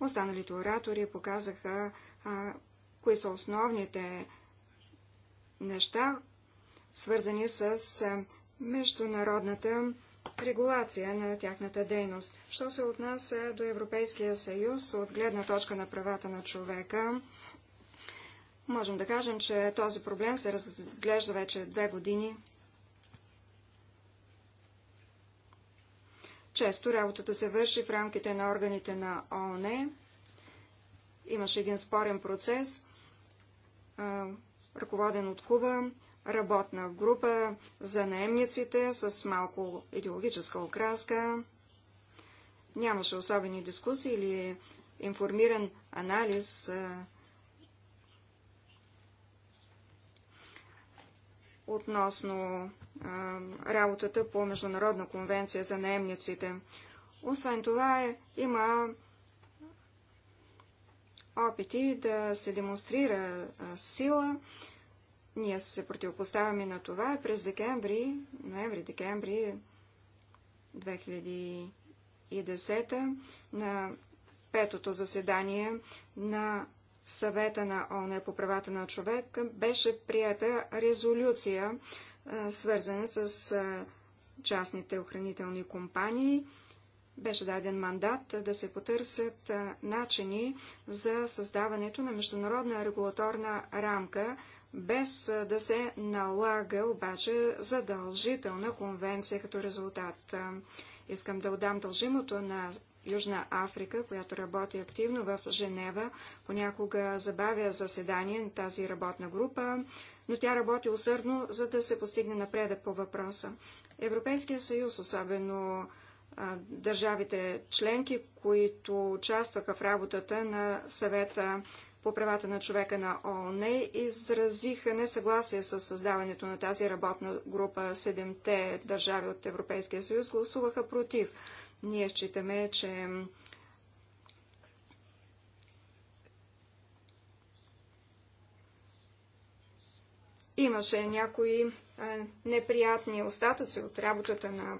Останалите оратори показаха а, кои са основните неща, свързани с международната регулация на тяхната дейност. Що се отнася до Европейския съюз от гледна точка на правата на човека, можем да кажем, че този проблем се разглежда вече две години Често работата се върши в рамките на органите на ООН. Имаше един спорен процес, ръководен от Куба, работна група за наемниците с малко идеологическа окраска. Нямаше особени дискусии или информиран анализ а, относно а, работата по Международна конвенция за наемниците. Освен това е, има опити да се демонстрира а, сила. Ние се противопоставяме на това. През декември, ноември-декември 2010 на петото заседание на съвета на ОНЕ по правата на човек беше прията резолюция, свързана с частните охранителни компании. Беше даден мандат да се потърсят начини за създаването на международна регулаторна рамка, без да се налага обаче задължителна конвенция като резултат. Искам да отдам дължимото на Южна Африка, която работи активно в Женева. Понякога забавя заседание на тази работна група, но тя работи усърдно, за да се постигне напредък по въпроса. Европейския съюз, особено държавите членки, които участваха в работата на съвета по правата на човека на ООН изразиха несъгласие с създаването на тази работна група. Седемте държави от Европейския съюз гласуваха против. Ние считаме, че имаше някои неприятни остатъци от работата на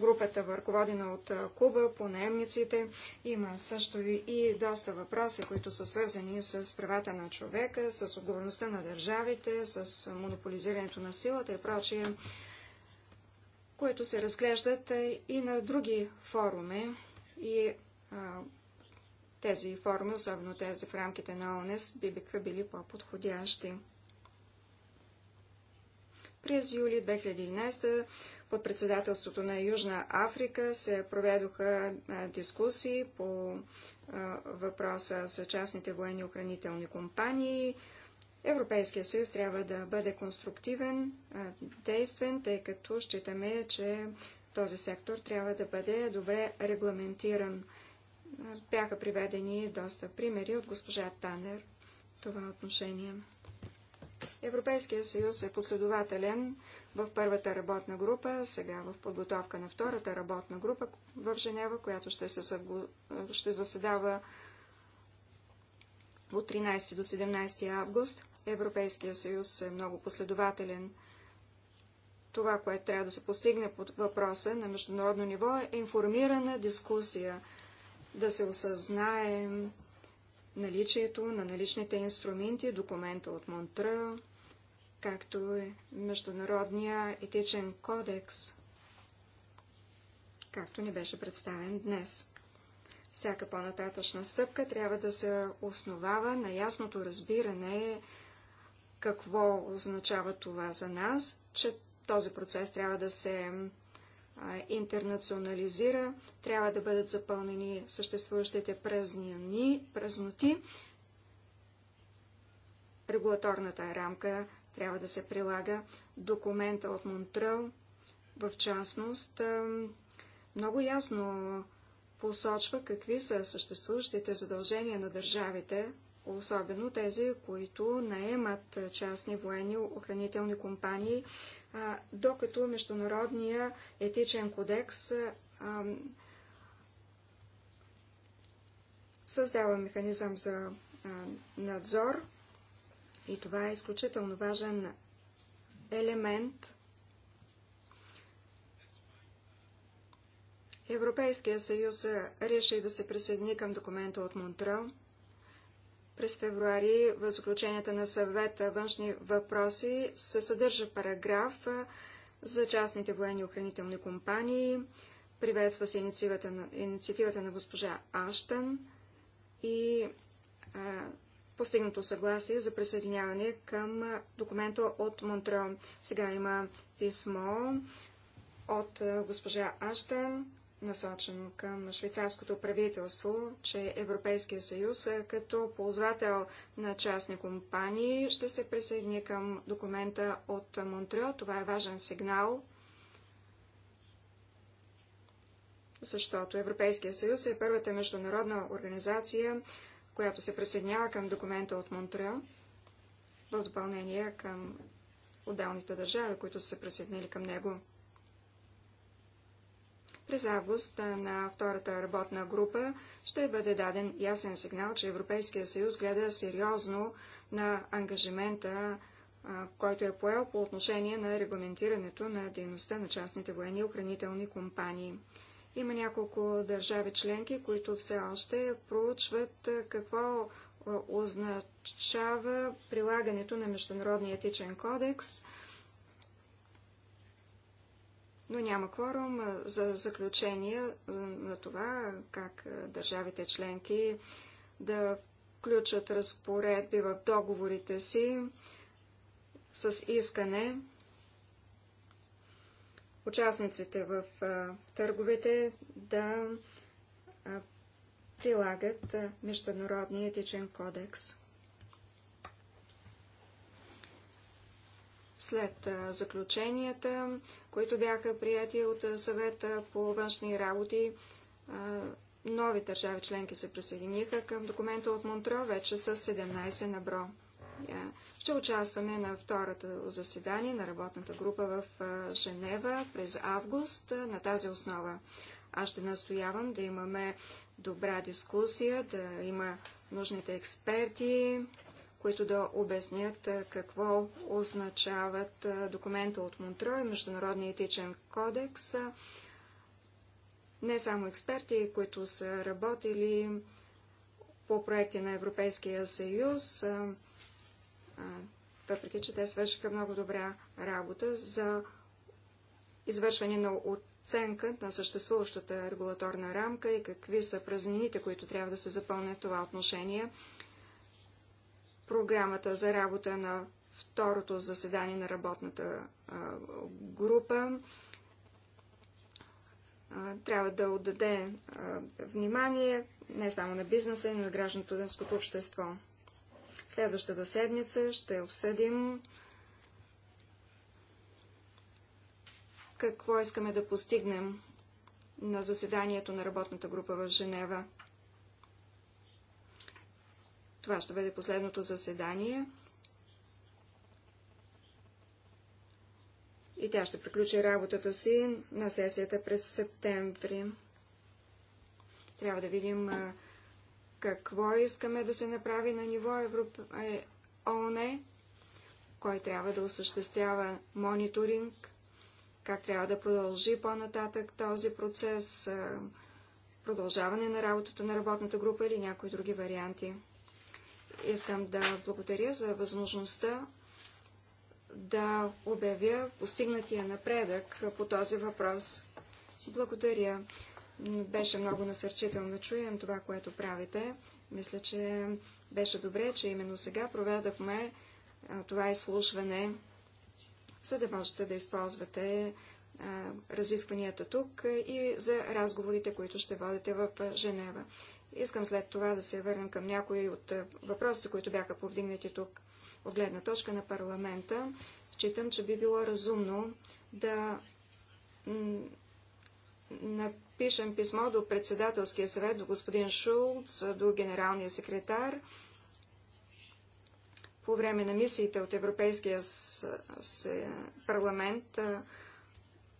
групата, върководена от Куба, по наемниците. Има също и, и доста въпроси, които са свързани с правата на човека, с отговорността на държавите, с монополизирането на силата и прочие които се разглеждат е, и на други форуми и а, тези форуми, особено тези в рамките на ОНЕС, би биха били по-подходящи. През юли 2011 под председателството на Южна Африка се проведоха дискусии по а, въпроса за частните военни охранителни компании, Европейския съюз трябва да бъде конструктивен, действен, тъй като считаме, че този сектор трябва да бъде добре регламентиран. Бяха приведени доста примери от госпожа Танер в това отношение. Европейския съюз е последователен в първата работна група, сега в подготовка на втората работна група в Женева, която ще, се съвгл... ще заседава от 13 до 17 август. Европейския съюз е много последователен. Това, което трябва да се постигне под въпроса на международно ниво е информирана дискусия, да се осъзнае наличието на наличните инструменти, документа от Монтра, както е Международния етичен кодекс, както ни беше представен днес. Всяка по-нататъчна стъпка трябва да се основава на ясното разбиране какво означава това за нас? Че този процес трябва да се интернационализира, трябва да бъдат запълнени съществуващите празнини, празноти. Регулаторната рамка трябва да се прилага. Документа от Монтрел, в частност, много ясно посочва какви са съществуващите задължения на държавите особено тези, които наемат частни военни охранителни компании, докато Международния етичен кодекс създава механизъм за надзор и това е изключително важен елемент. Европейския съюз реши да се присъедини към документа от Монтрел – през февруари в заключенията на съвета външни въпроси се съдържа параграф за частните военни охранителни компании. Приветства се инициативата на, инициативата на госпожа Аштън и а, постигнато съгласие за присъединяване към документа от Монтрео. Сега има писмо от госпожа Аштън насочен към швейцарското правителство, че Европейския съюз е, като ползвател на частни компании ще се присъедини към документа от Монтрео. Това е важен сигнал, защото Европейския съюз е първата международна организация, която се присъединява към документа от Монтрео, в допълнение към отделните държави, които са се присъединили към него. През август на втората работна група ще бъде даден ясен сигнал, че Европейския съюз гледа сериозно на ангажимента, който е поел по отношение на регламентирането на дейността на частните военни и охранителни компании. Има няколко държави членки, които все още проучват какво означава прилагането на Международния етичен кодекс – но няма кворум за заключение на това как държавите членки да включат разпоредби в договорите си с искане участниците в търговете да прилагат Международния етичен кодекс. След заключенията които бяха прияти от съвета по външни работи. Нови държави членки се присъединиха към документа от Монтро вече с 17 на бро. Е, ще участваме на втората заседание на работната група в Женева през август на тази основа. Аз ще настоявам да имаме добра дискусия, да има нужните експерти, които да обяснят какво означават документа от Монтро и Международния етичен кодекс. Не само експерти, които са работили по проекти на Европейския съюз, въпреки че те свършиха много добра работа за извършване на оценка на съществуващата регулаторна рамка и какви са празнините, които трябва да се запълнят в това отношение програмата за работа на второто заседание на работната група. Трябва да отдаде внимание не само на бизнеса, но и на гражданското общество. Следващата седмица ще обсъдим какво искаме да постигнем на заседанието на работната група в Женева – това ще бъде последното заседание. И тя ще приключи работата си на сесията през септември. Трябва да видим какво искаме да се направи на ниво е, ООН, кой трябва да осъществява мониторинг, как трябва да продължи по-нататък този процес, продължаване на работата на работната група или някои други варианти искам да благодаря за възможността да обявя постигнатия напредък по този въпрос. Благодаря. Беше много насърчително да чуем това, което правите. Мисля, че беше добре, че именно сега проведахме това изслушване, за да можете да използвате разискванията тук и за разговорите, които ще водите в Женева. Искам след това да се върнем към някои от е, въпросите, които бяха повдигнати тук от гледна точка на парламента. Считам, че би било разумно да напишем писмо до председателския съвет, до господин Шулц, до генералния секретар по време на мисиите от Европейския парламент е,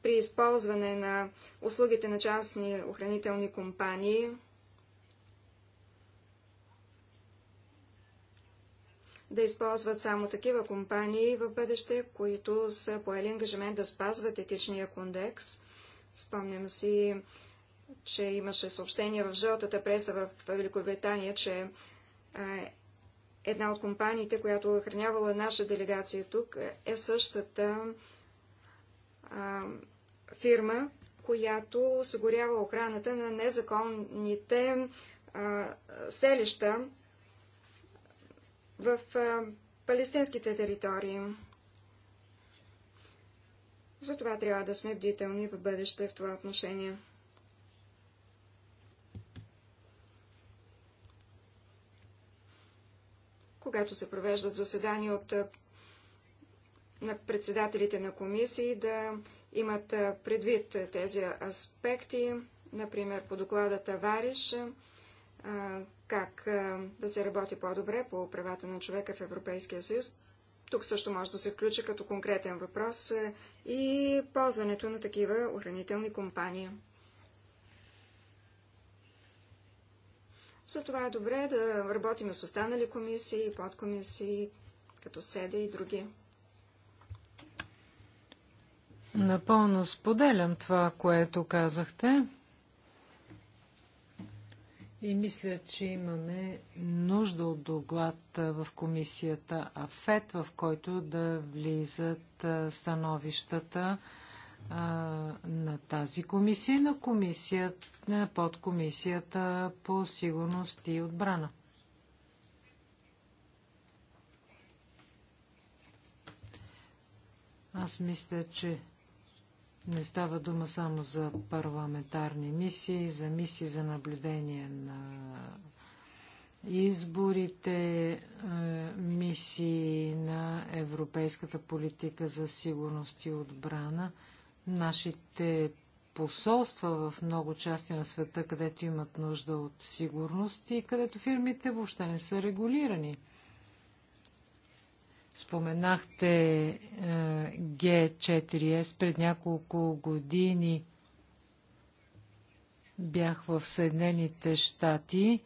при използване на услугите на частни охранителни компании да използват само такива компании в бъдеще, които са поели ангажимент да спазват етичния кондекс. Спомням си, че имаше съобщение в жълтата преса в Великобритания, че една от компаниите, която охранявала наша делегация тук, е същата фирма, която осигурява охраната на незаконните селища в палестинските територии. Затова трябва да сме бдителни в бъдеще в това отношение. Когато се провеждат заседания от, на председателите на комисии, да имат предвид тези аспекти, например по доклада Тавариш, как да се работи по-добре по правата на човека в Европейския съюз. Тук също може да се включи като конкретен въпрос и ползването на такива охранителни компании. За това е добре да работим с останали комисии, подкомисии, като СЕДЕ и други. Напълно споделям това, което казахте. И мисля, че имаме нужда от доклад в комисията АФЕТ, в който да влизат становищата на тази комисия и на комисията, на подкомисията по сигурност и отбрана. Аз мисля, че не става дума само за парламентарни мисии, за мисии за наблюдение на изборите, е, мисии на европейската политика за сигурност и отбрана. Нашите посолства в много части на света, където имат нужда от сигурност и където фирмите въобще не са регулирани – Споменахте G4S е, пред няколко години бях в Съединените щати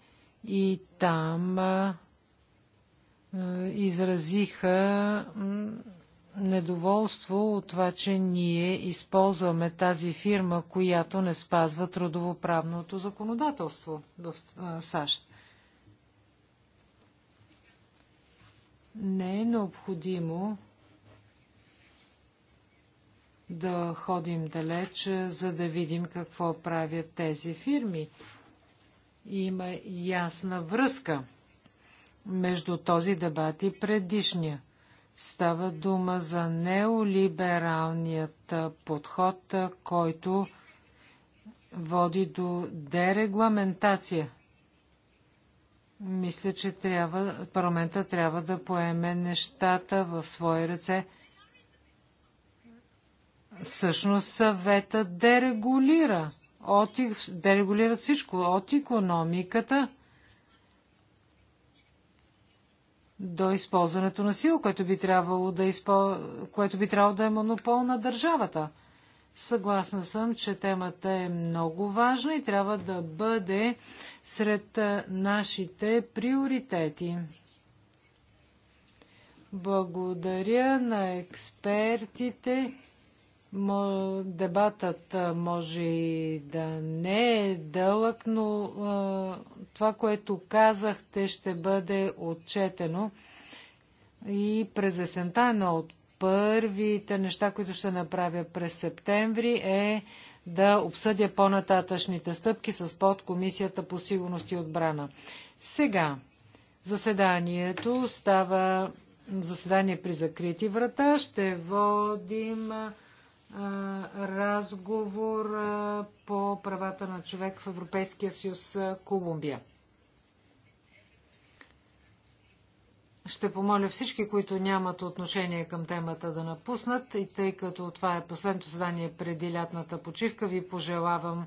и там е, е, изразиха недоволство от това, че ние използваме тази фирма, която не спазва трудовоправното законодателство в САЩ. не е необходимо да ходим далеч, за да видим какво правят тези фирми. Има ясна връзка между този дебат и предишния. Става дума за неолибералният подход, който води до дерегламентация. Мисля, че трябва, парламента трябва да поеме нещата в свои ръце. Всъщност съвета дерегулира. От, дерегулира всичко. От економиката до използването на сила, което би трябвало да, изпо... което би трябвало да е монопол на държавата. Съгласна съм, че темата е много важна и трябва да бъде сред нашите приоритети. Благодаря на експертите. Дебатът може и да не е дълъг, но това, което казахте, ще бъде отчетено. И през есента е на от първите неща, които ще направя през септември е да обсъдя по-нататъчните стъпки с подкомисията по сигурност и отбрана. Сега заседанието става заседание при закрити врата. Ще водим а, разговор а, по правата на човек в Европейския съюз Колумбия. Ще помоля всички, които нямат отношение към темата да напуснат и тъй като това е последното задание преди лятната почивка, ви пожелавам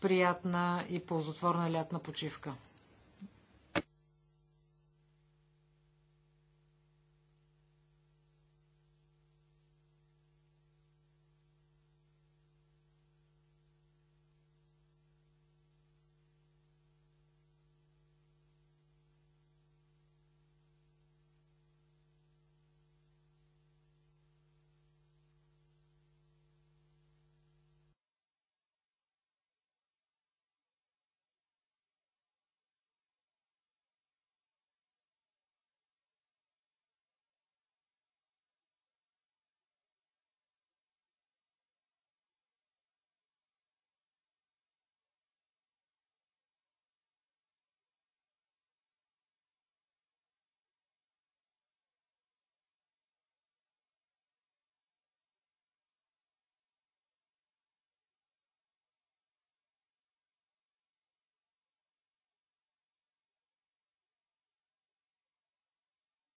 приятна и ползотворна лятна почивка.